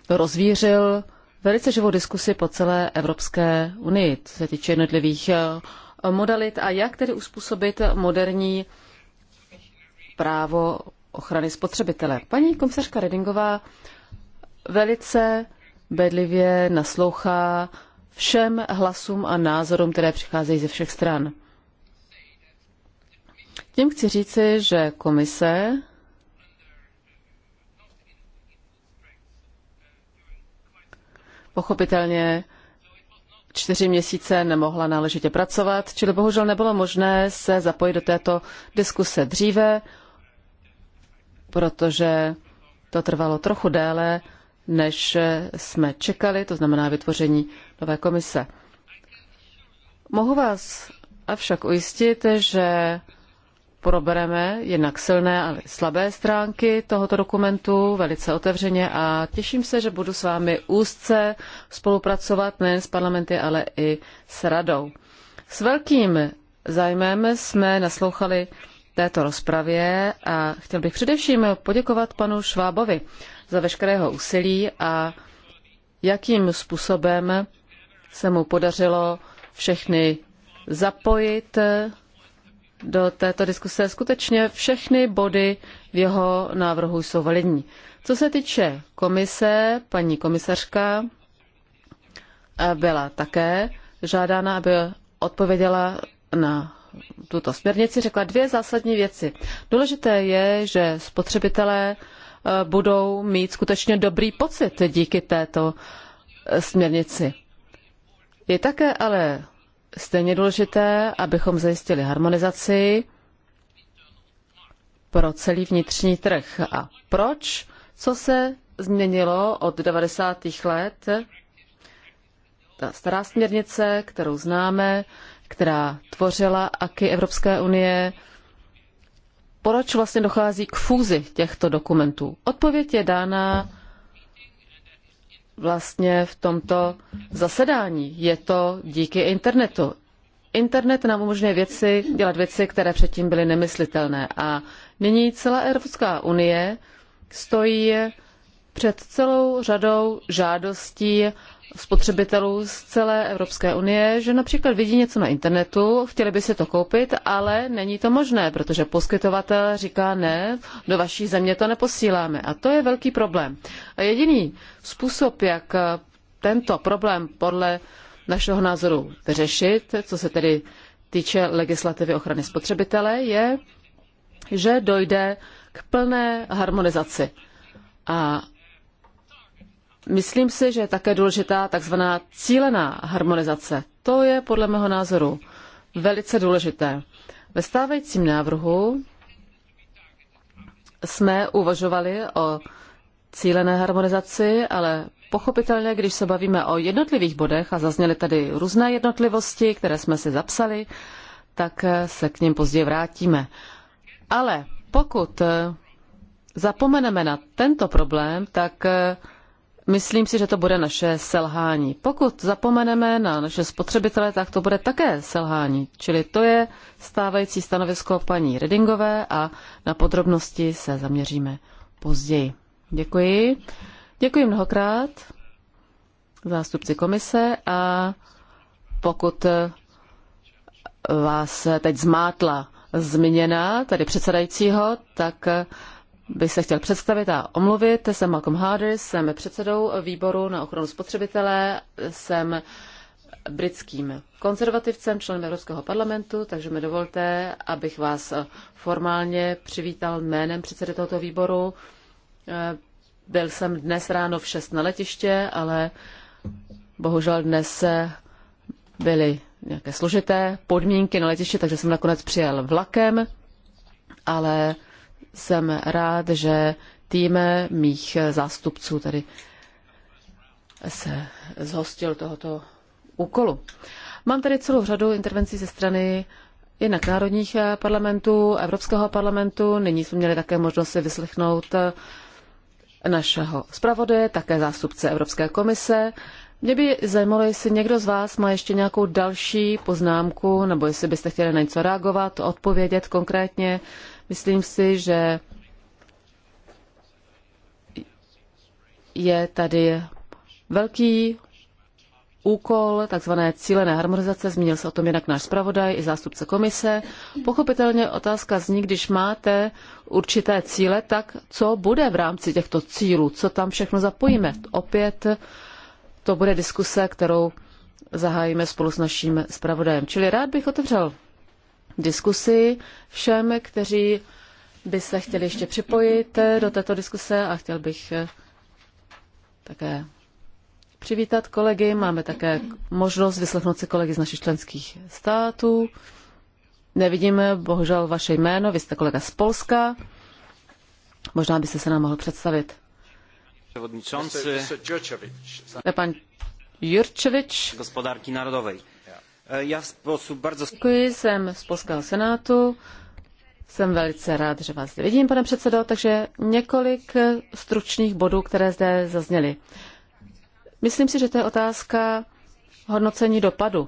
rozvířil velice živou diskusi po celé Evropské unii, co se týče jednotlivých eh, modalit a jak tedy uspůsobit moderní právo ochrany spotřebitele. Paní komisařka Redingová velice bedlivě naslouchá všem hlasům a názorům, které přicházejí ze všech stran. Tím chci říci, že komise pochopitelně čtyři měsíce nemohla náležitě pracovat, čili bohužel nebylo možné se zapojit do této diskuse dříve, protože to trvalo trochu déle, než jsme čekali, to znamená vytvoření nové komise. Mohu vás avšak ujistit, že probereme jednak silné, ale slabé stránky tohoto dokumentu velice otevřeně a těším se, že budu s vámi úzce spolupracovat nejen s parlamenty, ale i s radou. S velkým zájmem jsme naslouchali této rozpravě a chtěl bych především poděkovat panu Švábovi za veškerého úsilí a jakým způsobem se mu podařilo všechny zapojit do této diskuse. Skutečně všechny body v jeho návrhu jsou validní. Co se týče komise, paní komisařka byla také žádána, aby odpověděla na tuto směrnici řekla dvě zásadní věci. Důležité je, že spotřebitelé eh, budou mít skutečně dobrý pocit díky této eh, směrnici. Je také ale stejně důležité, abychom zajistili harmonizaci pro celý vnitřní trh. A proč? Co se změnilo od 90. let? Ta stará směrnice, kterou známe, která tvořila aky Evropské unie. Proč vlastně dochází k fúzi těchto dokumentů? Odpověď je dána vlastně v tomto zasedání. Je to díky internetu. Internet nám umožňuje věci, dělat věci, které předtím byly nemyslitelné. A nyní celá Evropská unie stojí před celou řadou žádostí spotřebitelů z celé Evropské unie, že například vidí něco na internetu, chtěli by si to koupit, ale není to možné, protože poskytovatel říká ne, do vaší země to neposíláme. A to je velký problém. A jediný způsob, jak tento problém podle našeho názoru vyřešit, co se tedy týče legislativy ochrany spotřebitele, je, že dojde k plné harmonizaci. A Myslím si, že je také důležitá takzvaná cílená harmonizace. To je podle mého názoru velice důležité. Ve stávajícím návrhu jsme uvažovali o cílené harmonizaci, ale pochopitelně, když se bavíme o jednotlivých bodech a zazněly tady různé jednotlivosti, které jsme si zapsali, tak se k ním později vrátíme. Ale pokud zapomeneme na tento problém, tak myslím si, že to bude naše selhání. Pokud zapomeneme na naše spotřebitele, tak to bude také selhání. Čili to je stávající stanovisko paní Redingové a na podrobnosti se zaměříme později. Děkuji. Děkuji mnohokrát zástupci komise a pokud eh, vás teď zmátla změna tady předsedajícího, tak eh, bych se chtěl představit a omluvit. Jsem Malcolm Harder, jsem předsedou výboru na ochranu spotřebitele, jsem britským konzervativcem, členem Evropského parlamentu, takže mi dovolte, abych vás formálně přivítal jménem předsedy tohoto výboru. Eh, byl jsem dnes ráno v 6 na letiště, ale bohužel dnes byly nějaké složité podmínky na letiště, takže jsem nakonec přijel vlakem, ale jsem rád, že tým mých zástupců tady se zhostil tohoto úkolu. Mám tady celou řadu intervencí ze strany jednak národních parlamentů, Evropského parlamentu. Nyní jsme měli také možnost si vyslechnout našeho zpravodaje, také zástupce Evropské komise. Mě by zajímalo, jestli někdo z vás má ještě nějakou další poznámku, nebo jestli byste chtěli na něco reagovat, odpovědět konkrétně. Myslím si, že je tady velký úkol takzvané cílené harmonizace, zmínil se o tom jinak náš zpravodaj i zástupce komise. Pochopitelně otázka zní, když máte určité cíle, tak co bude v rámci těchto cílů, co tam všechno zapojíme. Opět to bude diskuse, kterou zahájíme spolu s naším zpravodajem. Čili rád bych otevřel diskusi všem, kteří by se chtěli ještě připojit do této diskuse a chtěl bych eh, také přivítat kolegy. Máme také možnost vyslechnout si kolegy z našich členských států. Nevidíme eh, bohužel vaše jméno, vy jste kolega z Polska. Možná byste se nám mohl představit. Eh, pan Jurčevič. Gospodárky národovej. E, já v bardzo... Děkuji, jsem z Polského senátu. Jsem velice rád, že vás zde vidím, pane předsedo, takže několik stručných bodů, které zde zazněly. Myslím si, že to je otázka hodnocení dopadu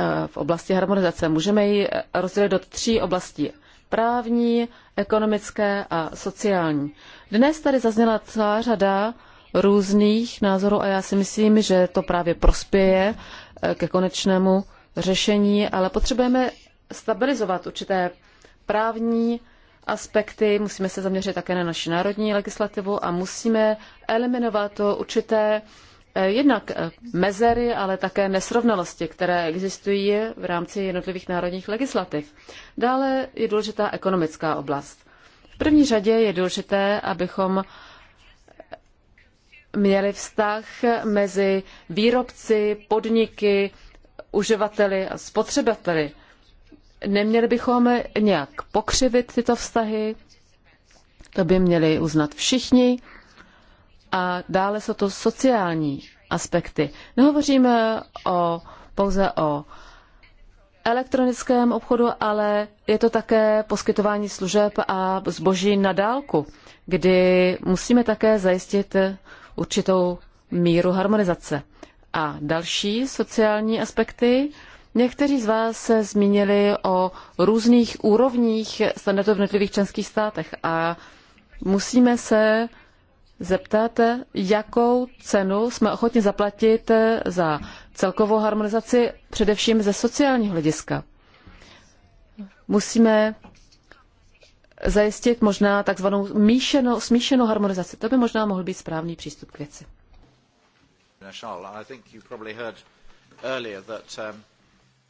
e, v oblasti harmonizace. Můžeme ji rozdělit do tří oblastí. Právní, ekonomické a sociální. Dnes tady zazněla celá řada různých názorů a já si myslím, že to právě prospěje Eh, ke konečnému řešení, ale potřebujeme stabilizovat určité právní aspekty, musíme se zaměřit také na naši národní legislativu a musíme eliminovat to určité eh, jednak eh, mezery, ale také nesrovnalosti, které existují v rámci jednotlivých národních legislativ. Dále je důležitá ekonomická oblast. V první řadě je důležité, abychom měli vztah mezi výrobci, podniky, uživateli a spotřebateli. Neměli bychom nějak pokřivit tyto vztahy, to by měli uznat všichni. A dále jsou to sociální aspekty. Nehovoříme o, pouze o elektronickém obchodu, ale je to také poskytování služeb a zboží na dálku, kdy musíme také zajistit určitou míru harmonizace. A další sociální aspekty. Někteří z vás se zmínili o různých úrovních standardů v jednotlivých členských státech a musíme se zeptat, jakou cenu jsme ochotni zaplatit za celkovou harmonizaci, především ze sociálního hlediska. Musíme zajistit možná takzvanou smíšenou harmonizaci. To by možná mohl být správný přístup k věci.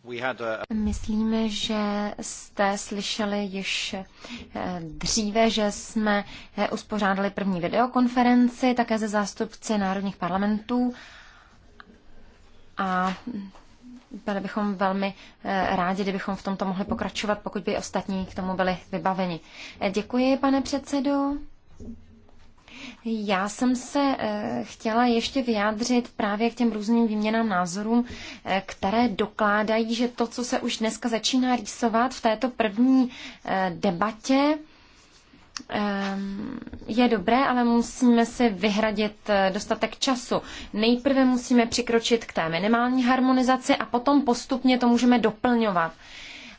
Um, Myslíme, že jste slyšeli již eh, dříve, že jsme eh, uspořádali první videokonferenci také ze zástupci národních parlamentů a byli bychom velmi eh, rádi, kdybychom v tomto mohli pokračovat, pokud by ostatní k tomu byli vybaveni. Eh, děkuji, pane předsedo. Já jsem se eh, chtěla ještě vyjádřit právě k těm různým výměnám názorům, které dokládají, že to, co se už dneska začíná rýsovat v této první debatě, Ehm, je dobré, ale musíme si vyhradit eh, dostatek času. Nejprve musíme přikročit k té minimální harmonizaci a potom postupně to můžeme doplňovat.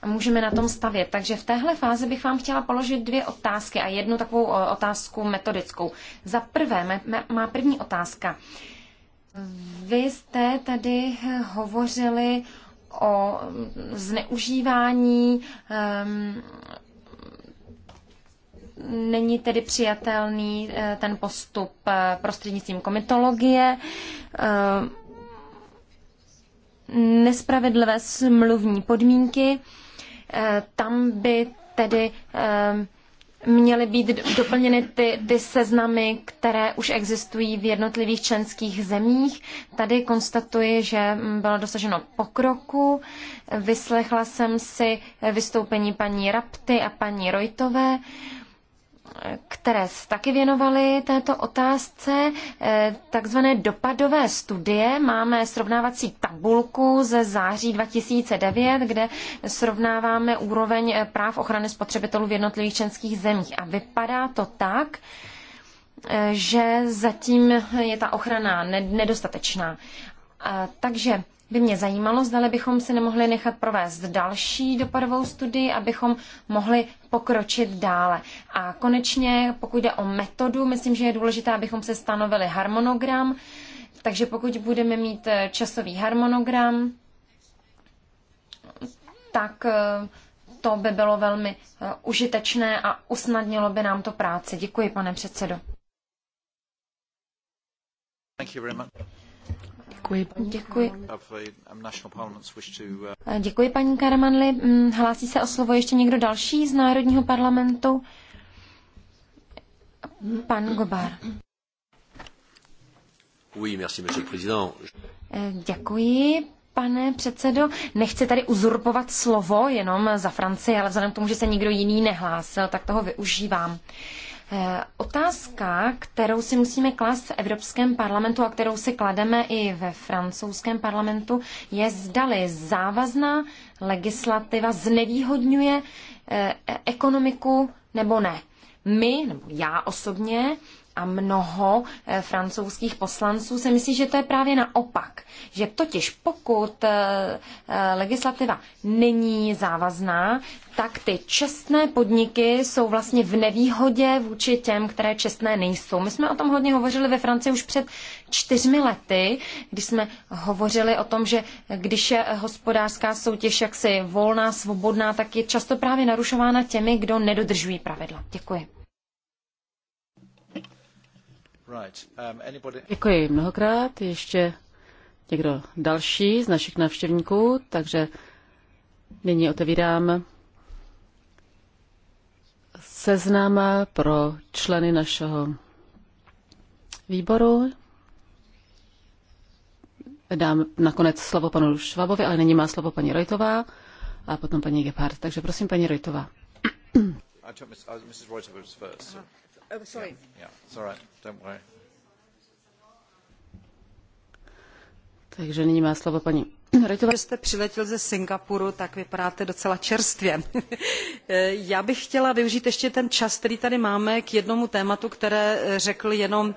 A můžeme na tom stavět. Takže v téhle fázi bych vám chtěla položit dvě otázky a jednu takovou eh, otázku metodickou. Za prvé, má první otázka. Vy jste tady eh, hovořili o mm, zneužívání um, není tedy přijatelný eh, ten postup eh, prostřednictvím komitologie. Eh, nespravedlivé smluvní podmínky, tam by tedy měly být doplněny ty, ty seznamy, které už existují v jednotlivých členských zemích. Tady konstatuji, že mm, bylo dosaženo pokroku. Vyslechla jsem si vystoupení paní Rapty a paní Rojtové které se taky věnovaly této otázce, eh, takzvané dopadové studie. Máme srovnávací tabulku ze září 2009, kde srovnáváme úroveň eh, práv ochrany spotřebitelů v jednotlivých členských zemích. A vypadá to tak, eh, že zatím je ta ochrana nedostatečná. Takže by mě zajímalo, zda bychom se nemohli nechat provést další dopadovou studii, abychom mohli pokročit dále. A konečně, pokud jde o metodu, myslím, že je důležité, abychom se stanovili harmonogram, takže pokud budeme mít eh, časový harmonogram, tak eh, to by bylo velmi eh, užitečné a usnadnilo by nám to práci. Děkuji, pane předsedo. Děkuji. Paní Děkuji. Děkuji, paní Karamanli. Mm, hlásí se o slovo ještě někdo další z Národního parlamentu? Pan Gobar. Oui, merci, eh, Děkuji, pane předsedo. Nechci tady uzurpovat slovo jenom za Francii, ale vzhledem k tomu, že se nikdo jiný nehlásil, tak toho využívám. Uh, Eh, otázka, kterou si musíme klást v Evropském parlamentu a kterou si klademe i ve francouzském parlamentu, je zdali závazná legislativa znevýhodňuje eh, ekonomiku nebo ne. My, nebo já osobně, a mnoho eh, francouzských poslanců se myslí, že to je právě naopak. Že totiž pokud eh, eh, legislativa není závazná, tak ty čestné podniky jsou vlastně v nevýhodě vůči těm, které čestné nejsou. My jsme o tom hodně hovořili ve Francii už před čtyřmi lety, kdy jsme hovořili o tom, že když je hospodářská soutěž jaksi volná, svobodná, tak je často právě narušována těmi, kdo nedodržují pravidla. Děkuji. Um, Děkuji mnohokrát. Ještě někdo další z našich návštěvníků, takže nyní otevírám seznam pro členy našeho výboru. Dám nakonec slovo panu Švabovi, ale nyní má slovo paní Rojtová a potom paní Gebhardt. Takže prosím, paní Rojtová. Oh, sorry. Yeah, yeah. It's all right. Don't worry. Takže nyní má slovo paní když jste přiletěl ze Singapuru, tak vypadáte docela čerstvě. Já bych chtěla využít ještě ten čas, který tady máme, k jednomu tématu, které eh, řekl jenom,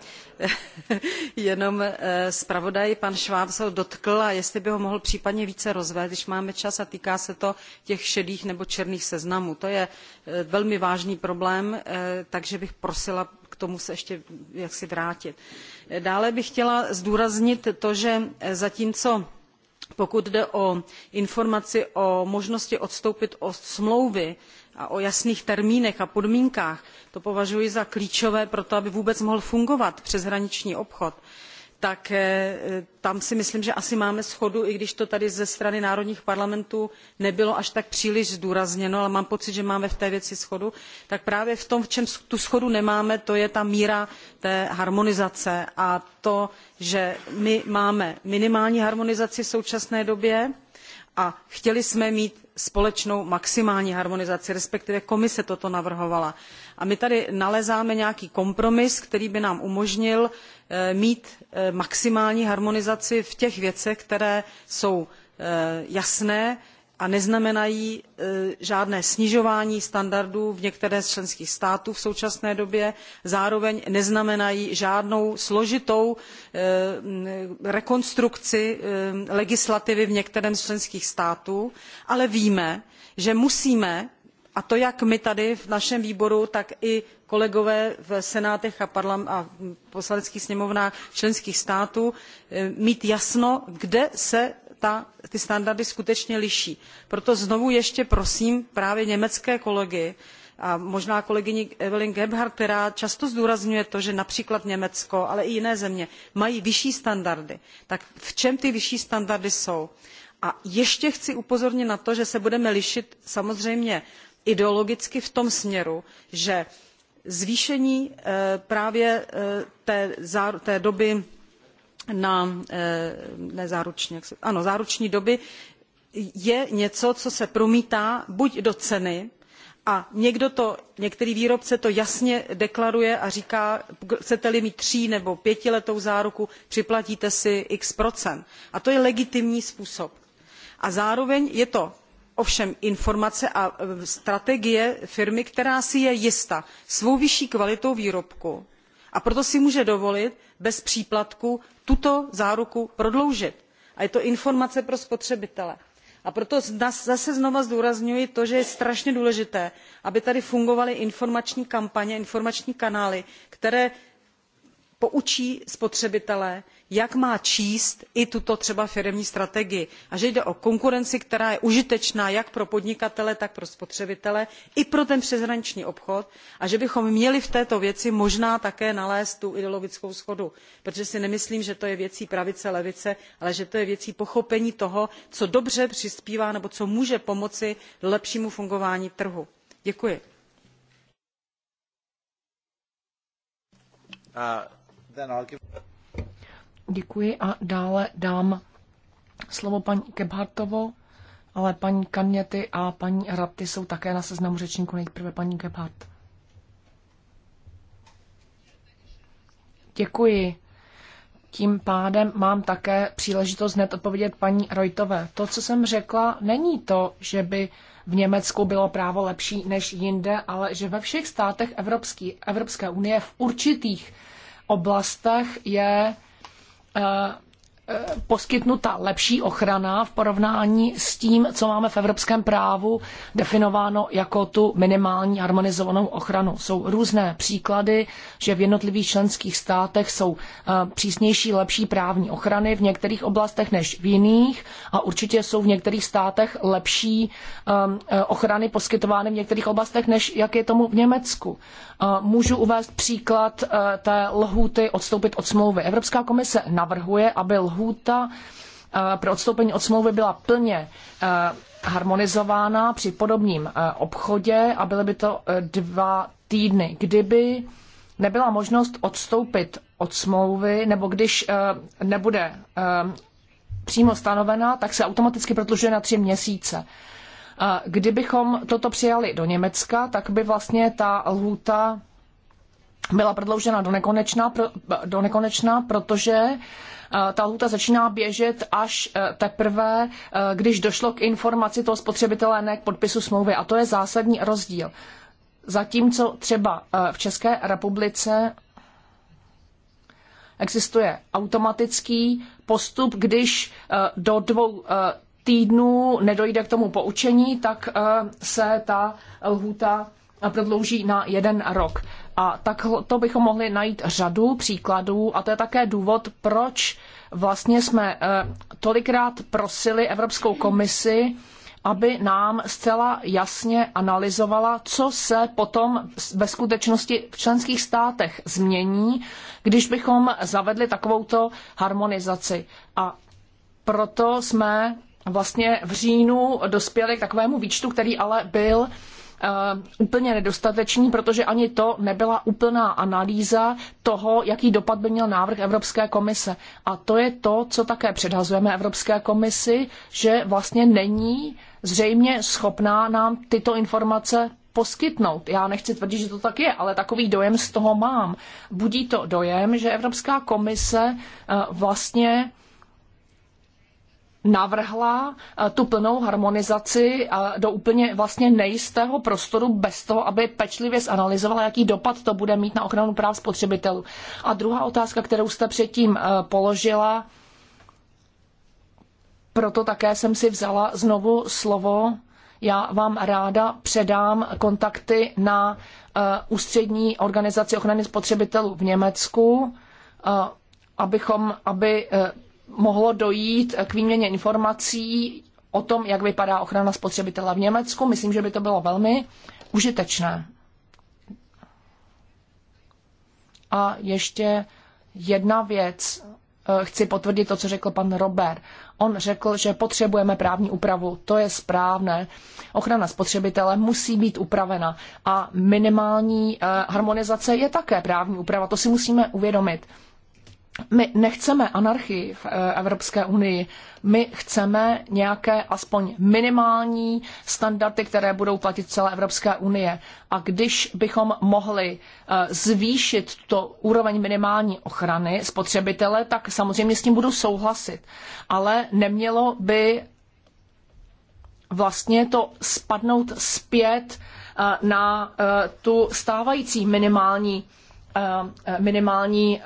jenom eh, zpravodaj pan Šváb se ho dotkl a jestli by ho mohl případně více rozvést, když máme čas a týká se to těch šedých nebo černých seznamů. To je eh, velmi vážný problém, takže bych prosila k tomu se ještě jaksi vrátit. Dále bych chtěla zdůraznit to, že zatímco pokud jde o informaci o možnosti odstoupit od smlouvy a o jasných termínech a podmínkách to považuji za klíčové pro to aby vůbec mohl fungovat přeshraniční obchod tak eh, tam si myslím že asi máme shodu i když to tady ze strany národních parlamentů nebylo až tak příliš zdůrazněno ale mám pocit že máme v té věci shodu tak právě v tom v čem tu shodu nemáme to je ta míra té harmonizace a to že my máme minimální harmonizaci v současné době a chtěli jsme mít společnou maximální harmonizaci respektive komise toto navrhovala a my tady nalézáme nějaký kompromis který by nám umožnil Eh, mít eh, maximální harmonizaci v těch věcech které jsou eh, jasné a neznamenají žádné snižování standardů v některém z členských států v současné době zároveň neznamenají žádnou složitou rekonstrukci legislativy v některém z členských států ale víme že musíme a to jak my tady v našem výboru tak i kolegové v senátech a, poslaneckých sněmovnách členských států eh, mít jasno kde se ty standardy skutečně liší. proto znovu ještě prosím právě německé kolegy a možná kolegyni evelyn gebhardtovou která často zdůrazňuje to že například německo ale i jiné země mají vyšší standardy tak v čem ty vyšší standardy jsou? a ještě chci upozornit na to že se budeme lišit samozřejmě ideologicky v tom směru že zvýšení eh, právě eh, té, doby na eh, ne záruční, ano, záruční doby je něco co se promítá buď do ceny a někdo to, některý výrobce to jasně deklaruje a říká chcete li mít tří nebo pětiletou záruku připlatíte si x procent a to je legitimní způsob a zároveň je to ovšem informace a e, strategie firmy která si je jista svou vyšší kvalitou výrobku a proto si může dovolit bez příplatku tuto záruku prodloužit. a je to informace pro spotřebitele. a proto zase znova zdůrazňuji to že je strašně důležité aby tady fungovaly informační kampaně informační kanály které poučí spotřebitele jak má číst i tuto třeba firemní strategii a že jde o konkurenci která je užitečná jak pro podnikatele tak pro spotřebitele i pro ten přeshraniční obchod a že bychom měli v této věci možná také nalézt tu ideologickou shodu protože si nemyslím že to je věcí pravice levice ale že to je věcí pochopení toho co dobře přispívá nebo co může pomoci lepšímu fungování trhu. děkuji. Uh, Děkuji a dále dám slovo paní Gebhartovo, ale paní Kaněty a paní Rapty jsou také na seznamu řečníku. Nejprve paní Kebhart. Děkuji. Tím pádem mám také příležitost hned odpovědět paní Rojtové. To, co jsem řekla, není to, že by v Německu bylo právo lepší než jinde, ale že ve všech státech Evropský, Evropské unie v určitých oblastech je a eh, poskytnuta lepší ochrana v porovnání s tím, co máme v evropském právu definováno jako tu minimální harmonizovanou ochranu. Jsou různé příklady, že v jednotlivých členských státech jsou eh, přísnější, lepší právní ochrany v některých oblastech než v jiných a určitě jsou v některých státech lepší eh, eh, ochrany poskytovány v některých oblastech než jak je tomu v Německu. Můžu uvést příklad té lhůty odstoupit od smlouvy. Evropská komise navrhuje, aby lhůty lhůta eh, pro odstoupení od smlouvy byla plně eh, harmonizována při podobním eh, obchodě a byly by to dva týdny. Kdyby nebyla možnost odstoupit od smlouvy, nebo když nebude přímo stanovena, tak se automaticky prodlužuje na tři měsíce. Kdybychom toto přijali do Německa, tak by vlastně ta lhůta byla prodloužena do nekonečna, pro, do nekonečna protože eh, ta lhuta začíná běžet až eh, teprve, eh, když došlo k informaci toho spotřebitele, ne k podpisu smlouvy. A to je zásadní rozdíl. Zatímco třeba v České republice existuje automatický postup, když do dvou týdnů nedojde k tomu poučení, tak se ta lhůta prodlouží na jeden rok. A tak to bychom mohli najít řadu příkladů a to je také důvod, proč vlastně jsme eh, tolikrát prosili Evropskou komisi, aby nám zcela jasně analyzovala, co se potom ve skutečnosti v členských státech změní, když bychom zavedli takovouto harmonizaci. A proto jsme vlastně v říjnu dospěli k takovému výčtu, který ale byl Eh, úplně nedostatečný, protože ani to nebyla úplná analýza toho, jaký dopad by měl návrh Evropské komise. A to je to, co také předhazujeme Evropské komisi, že vlastně není zřejmě schopná nám tyto informace poskytnout. Já nechci tvrdit, že to tak je, ale takový dojem z toho mám. Budí to dojem, že Evropská komise eh, vlastně navrhla eh, tu plnou harmonizaci eh, do úplně vlastně nejistého prostoru bez toho, aby pečlivě zanalizovala, jaký dopad to bude mít na ochranu práv spotřebitelů. A druhá otázka, kterou jste předtím eh, položila, proto také jsem si vzala znovu slovo. Já vám ráda předám kontakty na ústřední organizaci ochrany spotřebitelů v Německu, abychom, aby mohlo dojít k výměně informací o tom, jak vypadá ochrana spotřebitele v Německu. Myslím, že by to bylo velmi užitečné. A ještě jedna věc. Eh, chci potvrdit to, co řekl pan Robert. On řekl, že potřebujeme právní úpravu. To je správné. Ochrana spotřebitele musí být upravena. A minimální eh, harmonizace je také právní úprava. To si musíme uvědomit my nechceme anarchii v eh, Evropské unii. My chceme nějaké aspoň minimální standardy, které budou platit celé Evropské unie. A když bychom mohli eh, zvýšit to úroveň minimální ochrany spotřebitele, tak samozřejmě s tím budu souhlasit. Ale nemělo by vlastně to spadnout zpět eh, na tu stávající minimální minimální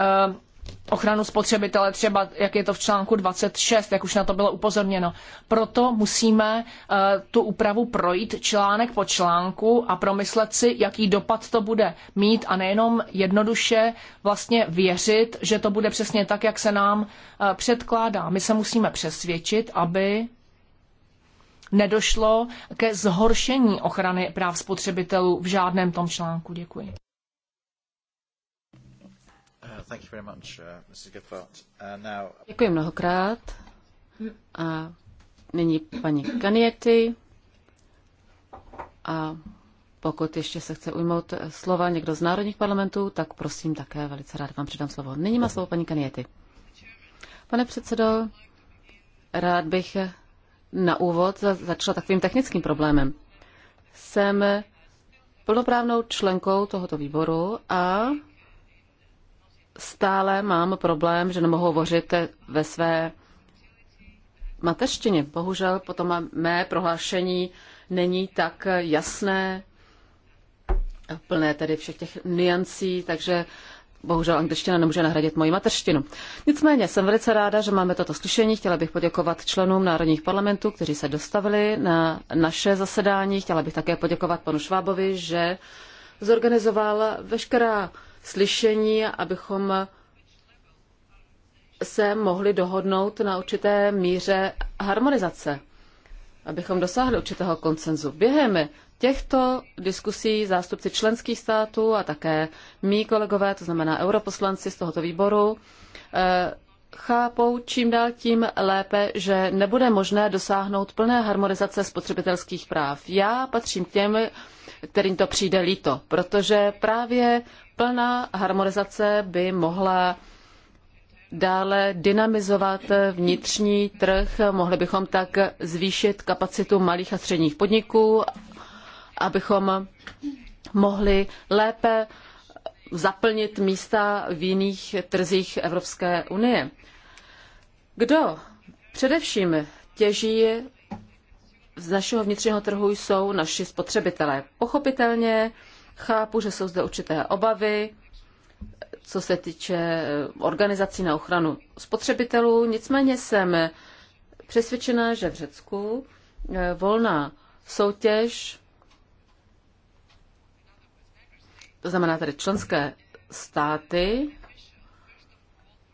ochranu spotřebitele, třeba jak je to v článku 26, jak už na to bylo upozorněno. Proto musíme uh, tu úpravu projít článek po článku a promyslet si, jaký dopad to bude mít a nejenom jednoduše vlastně věřit, že to bude přesně tak, jak se nám uh, předkládá. My se musíme přesvědčit, aby nedošlo ke zhoršení ochrany práv spotřebitelů v žádném tom článku. Děkuji. Uh, uh, Děkuji mnohokrát. A nyní paní Kaniety. A pokud ještě se chce ujmout eh, slova někdo z národních parlamentů, tak prosím také velice rád vám předám slovo. Nyní má slovo paní Kaniety. Pane předsedo, rád bych na úvod začal takovým technickým problémem. Jsem plnoprávnou členkou tohoto výboru a stále mám problém, že nemohu hovořit ve své mateřštině. Bohužel potom mé prohlášení není tak jasné, plné tedy všech těch niancí, takže bohužel angličtina nemůže nahradit moji mateřštinu. Nicméně jsem velice ráda, že máme toto slyšení. Chtěla bych poděkovat členům národních parlamentů, kteří se dostavili na naše zasedání. Chtěla bych také poděkovat panu Švábovi, že zorganizoval veškerá slyšení, abychom se mohli dohodnout na určité míře harmonizace, abychom dosáhli určitého koncenzu. Během těchto diskusí zástupci členských států a také mý kolegové, to znamená europoslanci z tohoto výboru, eh, chápou čím dál tím lépe, že nebude možné dosáhnout plné harmonizace spotřebitelských práv. Já patřím k těm, kterým to přijde líto, protože právě plná harmonizace by mohla dále dynamizovat vnitřní trh, mohli bychom tak zvýšit kapacitu malých a středních podniků, abychom mohli lépe zaplnit místa v jiných trzích Evropské unie. Kdo především těží z našeho vnitřního trhu jsou naši spotřebitelé. Pochopitelně Chápu, že jsou zde určité obavy, co se týče organizací na ochranu spotřebitelů. Nicméně jsem přesvědčená, že v Řecku eh, volná soutěž, to znamená tedy členské státy,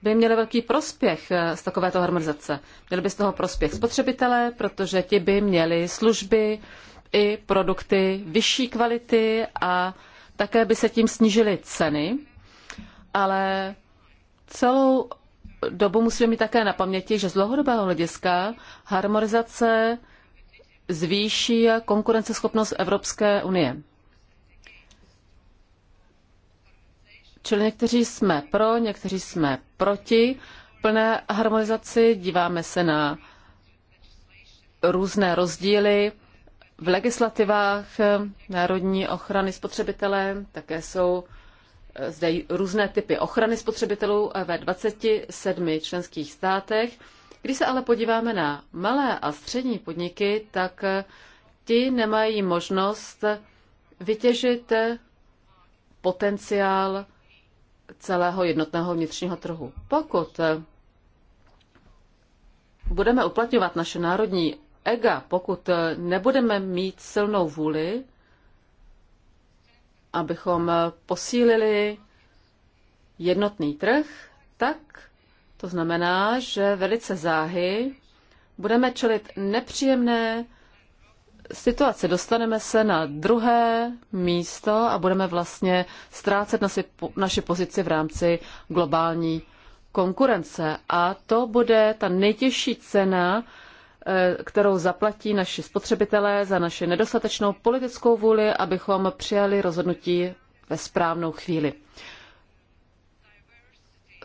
by měly velký prospěch eh, z takovéto harmonizace. Měly by z toho prospěch spotřebitelé, protože ti by měli služby, i produkty vyšší kvality a také by se tím snížily ceny, ale celou dobu musíme mít také na paměti, že z dlouhodobého hlediska harmonizace zvýší konkurenceschopnost Evropské unie. Čili někteří jsme pro, někteří jsme proti plné harmonizaci, díváme se na různé rozdíly v legislativách eh, národní ochrany spotřebitele, také jsou eh, zde různé typy ochrany spotřebitelů eh, ve 27 členských státech. Když se ale podíváme na malé a střední podniky, tak ti nemají možnost vytěžit potenciál celého jednotného vnitřního trhu. Pokud budeme uplatňovat naše národní ega, pokud eh, nebudeme mít silnou vůli, abychom eh, posílili jednotný trh, tak to znamená, že velice záhy budeme čelit nepříjemné situaci. Dostaneme se na druhé místo a budeme vlastně ztrácet naši, naši pozici v rámci globální konkurence. A to bude ta nejtěžší cena, Eh, kterou zaplatí naši spotřebitelé za naši nedostatečnou politickou vůli, abychom přijali rozhodnutí ve správnou chvíli.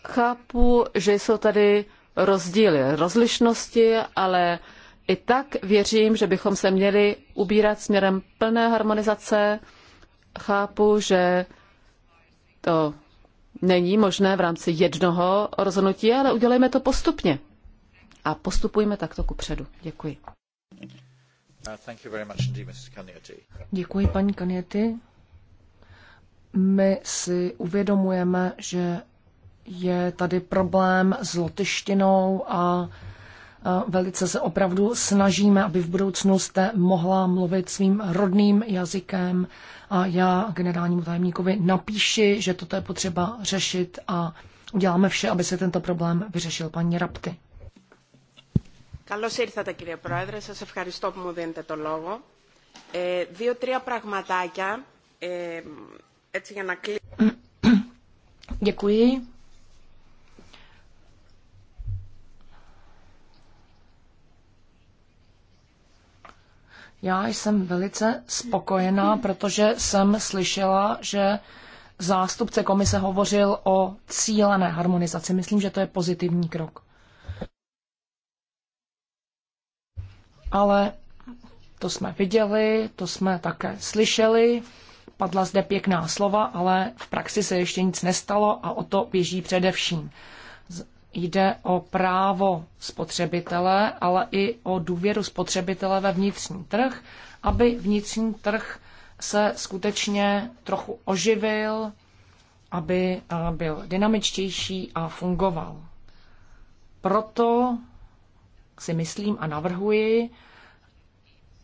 Chápu, že jsou tady rozdíly, rozlišnosti, ale i tak věřím, že bychom se měli ubírat směrem plné harmonizace. Chápu, že to není možné v rámci jednoho rozhodnutí, ale udělejme to postupně a postupujeme takto ku předu. Děkuji. Uh, Děkuji, paní Kaniety. My si uvědomujeme, že je tady problém s lotyštinou a velice se opravdu snažíme, aby v budoucnu jste mohla mluvit svým rodným jazykem a já generálnímu tajemníkovi napíši, že toto je potřeba řešit a uděláme vše, aby se tento problém vyřešil paní Rapty. Καλώς ήρθατε κύριε Πρόεδρε, σας ευχαριστώ που μου δίνετε το λόγο. Ε, Δύο-τρία πραγματάκια, ε, έτσι για να κλείσω. Děkuji. Já jsem velice spokojená, protože jsem slyšela, že zástupce komise hovořil o cílené harmonizaci. Myslím, že to je pozitivní krok. ale to jsme viděli, to jsme také slyšeli, padla zde pěkná slova, ale v praxi se ještě nic nestalo a o to běží především. Jde o právo spotřebitele, ale i o důvěru spotřebitele ve vnitřní trh, aby vnitřní trh se skutečně trochu oživil, aby eh, byl dynamičtější a fungoval. Proto si myslím a navrhuji,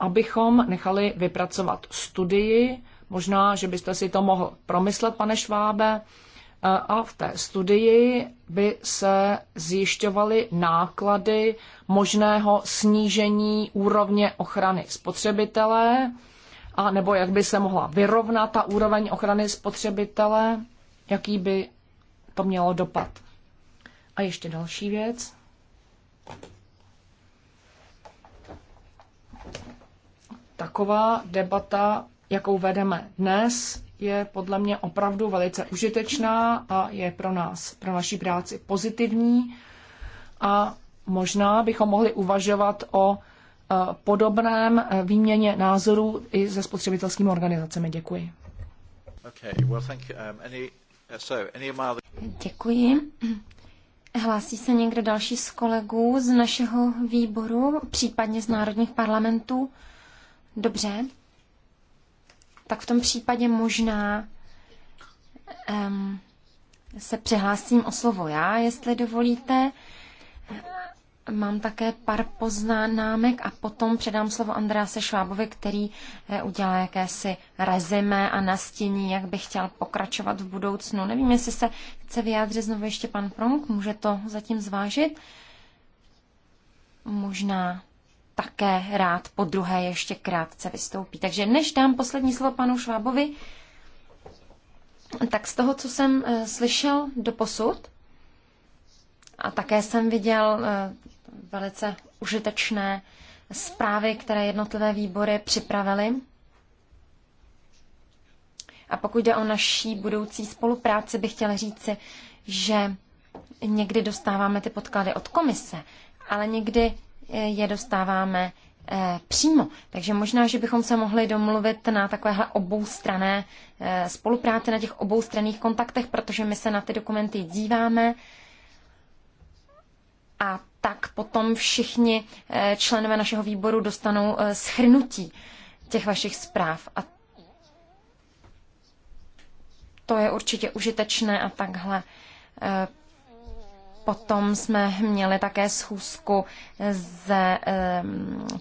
abychom nechali vypracovat studii, možná, že byste si to mohl promyslet, pane Švábe, e, a v té studii by se zjišťovaly náklady možného snížení úrovně ochrany spotřebitele, a nebo jak by se mohla vyrovnat ta úroveň ochrany spotřebitele, jaký by to mělo dopad. A ještě další věc. taková debata, jakou vedeme dnes, je podle mě opravdu velice užitečná a je pro nás, pro naší práci pozitivní. A možná bychom mohli uvažovat o e, podobném e, výměně názorů i se spotřebitelskými organizacemi. Děkuji. Okay, well, thank you. Um, any, uh, so, any other... Děkuji. Hlásí se někdo další z kolegů z našeho výboru, případně z národních parlamentů? Dobře. Tak v tom případě možná um, se přihlásím o slovo já, jestli dovolíte. Mám také pár poznámek a potom předám slovo Andrease Švábovi, který eh, udělá jakési rezime a nastíní, jak by chtěl pokračovat v budoucnu. Nevím, jestli se chce vyjádřit znovu ještě pan Pronk, může to zatím zvážit. Možná také rád po druhé ještě krátce vystoupí. Takže než dám poslední slovo panu Švábovi, tak z toho, co jsem eh, slyšel do posud, a také jsem viděl eh, velice užitečné zprávy, které jednotlivé výbory připravily. A pokud jde o naší budoucí spolupráci, bych chtěla říci, že někdy dostáváme ty podklady od komise, ale někdy je dostáváme eh, přímo. Takže možná, že bychom se mohli domluvit na takovéhle oboustrané eh, spolupráci, na těch oboustranných kontaktech, protože my se na ty dokumenty díváme a tak potom všichni eh, členové našeho výboru dostanou schrnutí těch vašich zpráv. A to je určitě užitečné a takhle Potom jsme měli také schůzku s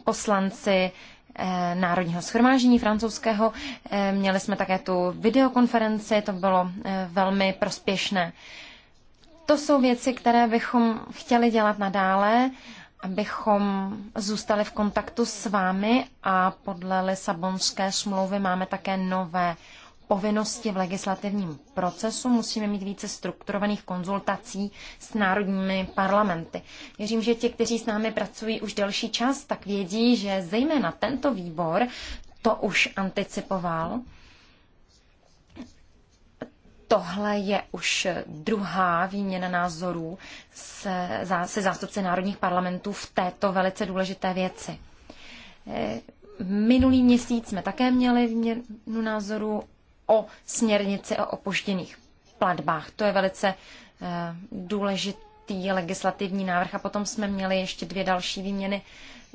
poslanci eh, Národního schromáždění francouzského. Eh, měli jsme také tu videokonferenci, to bylo eh, velmi prospěšné. To jsou věci, které bychom chtěli dělat nadále, abychom zůstali v kontaktu s vámi a podle Lisabonské smlouvy máme také nové povinnosti v legislativním procesu, musíme mít více strukturovaných konzultací s národními parlamenty. Věřím, že ti, kteří s námi pracují už delší čas, tak vědí, že zejména tento výbor to už anticipoval. Tohle je už druhá výměna názorů se, se zástupci národních parlamentů v této velice důležité věci. Eh, minulý měsíc jsme také měli výměnu názoru o směrnici o opožděných platbách. To je velice eh, důležitý legislativní návrh a potom jsme měli ještě dvě další výměny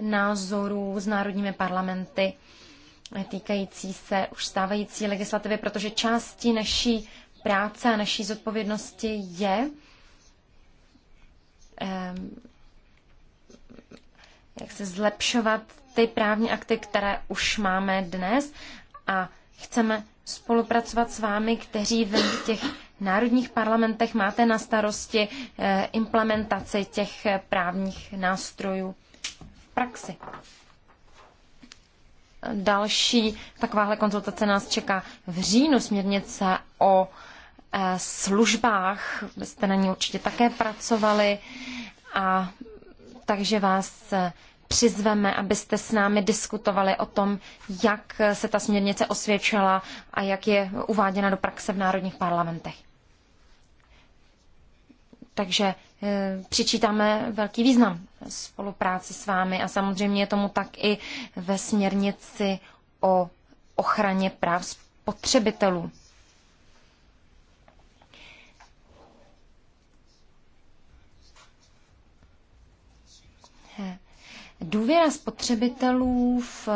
názorů s národními parlamenty týkající se už stávající legislativy, protože částí naší práce a naší zodpovědnosti je eh, jak se zlepšovat ty právní akty, které už máme dnes a Chceme spolupracovat s vámi, kteří v těch národních parlamentech máte na starosti eh, implementaci těch eh, právních nástrojů v praxi. Další takováhle konzultace nás čeká v říjnu směrnice o eh, službách. Vy jste na ní určitě také pracovali a takže vás přizveme, abyste s námi diskutovali o tom, jak se ta směrnice osvědčila a jak je uváděna do praxe v národních parlamentech. Takže eh, přičítáme velký význam spolupráci s vámi a samozřejmě je tomu tak i ve směrnici o ochraně práv spotřebitelů. důvěra spotřebitelů v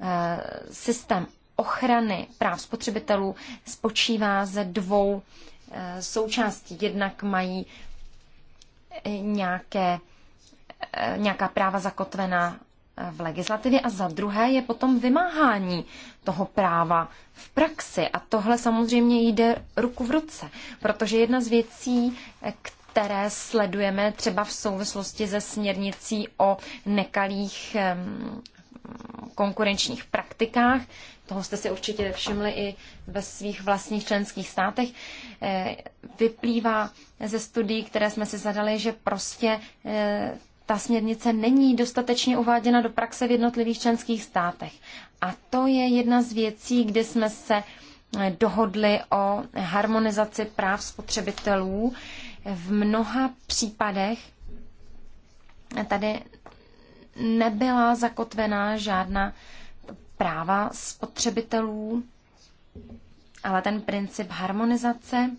eh, systém ochrany práv spotřebitelů spočívá ze dvou eh, součástí. Jednak mají eh, nějaké, nějaká práva zakotvená v legislativě a za druhé je potom vymáhání toho práva v praxi. A tohle samozřejmě jde ruku v ruce, protože jedna z věcí, které sledujeme třeba v souvislosti se směrnicí o nekalých konkurenčních praktikách. Toho jste si určitě všimli i ve svých vlastních členských státech. Eh, vyplývá ze studií, které jsme si zadali, že prostě eh, ta směrnice není dostatečně uváděna do praxe v jednotlivých členských státech. A to je jedna z věcí, kde jsme se eh, dohodli o harmonizaci práv spotřebitelů v mnoha případech tady nebyla zakotvená žádná práva spotřebitelů, ale ten princip harmonizace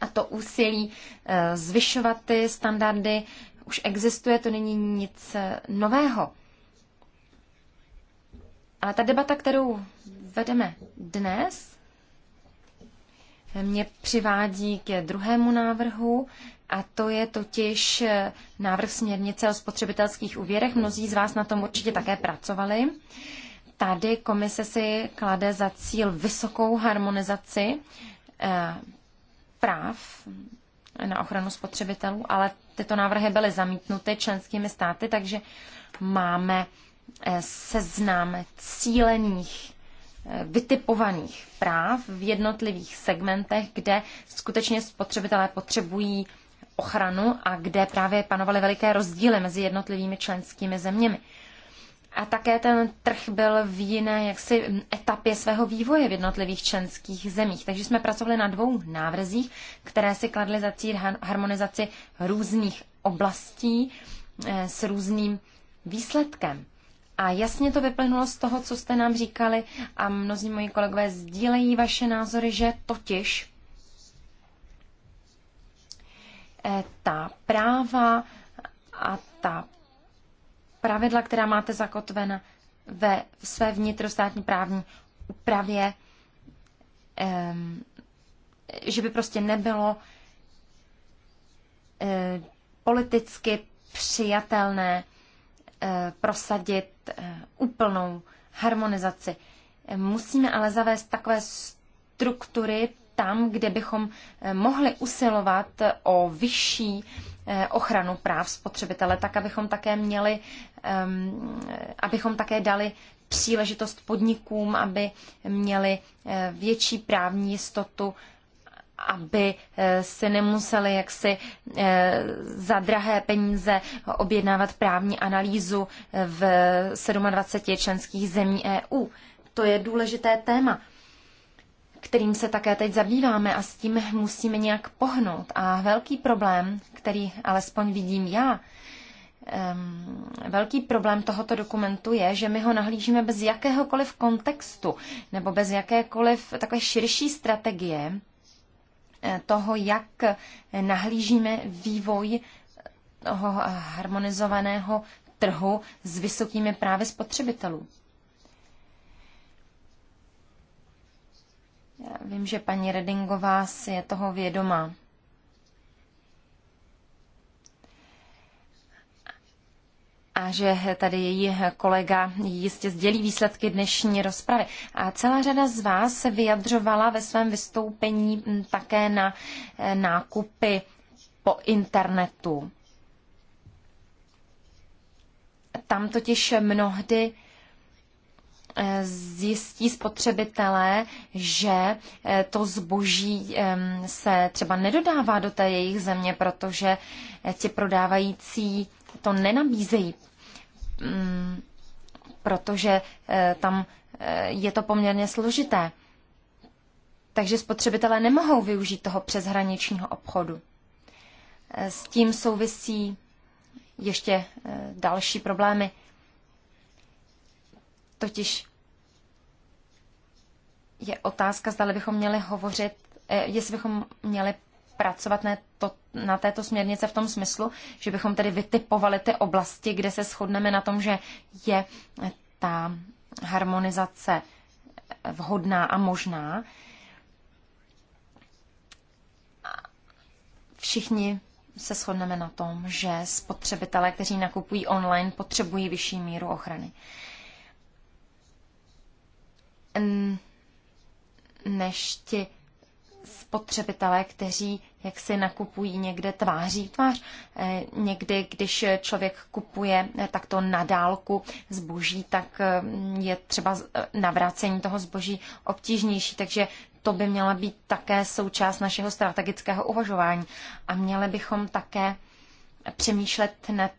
a to úsilí eh, zvyšovat ty standardy už existuje, to není nic eh, nového. Ale ta debata, kterou vedeme dnes, mě přivádí ke druhému návrhu, a to je totiž eh, návrh směrnice o spotřebitelských úvěrech. Mnozí z vás na tom určitě také pracovali. Tady komise si klade za cíl vysokou harmonizaci eh, práv na ochranu spotřebitelů, ale tyto návrhy byly zamítnuty členskými státy, takže máme eh, seznam cílených vytipovaných práv v jednotlivých segmentech, kde skutečně spotřebitelé potřebují ochranu a kde právě panovaly veliké rozdíly mezi jednotlivými členskými zeměmi. A také ten trh byl v jiné jaksi etapě svého vývoje v jednotlivých členských zemích. Takže jsme pracovali na dvou návrzích, které si kladly za cíl harmonizaci různých oblastí eh, s různým výsledkem. A jasně to vyplynulo z toho, co jste nám říkali a mnozí moji kolegové sdílejí vaše názory, že totiž eh, ta práva a ta pravidla, která máte zakotvena ve své vnitrostátní právní úpravě, ehm, že by prostě nebylo eh, politicky přijatelné eh, prosadit Eh, úplnou harmonizaci. Eh, musíme ale zavést takové struktury tam, kde bychom eh, mohli usilovat o vyšší ochranu práv spotřebitele, tak abychom také měli, ehm, abychom také dali příležitost podnikům, aby měli větší právní jistotu aby eh, si nemuseli jaksi eh, za drahé peníze objednávat právní analýzu eh, v 27 členských zemí EU. To je důležité téma, kterým se také teď zabýváme a s tím musíme nějak pohnout. A velký problém, který alespoň vidím já, velký problém tohoto dokumentu je, že my ho nahlížíme bez jakéhokoliv kontextu nebo bez jakékoliv takové širší strategie, toho, jak nahlížíme vývoj toho harmonizovaného trhu s vysokými právy spotřebitelů. Já vím, že paní Redingová si je toho vědomá. a že tady její kolega jistě sdělí výsledky dnešní rozpravy. A celá řada z vás se vyjadřovala ve svém vystoupení také na eh, nákupy po internetu. Tam totiž mnohdy eh, zjistí spotřebitelé, že eh, to zboží se třeba nedodává do té jejich země, protože ti prodávající to nenabízejí, mm, protože eh, tam eh, je to poměrně složité. Takže spotřebitelé nemohou využít toho přeshraničního obchodu. Eh, s tím souvisí ještě další problémy. Totiž je otázka, zda bychom měli hovořit, jestli bychom měli pracovat na, to, na této směrnice v tom smyslu, že bychom tedy vytipovali ty oblasti, kde se shodneme na tom, že je ta harmonizace vhodná a možná. Všichni se shodneme na tom, že spotřebitelé, kteří nakupují online, potřebují vyšší míru ochrany. Než ti spotřebitelé, kteří jak si nakupují někde tváří tvář. Eh, někdy, když člověk kupuje eh, takto na dálku zboží, tak mm, je třeba eh, navrácení toho zboží obtížnější, takže to by měla být také součást našeho strategického uvažování. A měli bychom také přemýšlet nad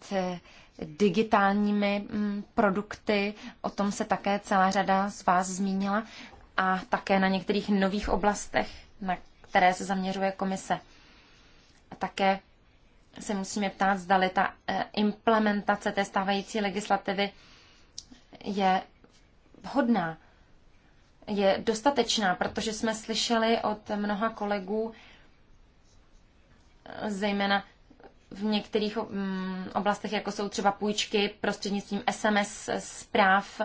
digitálními mm, produkty, o tom se také celá řada z vás zmínila, a také na některých nových oblastech na které se zaměřuje komise. A také se musíme ptát, zdali ta e, implementace té stávající legislativy je vhodná, je dostatečná, protože jsme slyšeli od mnoha kolegů, zejména v některých mm, oblastech, jako jsou třeba půjčky prostřednictvím SMS zpráv,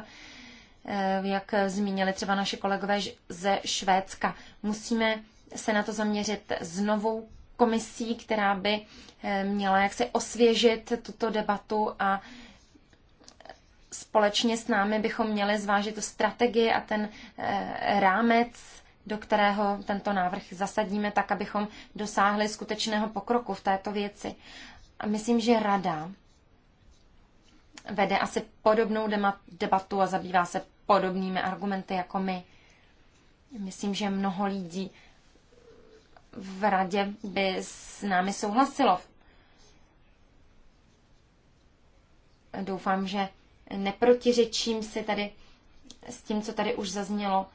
Eh, jak zmínili třeba naši kolegové ze Švédska. Musíme se na to zaměřit znovu komisí, která by eh, měla jaksi osvěžit tuto debatu a společně s námi bychom měli zvážit tu strategii a ten eh, rámec, do kterého tento návrh zasadíme, tak abychom dosáhli skutečného pokroku v této věci. A myslím, že rada vede asi podobnou debatu a zabývá se podobnými argumenty jako my. Myslím, že mnoho lidí v radě by s námi souhlasilo. Doufám, že neprotiřečím si tady s tím, co tady už zaznělo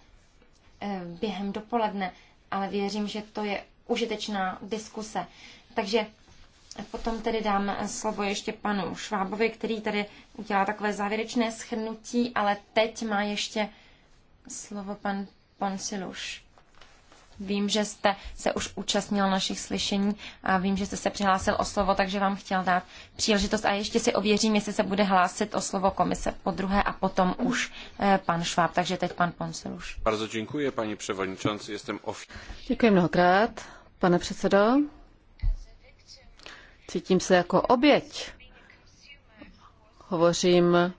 eh, během dopoledne, ale věřím, že to je užitečná diskuse. Takže Potom tedy dám slovo ještě panu Švábovi, který tady udělá takové závěrečné schrnutí, ale teď má ještě slovo pan Ponsiluš. Vím, že jste se už účastnil našich slyšení a vím, že jste se přihlásil o slovo, takže vám chtěl dát příležitost a ještě si ověřím, jestli se bude hlásit o slovo komise po druhé a potom už eh, pan Šváb, takže teď pan Ponsiluš. Bardzo děkuji, paní převodničanci, Děkuji mnohokrát, pane předsedo. Cítím se jako oběť. Hovořím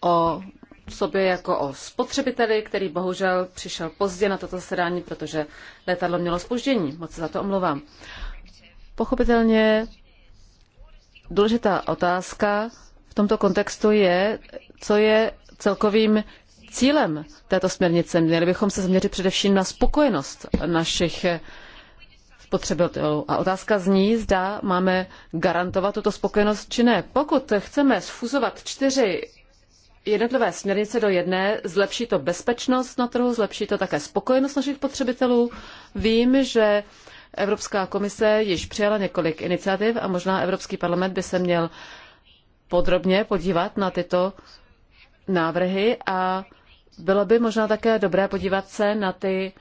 o sobě jako o spotřebiteli, který bohužel přišel pozdě na toto zasedání, protože letadlo mělo spoždění. Moc se za to omlouvám. Pochopitelně důležitá otázka v tomto kontextu je, co je celkovým cílem této směrnice. Měli bychom se zaměřit především na spokojenost našich spotřebitelů. A otázka zní, zda máme garantovat tuto spokojenost či ne. Pokud chceme sfuzovat čtyři jednotlivé směrnice do jedné, zlepší to bezpečnost na trhu, zlepší to také spokojenost našich spotřebitelů. Vím, že Evropská komise již přijala několik iniciativ a možná Evropský parlament by se měl podrobně podívat na tyto návrhy a bylo by možná také dobré podívat se na ty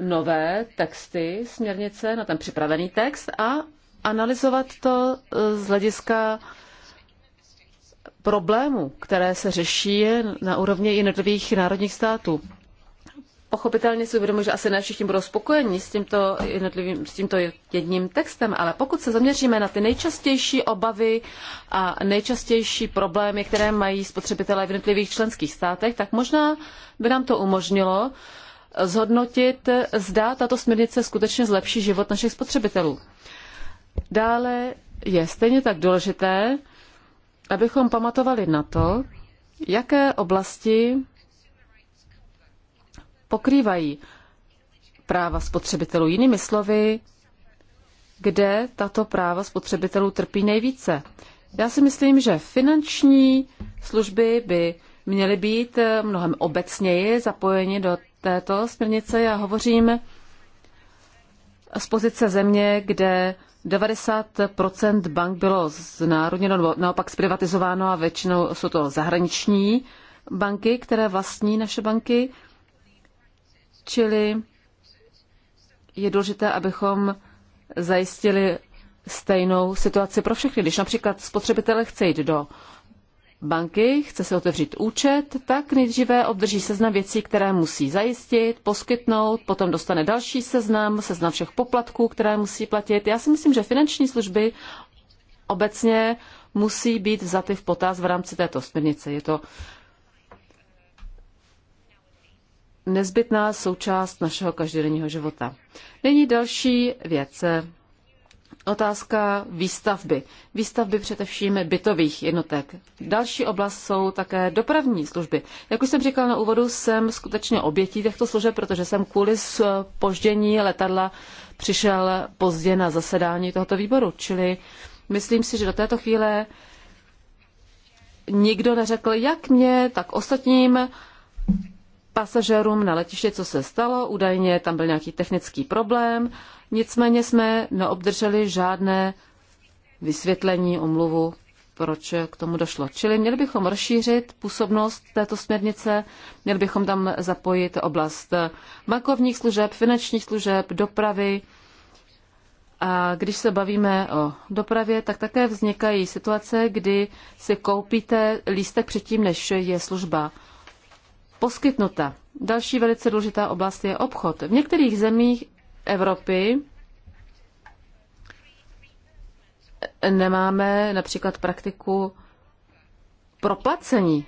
nové texty směrnice, na ten připravený text a analyzovat to eh, z hlediska problémů, které se řeší na úrovni jednotlivých národních států. Pochopitelně si uvědomuji, že asi ne všichni budou spokojeni s tímto, jednotlivým, s tímto jedním textem, ale pokud se zaměříme na ty nejčastější obavy a nejčastější problémy, které mají spotřebitelé v jednotlivých členských státech, tak možná by nám to umožnilo uh, zhodnotit, zda tato směrnice skutečně zlepší život našich spotřebitelů. Dále je stejně tak důležité, abychom pamatovali na to, jaké oblasti pokrývají práva spotřebitelů. Jinými slovy, kde tato práva spotřebitelů trpí nejvíce. Já si myslím, že finanční služby by měly být mnohem obecněji zapojeny do této směrnice. Já hovořím z pozice země, kde 90 bank bylo znárodněno nebo naopak zprivatizováno a většinou jsou to zahraniční banky, které vlastní naše banky. Čili je důležité, abychom zajistili stejnou situaci pro všechny. Když například spotřebitel chce jít do banky chce si otevřít účet, tak nejdříve obdrží seznam věcí, které musí zajistit, poskytnout, potom dostane další seznam, seznam všech poplatků, které musí platit. Já si myslím, že finanční služby obecně musí být vzaty v potaz v rámci této směrnice. Je to nezbytná součást našeho každodenního života. Nyní další věc otázka výstavby. Výstavby především bytových jednotek. Další oblast jsou také dopravní služby. Jak už jsem říkal na úvodu, jsem skutečně obětí těchto služeb, protože jsem kvůli spoždění letadla přišel pozdě na zasedání tohoto výboru. Čili myslím si, že do této chvíle nikdo neřekl, jak mě, tak ostatním pasažerům na letiště, co se stalo. Údajně tam byl nějaký technický problém, nicméně jsme neobdrželi žádné vysvětlení, omluvu, proč k tomu došlo. Čili měli bychom rozšířit působnost této směrnice, měli bychom tam zapojit oblast bankovních služeb, finančních služeb, dopravy. A když se bavíme o dopravě, tak také vznikají situace, kdy si koupíte lístek předtím, než je služba poskytnuta. Další velice důležitá oblast je obchod. V některých zemích Evropy nemáme například praktiku proplacení.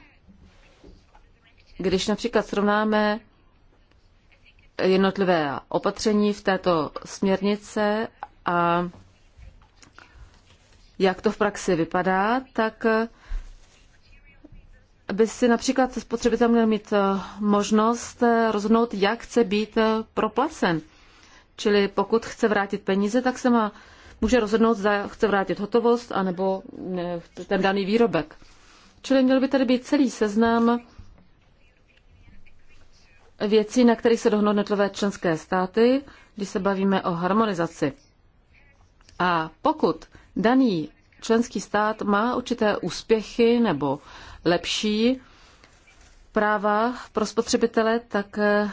Když například srovnáme jednotlivé opatření v této směrnice a jak to v praxi vypadá, tak aby si například spotřebitel měl mít eh, možnost eh, rozhodnout, jak chce být eh, proplacen. Čili pokud chce vrátit peníze, tak se má, může rozhodnout, zda chce vrátit hotovost anebo ten daný výrobek. Čili měl by tady být celý seznam věcí, na kterých se dohodnou netlové členské státy, když se bavíme o harmonizaci. A pokud daný členský stát má určité úspěchy nebo lepší práva pro spotřebitele, tak eh,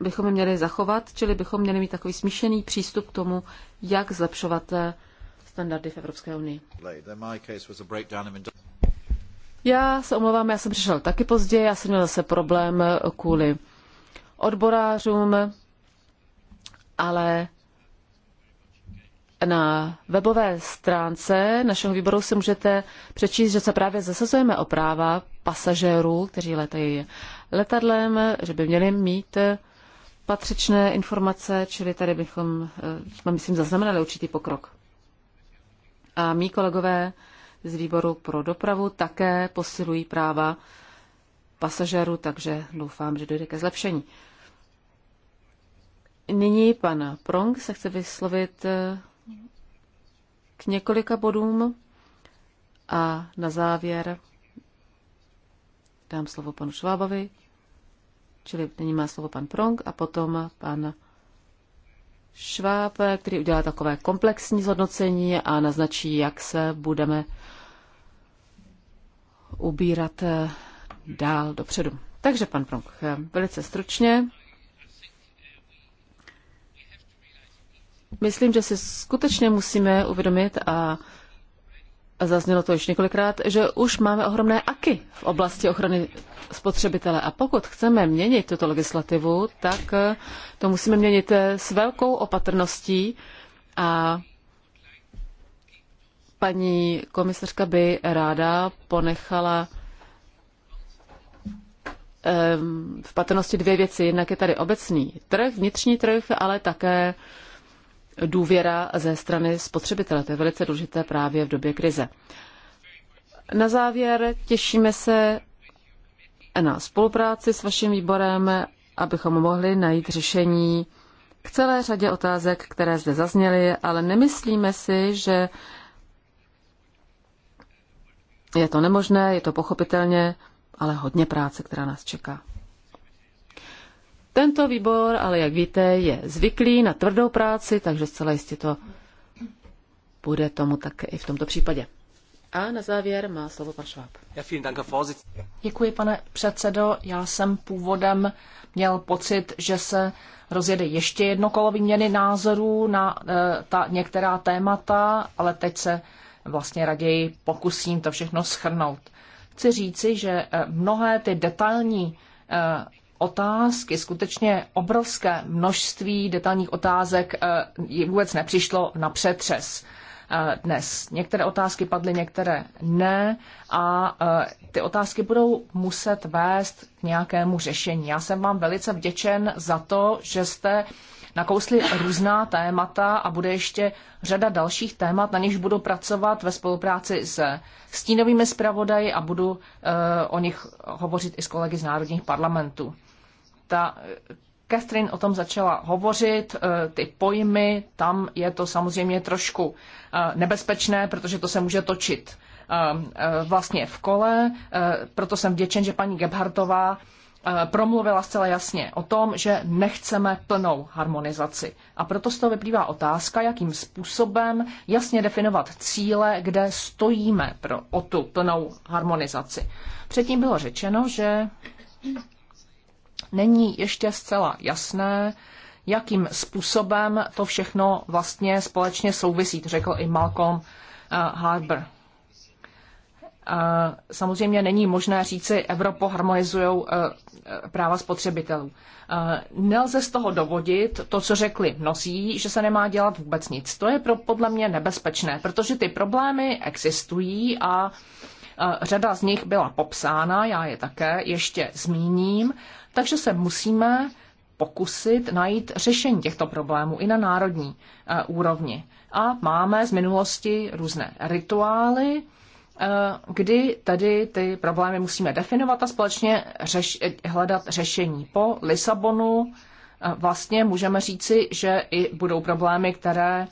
bychom je měli zachovat, čili bychom měli mít takový smíšený přístup k tomu, jak zlepšovat eh, standardy v Evropské unii. Já se omlouvám, já jsem přišel taky pozdě, já jsem měl zase problém eh, kvůli odborářům, ale na webové stránce našeho výboru si můžete přečíst, že se právě zasazujeme o práva pasažérů, kteří letají letadlem, že by měli mít patřičné informace, čili tady bychom, eh, myslím, zaznamenali určitý pokrok. A mý kolegové z výboru pro dopravu také posilují práva pasažérů, takže doufám, že dojde ke zlepšení. Nyní pan Prong se chce vyslovit eh, k několika bodům a na závěr dám slovo panu Švábovi, čili nyní má slovo pan Prong a potom pan Šváb, který udělá takové komplexní zhodnocení a naznačí, jak se budeme ubírat dál dopředu. Takže pan Prong, velice stručně. Myslím, že si skutečně musíme uvědomit, a zaznělo to již několikrát, že už máme ohromné aky v oblasti ochrany spotřebitele. A pokud chceme měnit tuto legislativu, tak eh, to musíme měnit eh, s velkou opatrností a paní komisařka by ráda ponechala ehm, v patrnosti dvě věci. Jednak je tady obecný trh, vnitřní trh, ale také důvěra ze strany spotřebitele. To je velice důležité právě v době krize. Na závěr těšíme se na spolupráci s vaším výborem, abychom mohli najít řešení k celé řadě otázek, které zde zazněly, ale nemyslíme si, že je to nemožné, je to pochopitelně, ale hodně práce, která nás čeká. Tento výbor, ale jak víte, je zvyklý na tvrdou práci, takže zcela jistě to bude tomu tak i v tomto případě. A na závěr má slovo pan Šváb. Děkuji, pane předsedo. Já jsem původem měl pocit, že se rozjede ještě jedno kolo výměny názorů na e, ta některá témata, ale teď se vlastně raději pokusím to všechno schrnout. Chci říci, že e, mnohé ty detailní e, otázky, skutečně obrovské množství detailních otázek eh, vůbec nepřišlo na přetřes eh, dnes. Některé otázky padly, některé ne a eh, ty otázky budou muset vést k nějakému řešení. Já jsem vám velice vděčen za to, že jste nakousli různá témata a bude ještě řada dalších témat, na nichž budu pracovat ve spolupráci s stínovými zpravodaji a budu eh, o nich hovořit i s kolegy z národních parlamentů. Ta, eh, Catherine o tom začala hovořit, eh, ty pojmy, tam je to samozřejmě trošku nebezpečné, protože to se může točit vlastně v kole, proto jsem vděčen, že paní Gebhardová Eh, promluvila zcela jasně o tom, že nechceme plnou harmonizaci. A proto z toho vyplývá otázka, jakým způsobem jasně definovat cíle, kde stojíme pro, o tu plnou harmonizaci. Předtím bylo řečeno, že není ještě zcela jasné, jakým způsobem to všechno vlastně společně souvisí, řekl i Malcolm eh, Harbour samozřejmě není možné říci, Evropo harmonizují eh, práva spotřebitelů. Eh, nelze z toho dovodit to, co řekli mnozí, že se nemá dělat vůbec nic. To je pro, podle mě nebezpečné, protože ty problémy existují a eh, řada z nich byla popsána, já je také ještě zmíním, takže se musíme pokusit najít řešení těchto problémů i na národní úrovni. A máme z minulosti různé rituály, Eh, kdy tedy ty problémy musíme definovat a společně řeš, hledat řešení. Po Lisabonu eh, vlastně můžeme říci, že i budou problémy, které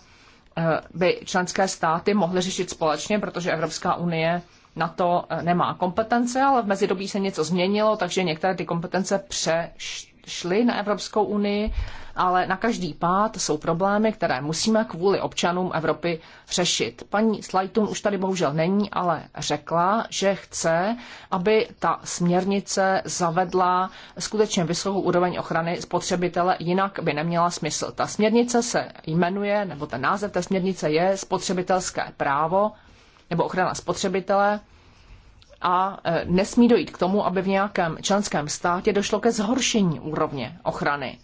eh, by členské státy mohly řešit společně, protože Evropská unie na to nemá kompetence, ale v mezidobí se něco změnilo, takže některé ty kompetence přešly šli na Evropskou unii, ale na každý pád jsou problémy, které musíme kvůli občanům Evropy řešit. Paní Slajtun už tady bohužel není, ale řekla, že chce, aby ta směrnice zavedla skutečně vysokou úroveň ochrany spotřebitele, jinak by neměla smysl. Ta směrnice se jmenuje, nebo ten název té směrnice je spotřebitelské právo nebo ochrana spotřebitele a e, nesmí dojít k tomu, aby v nějakém členském státě došlo ke zhoršení úrovně ochrany.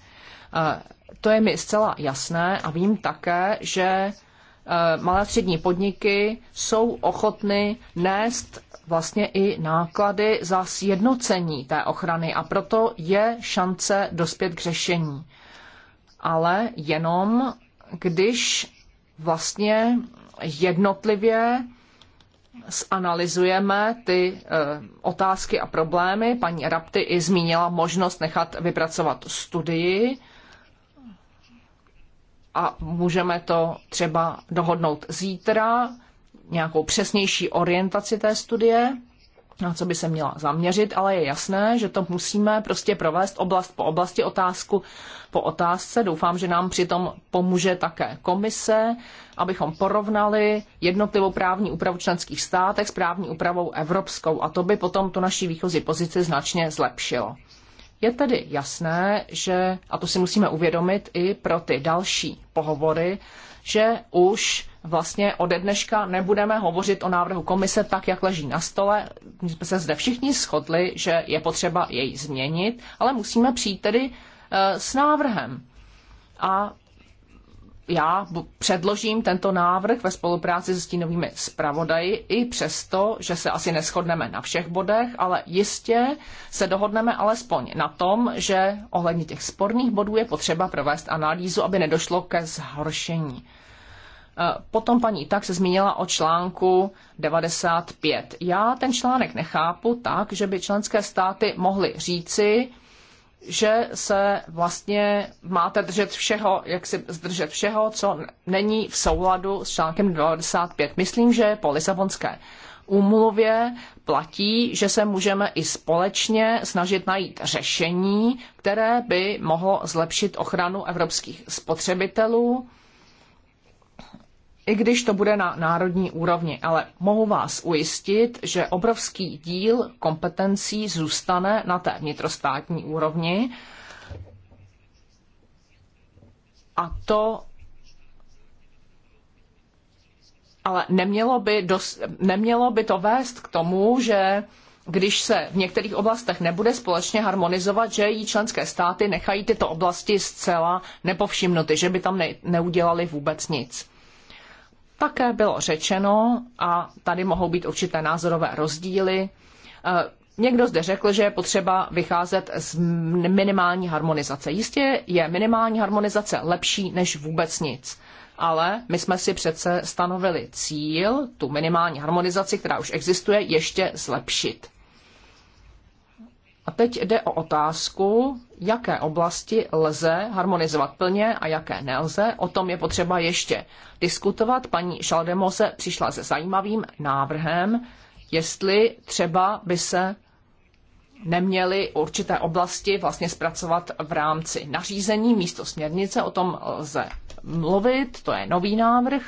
E, to je mi zcela jasné a vím také, že e, malé střední podniky jsou ochotny nést vlastně i náklady za sjednocení té ochrany a proto je šance dospět k řešení. Ale jenom když vlastně jednotlivě zanalizujeme ty eh, otázky a problémy. Paní Rapty i zmínila možnost nechat vypracovat studii a můžeme to třeba dohodnout zítra, nějakou přesnější orientaci té studie na co by se měla zaměřit, ale je jasné, že to musíme prostě provést oblast po oblasti, otázku po otázce. Doufám, že nám přitom pomůže také komise, abychom porovnali jednotlivou právní úpravu členských státech s právní úpravou evropskou a to by potom tu naší výchozí pozici značně zlepšilo. Je tedy jasné, že, a to si musíme uvědomit i pro ty další pohovory, že už vlastně ode dneška nebudeme hovořit o návrhu komise tak, jak leží na stole. My jsme se zde všichni shodli, že je potřeba jej změnit, ale musíme přijít tedy eh, s návrhem. A já předložím tento návrh ve spolupráci se stínovými zpravodaji i přesto, že se asi neschodneme na všech bodech, ale jistě se dohodneme alespoň na tom, že ohledně těch sporných bodů je potřeba provést analýzu, aby nedošlo ke zhoršení Eh, potom paní tak se zmínila o článku 95. Já ten článek nechápu tak, že by členské státy mohly říci, že se vlastně máte držet všeho, jak si zdržet všeho, co není v souladu s článkem 95. Myslím, že po Lisabonské úmluvě platí, že se můžeme i společně snažit najít řešení, které by mohlo zlepšit ochranu evropských spotřebitelů i když to bude na národní úrovni. Ale mohu vás ujistit, že obrovský díl kompetencí zůstane na té vnitrostátní úrovni a to ale nemělo by, dos, nemělo by to vést k tomu, že když se v některých oblastech nebude společně harmonizovat, že jí členské státy nechají tyto oblasti zcela nepovšimnuty, že by tam ne, neudělali vůbec nic. Také bylo řečeno, a tady mohou být určité názorové rozdíly, eh, Někdo zde řekl, že je potřeba vycházet z minimální harmonizace. Jistě je minimální harmonizace lepší než vůbec nic. Ale my jsme si přece stanovili cíl, tu minimální harmonizaci, která už existuje, ještě zlepšit. A teď jde o otázku, jaké oblasti lze harmonizovat plně a jaké nelze. O tom je potřeba ještě diskutovat. Paní Šaldemose přišla se zajímavým návrhem, jestli třeba by se neměly určité oblasti vlastně zpracovat v rámci nařízení místo směrnice. O tom lze mluvit, to je nový návrh.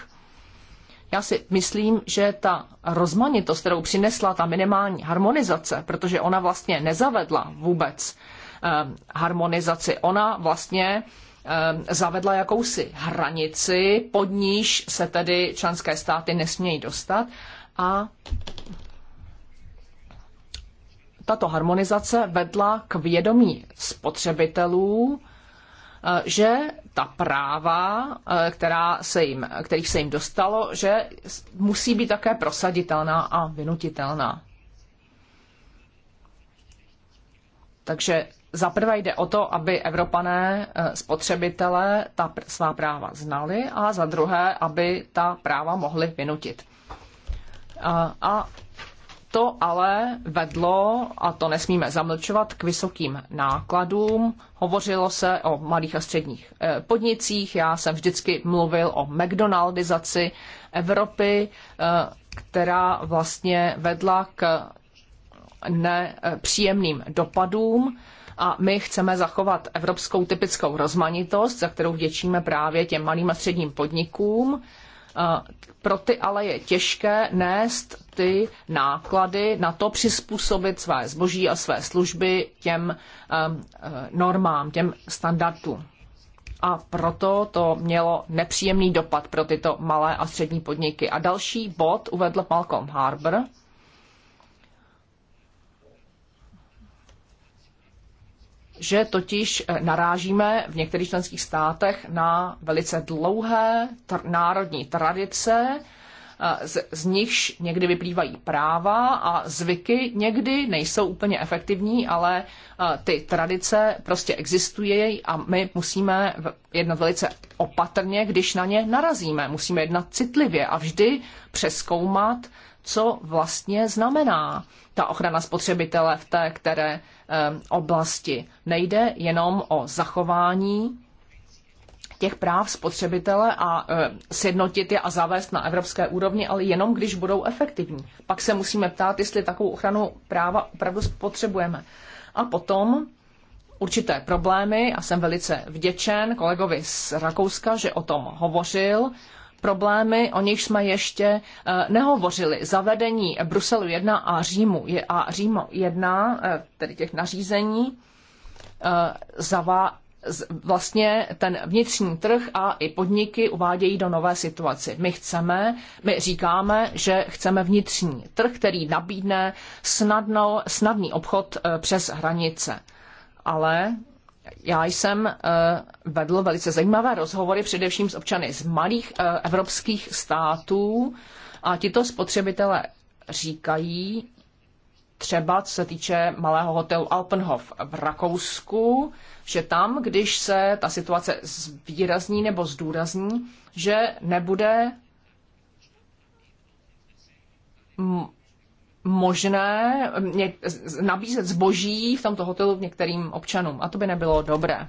Já si myslím, že ta rozmanitost, kterou přinesla ta minimální harmonizace, protože ona vlastně nezavedla vůbec ehm, harmonizaci, ona vlastně ehm, zavedla jakousi hranici, pod níž se tedy členské státy nesmějí dostat a tato harmonizace vedla k vědomí spotřebitelů Eh, že ta práva, eh, která se jim, kterých se jim dostalo, že musí být také prosaditelná a vynutitelná. Takže zaprvé jde o to, aby evropané eh, spotřebitelé ta svá práva znali a za druhé, aby ta práva mohli vynutit. A, a to ale vedlo, a to nesmíme zamlčovat, k vysokým nákladům. Hovořilo se o malých a středních eh, podnicích. Já jsem vždycky mluvil o McDonaldizaci Evropy, eh, která vlastně vedla k nepříjemným dopadům a my chceme zachovat evropskou typickou rozmanitost, za kterou vděčíme právě těm malým a středním podnikům eh, pro ty ale je těžké nést ty náklady na to přizpůsobit své zboží a své služby těm um, normám, těm standardům. A proto to mělo nepříjemný dopad pro tyto malé a střední podniky. A další bod uvedl Malcolm Harbour že totiž eh, narážíme v některých členských státech na velice dlouhé tr- národní tradice, eh, z, z nichž někdy vyplývají práva a zvyky někdy nejsou úplně efektivní, ale eh, ty tradice prostě existují a my musíme jednat velice opatrně, když na ně narazíme. Musíme jednat citlivě a vždy přeskoumat, co vlastně znamená ta ochrana spotřebitele v té které Um, oblasti. Nejde jenom o zachování těch práv spotřebitele a e, sjednotit je a zavést na evropské úrovni, ale jenom když budou efektivní. Pak se musíme ptát, jestli takovou ochranu práva opravdu potřebujeme. A potom určité problémy, a jsem velice vděčen kolegovi z Rakouska, že o tom hovořil, problémy, o nich jsme ještě eh, nehovořili. Zavedení Bruselu 1 a Římu a Římo 1, eh, tedy těch nařízení, eh, zavá, vlastně ten vnitřní trh a i podniky uvádějí do nové situace. My chceme, my říkáme, že chceme vnitřní trh, který nabídne snadno, snadný obchod přes hranice. Ale já jsem eh, vedl velice zajímavé rozhovory především s občany z malých eh, evropských států a tito spotřebitelé říkají, třeba co se týče malého hotelu Alpenhof v Rakousku, že tam, když se ta situace zvýrazní nebo zdůrazní, že nebude možné nabízet zboží v tomto hotelu některým občanům a to by nebylo dobré.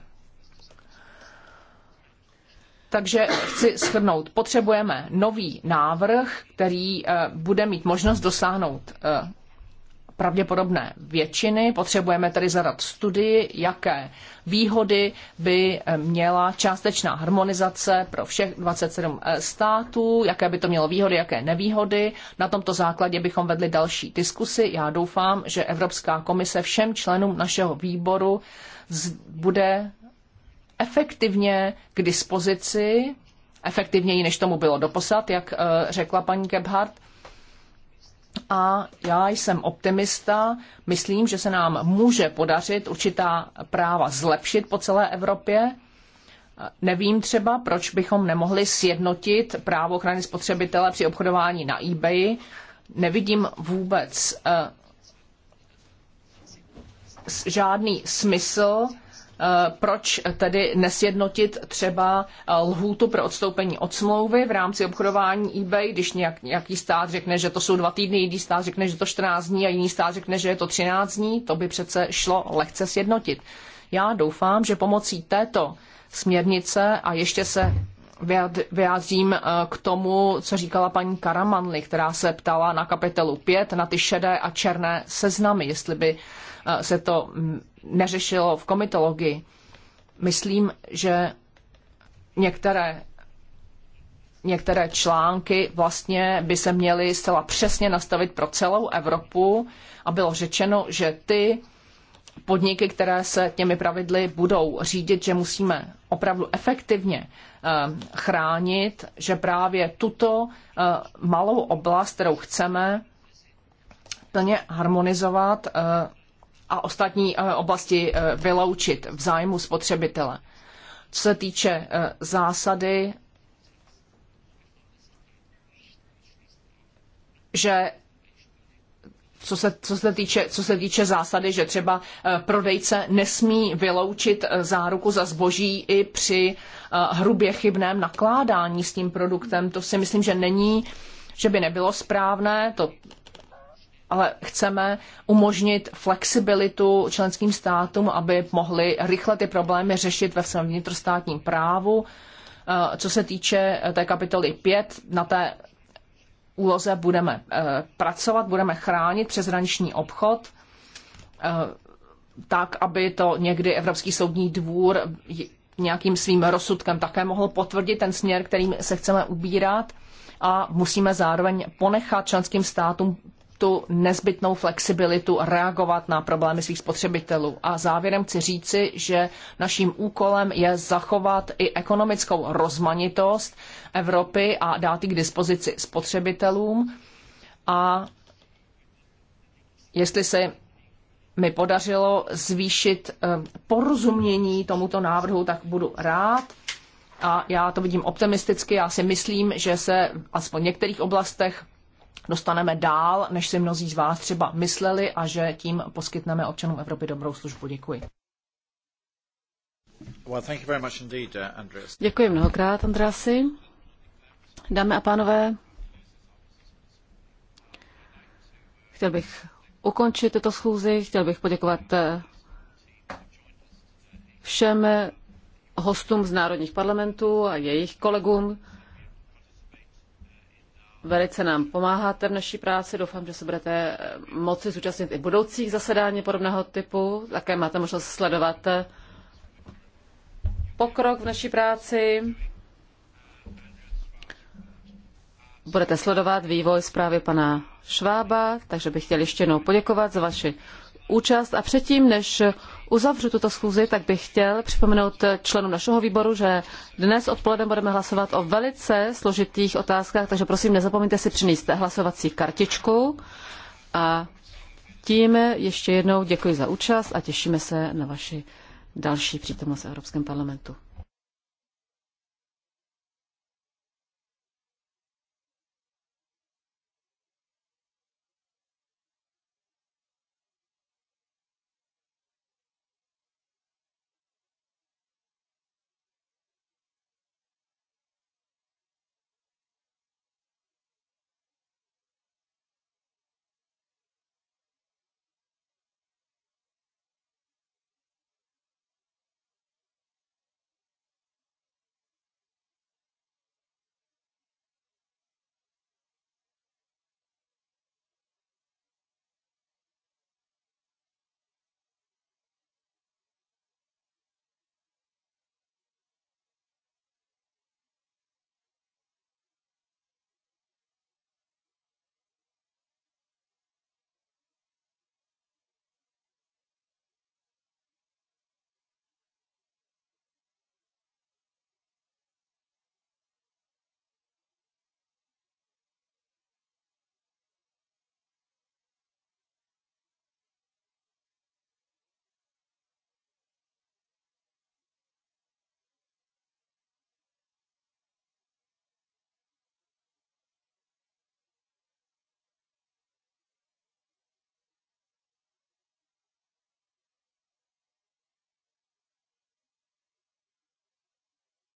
Takže chci shrnout, potřebujeme nový návrh, který eh, bude mít možnost dosáhnout eh, pravděpodobné většiny. Potřebujeme tedy zadat studii, jaké výhody by měla částečná harmonizace pro všech 27 eh, států, jaké by to mělo výhody, jaké nevýhody. Na tomto základě bychom vedli další diskusy. Já doufám, že Evropská komise všem členům našeho výboru bude efektivně k dispozici, efektivněji než tomu bylo doposad, jak eh, řekla paní Gebhardt, a já jsem optimista. Myslím, že se nám může podařit určitá práva zlepšit po celé Evropě. Nevím třeba, proč bychom nemohli sjednotit právo ochrany spotřebitele při obchodování na eBay. Nevidím vůbec eh, žádný smysl Eh, proč tedy nesjednotit třeba eh, lhůtu pro odstoupení od smlouvy v rámci obchodování eBay, když nějak, nějaký stát řekne, že to jsou dva týdny, jiný stát řekne, že to 14 dní a jiný stát řekne, že je to 13 dní, to by přece šlo lehce sjednotit. Já doufám, že pomocí této směrnice a ještě se vyjádřím eh, k tomu, co říkala paní Karamanli, která se ptala na kapitolu 5, na ty šedé a černé seznamy, jestli by se to mm, neřešilo v komitologii. Myslím, že některé, některé články vlastně by se měly zcela přesně nastavit pro celou Evropu a bylo řečeno, že ty podniky, které se těmi pravidly budou řídit, že musíme opravdu efektivně eh, chránit, že právě tuto eh, malou oblast, kterou chceme plně harmonizovat, eh, a ostatní eh, oblasti eh, vyloučit v zájmu spotřebitele. Co se týče eh, zásady, že co se, co, se týče, co se týče zásady, že třeba prodejce nesmí vyloučit záruku za zboží i při hrubě chybném nakládání s tím produktem, to si myslím, že není, že by nebylo správné, to ale chceme umožnit flexibilitu členským státům, aby mohli rychle ty problémy řešit ve svém vnitrostátním právu. Eh, co se týče eh, té kapitoly 5, na té úloze budeme eh, pracovat, budeme chránit přeshraniční obchod tak, aby to někdy Evropský soudní dvůr nějakým svým rozsudkem také mohl potvrdit ten směr, kterým se chceme ubírat a musíme zároveň ponechat členským státům tu nezbytnou flexibilitu reagovat na problémy svých spotřebitelů. A závěrem chci říci, že naším úkolem je zachovat i ekonomickou rozmanitost Evropy a dát ji k dispozici spotřebitelům. A jestli se mi podařilo zvýšit eh, porozumění tomuto návrhu, tak budu rád. A já to vidím optimisticky, já si myslím, že se aspoň v některých oblastech dostaneme dál, než si mnozí z vás třeba mysleli a že tím poskytneme občanům Evropy dobrou službu. Děkuji. Uh, Děkuji mnohokrát, Andrasi. Dámy a pánové, chtěl bych ukončit tuto schůzi, chtěl bych poděkovat uh, všem hostům z národních parlamentů a jejich kolegům Velice nám pomáháte v naší práci. Doufám, že se budete eh, moci zúčastnit i budoucích zasedání podobného typu. Také máte možnost sledovat eh, pokrok v naší práci. Budete sledovat vývoj zprávy pana Švába, takže bych chtěl ještě jednou poděkovat za vaši účast. A předtím, než uzavřu tuto schůzi, tak bych chtěl připomenout členům našeho výboru, že dnes odpoledne budeme hlasovat o velice složitých otázkách, takže prosím nezapomeňte si přinést hlasovací kartičku. A tím ještě jednou děkuji za účast a těšíme se na vaši další přítomnost v Evropském parlamentu.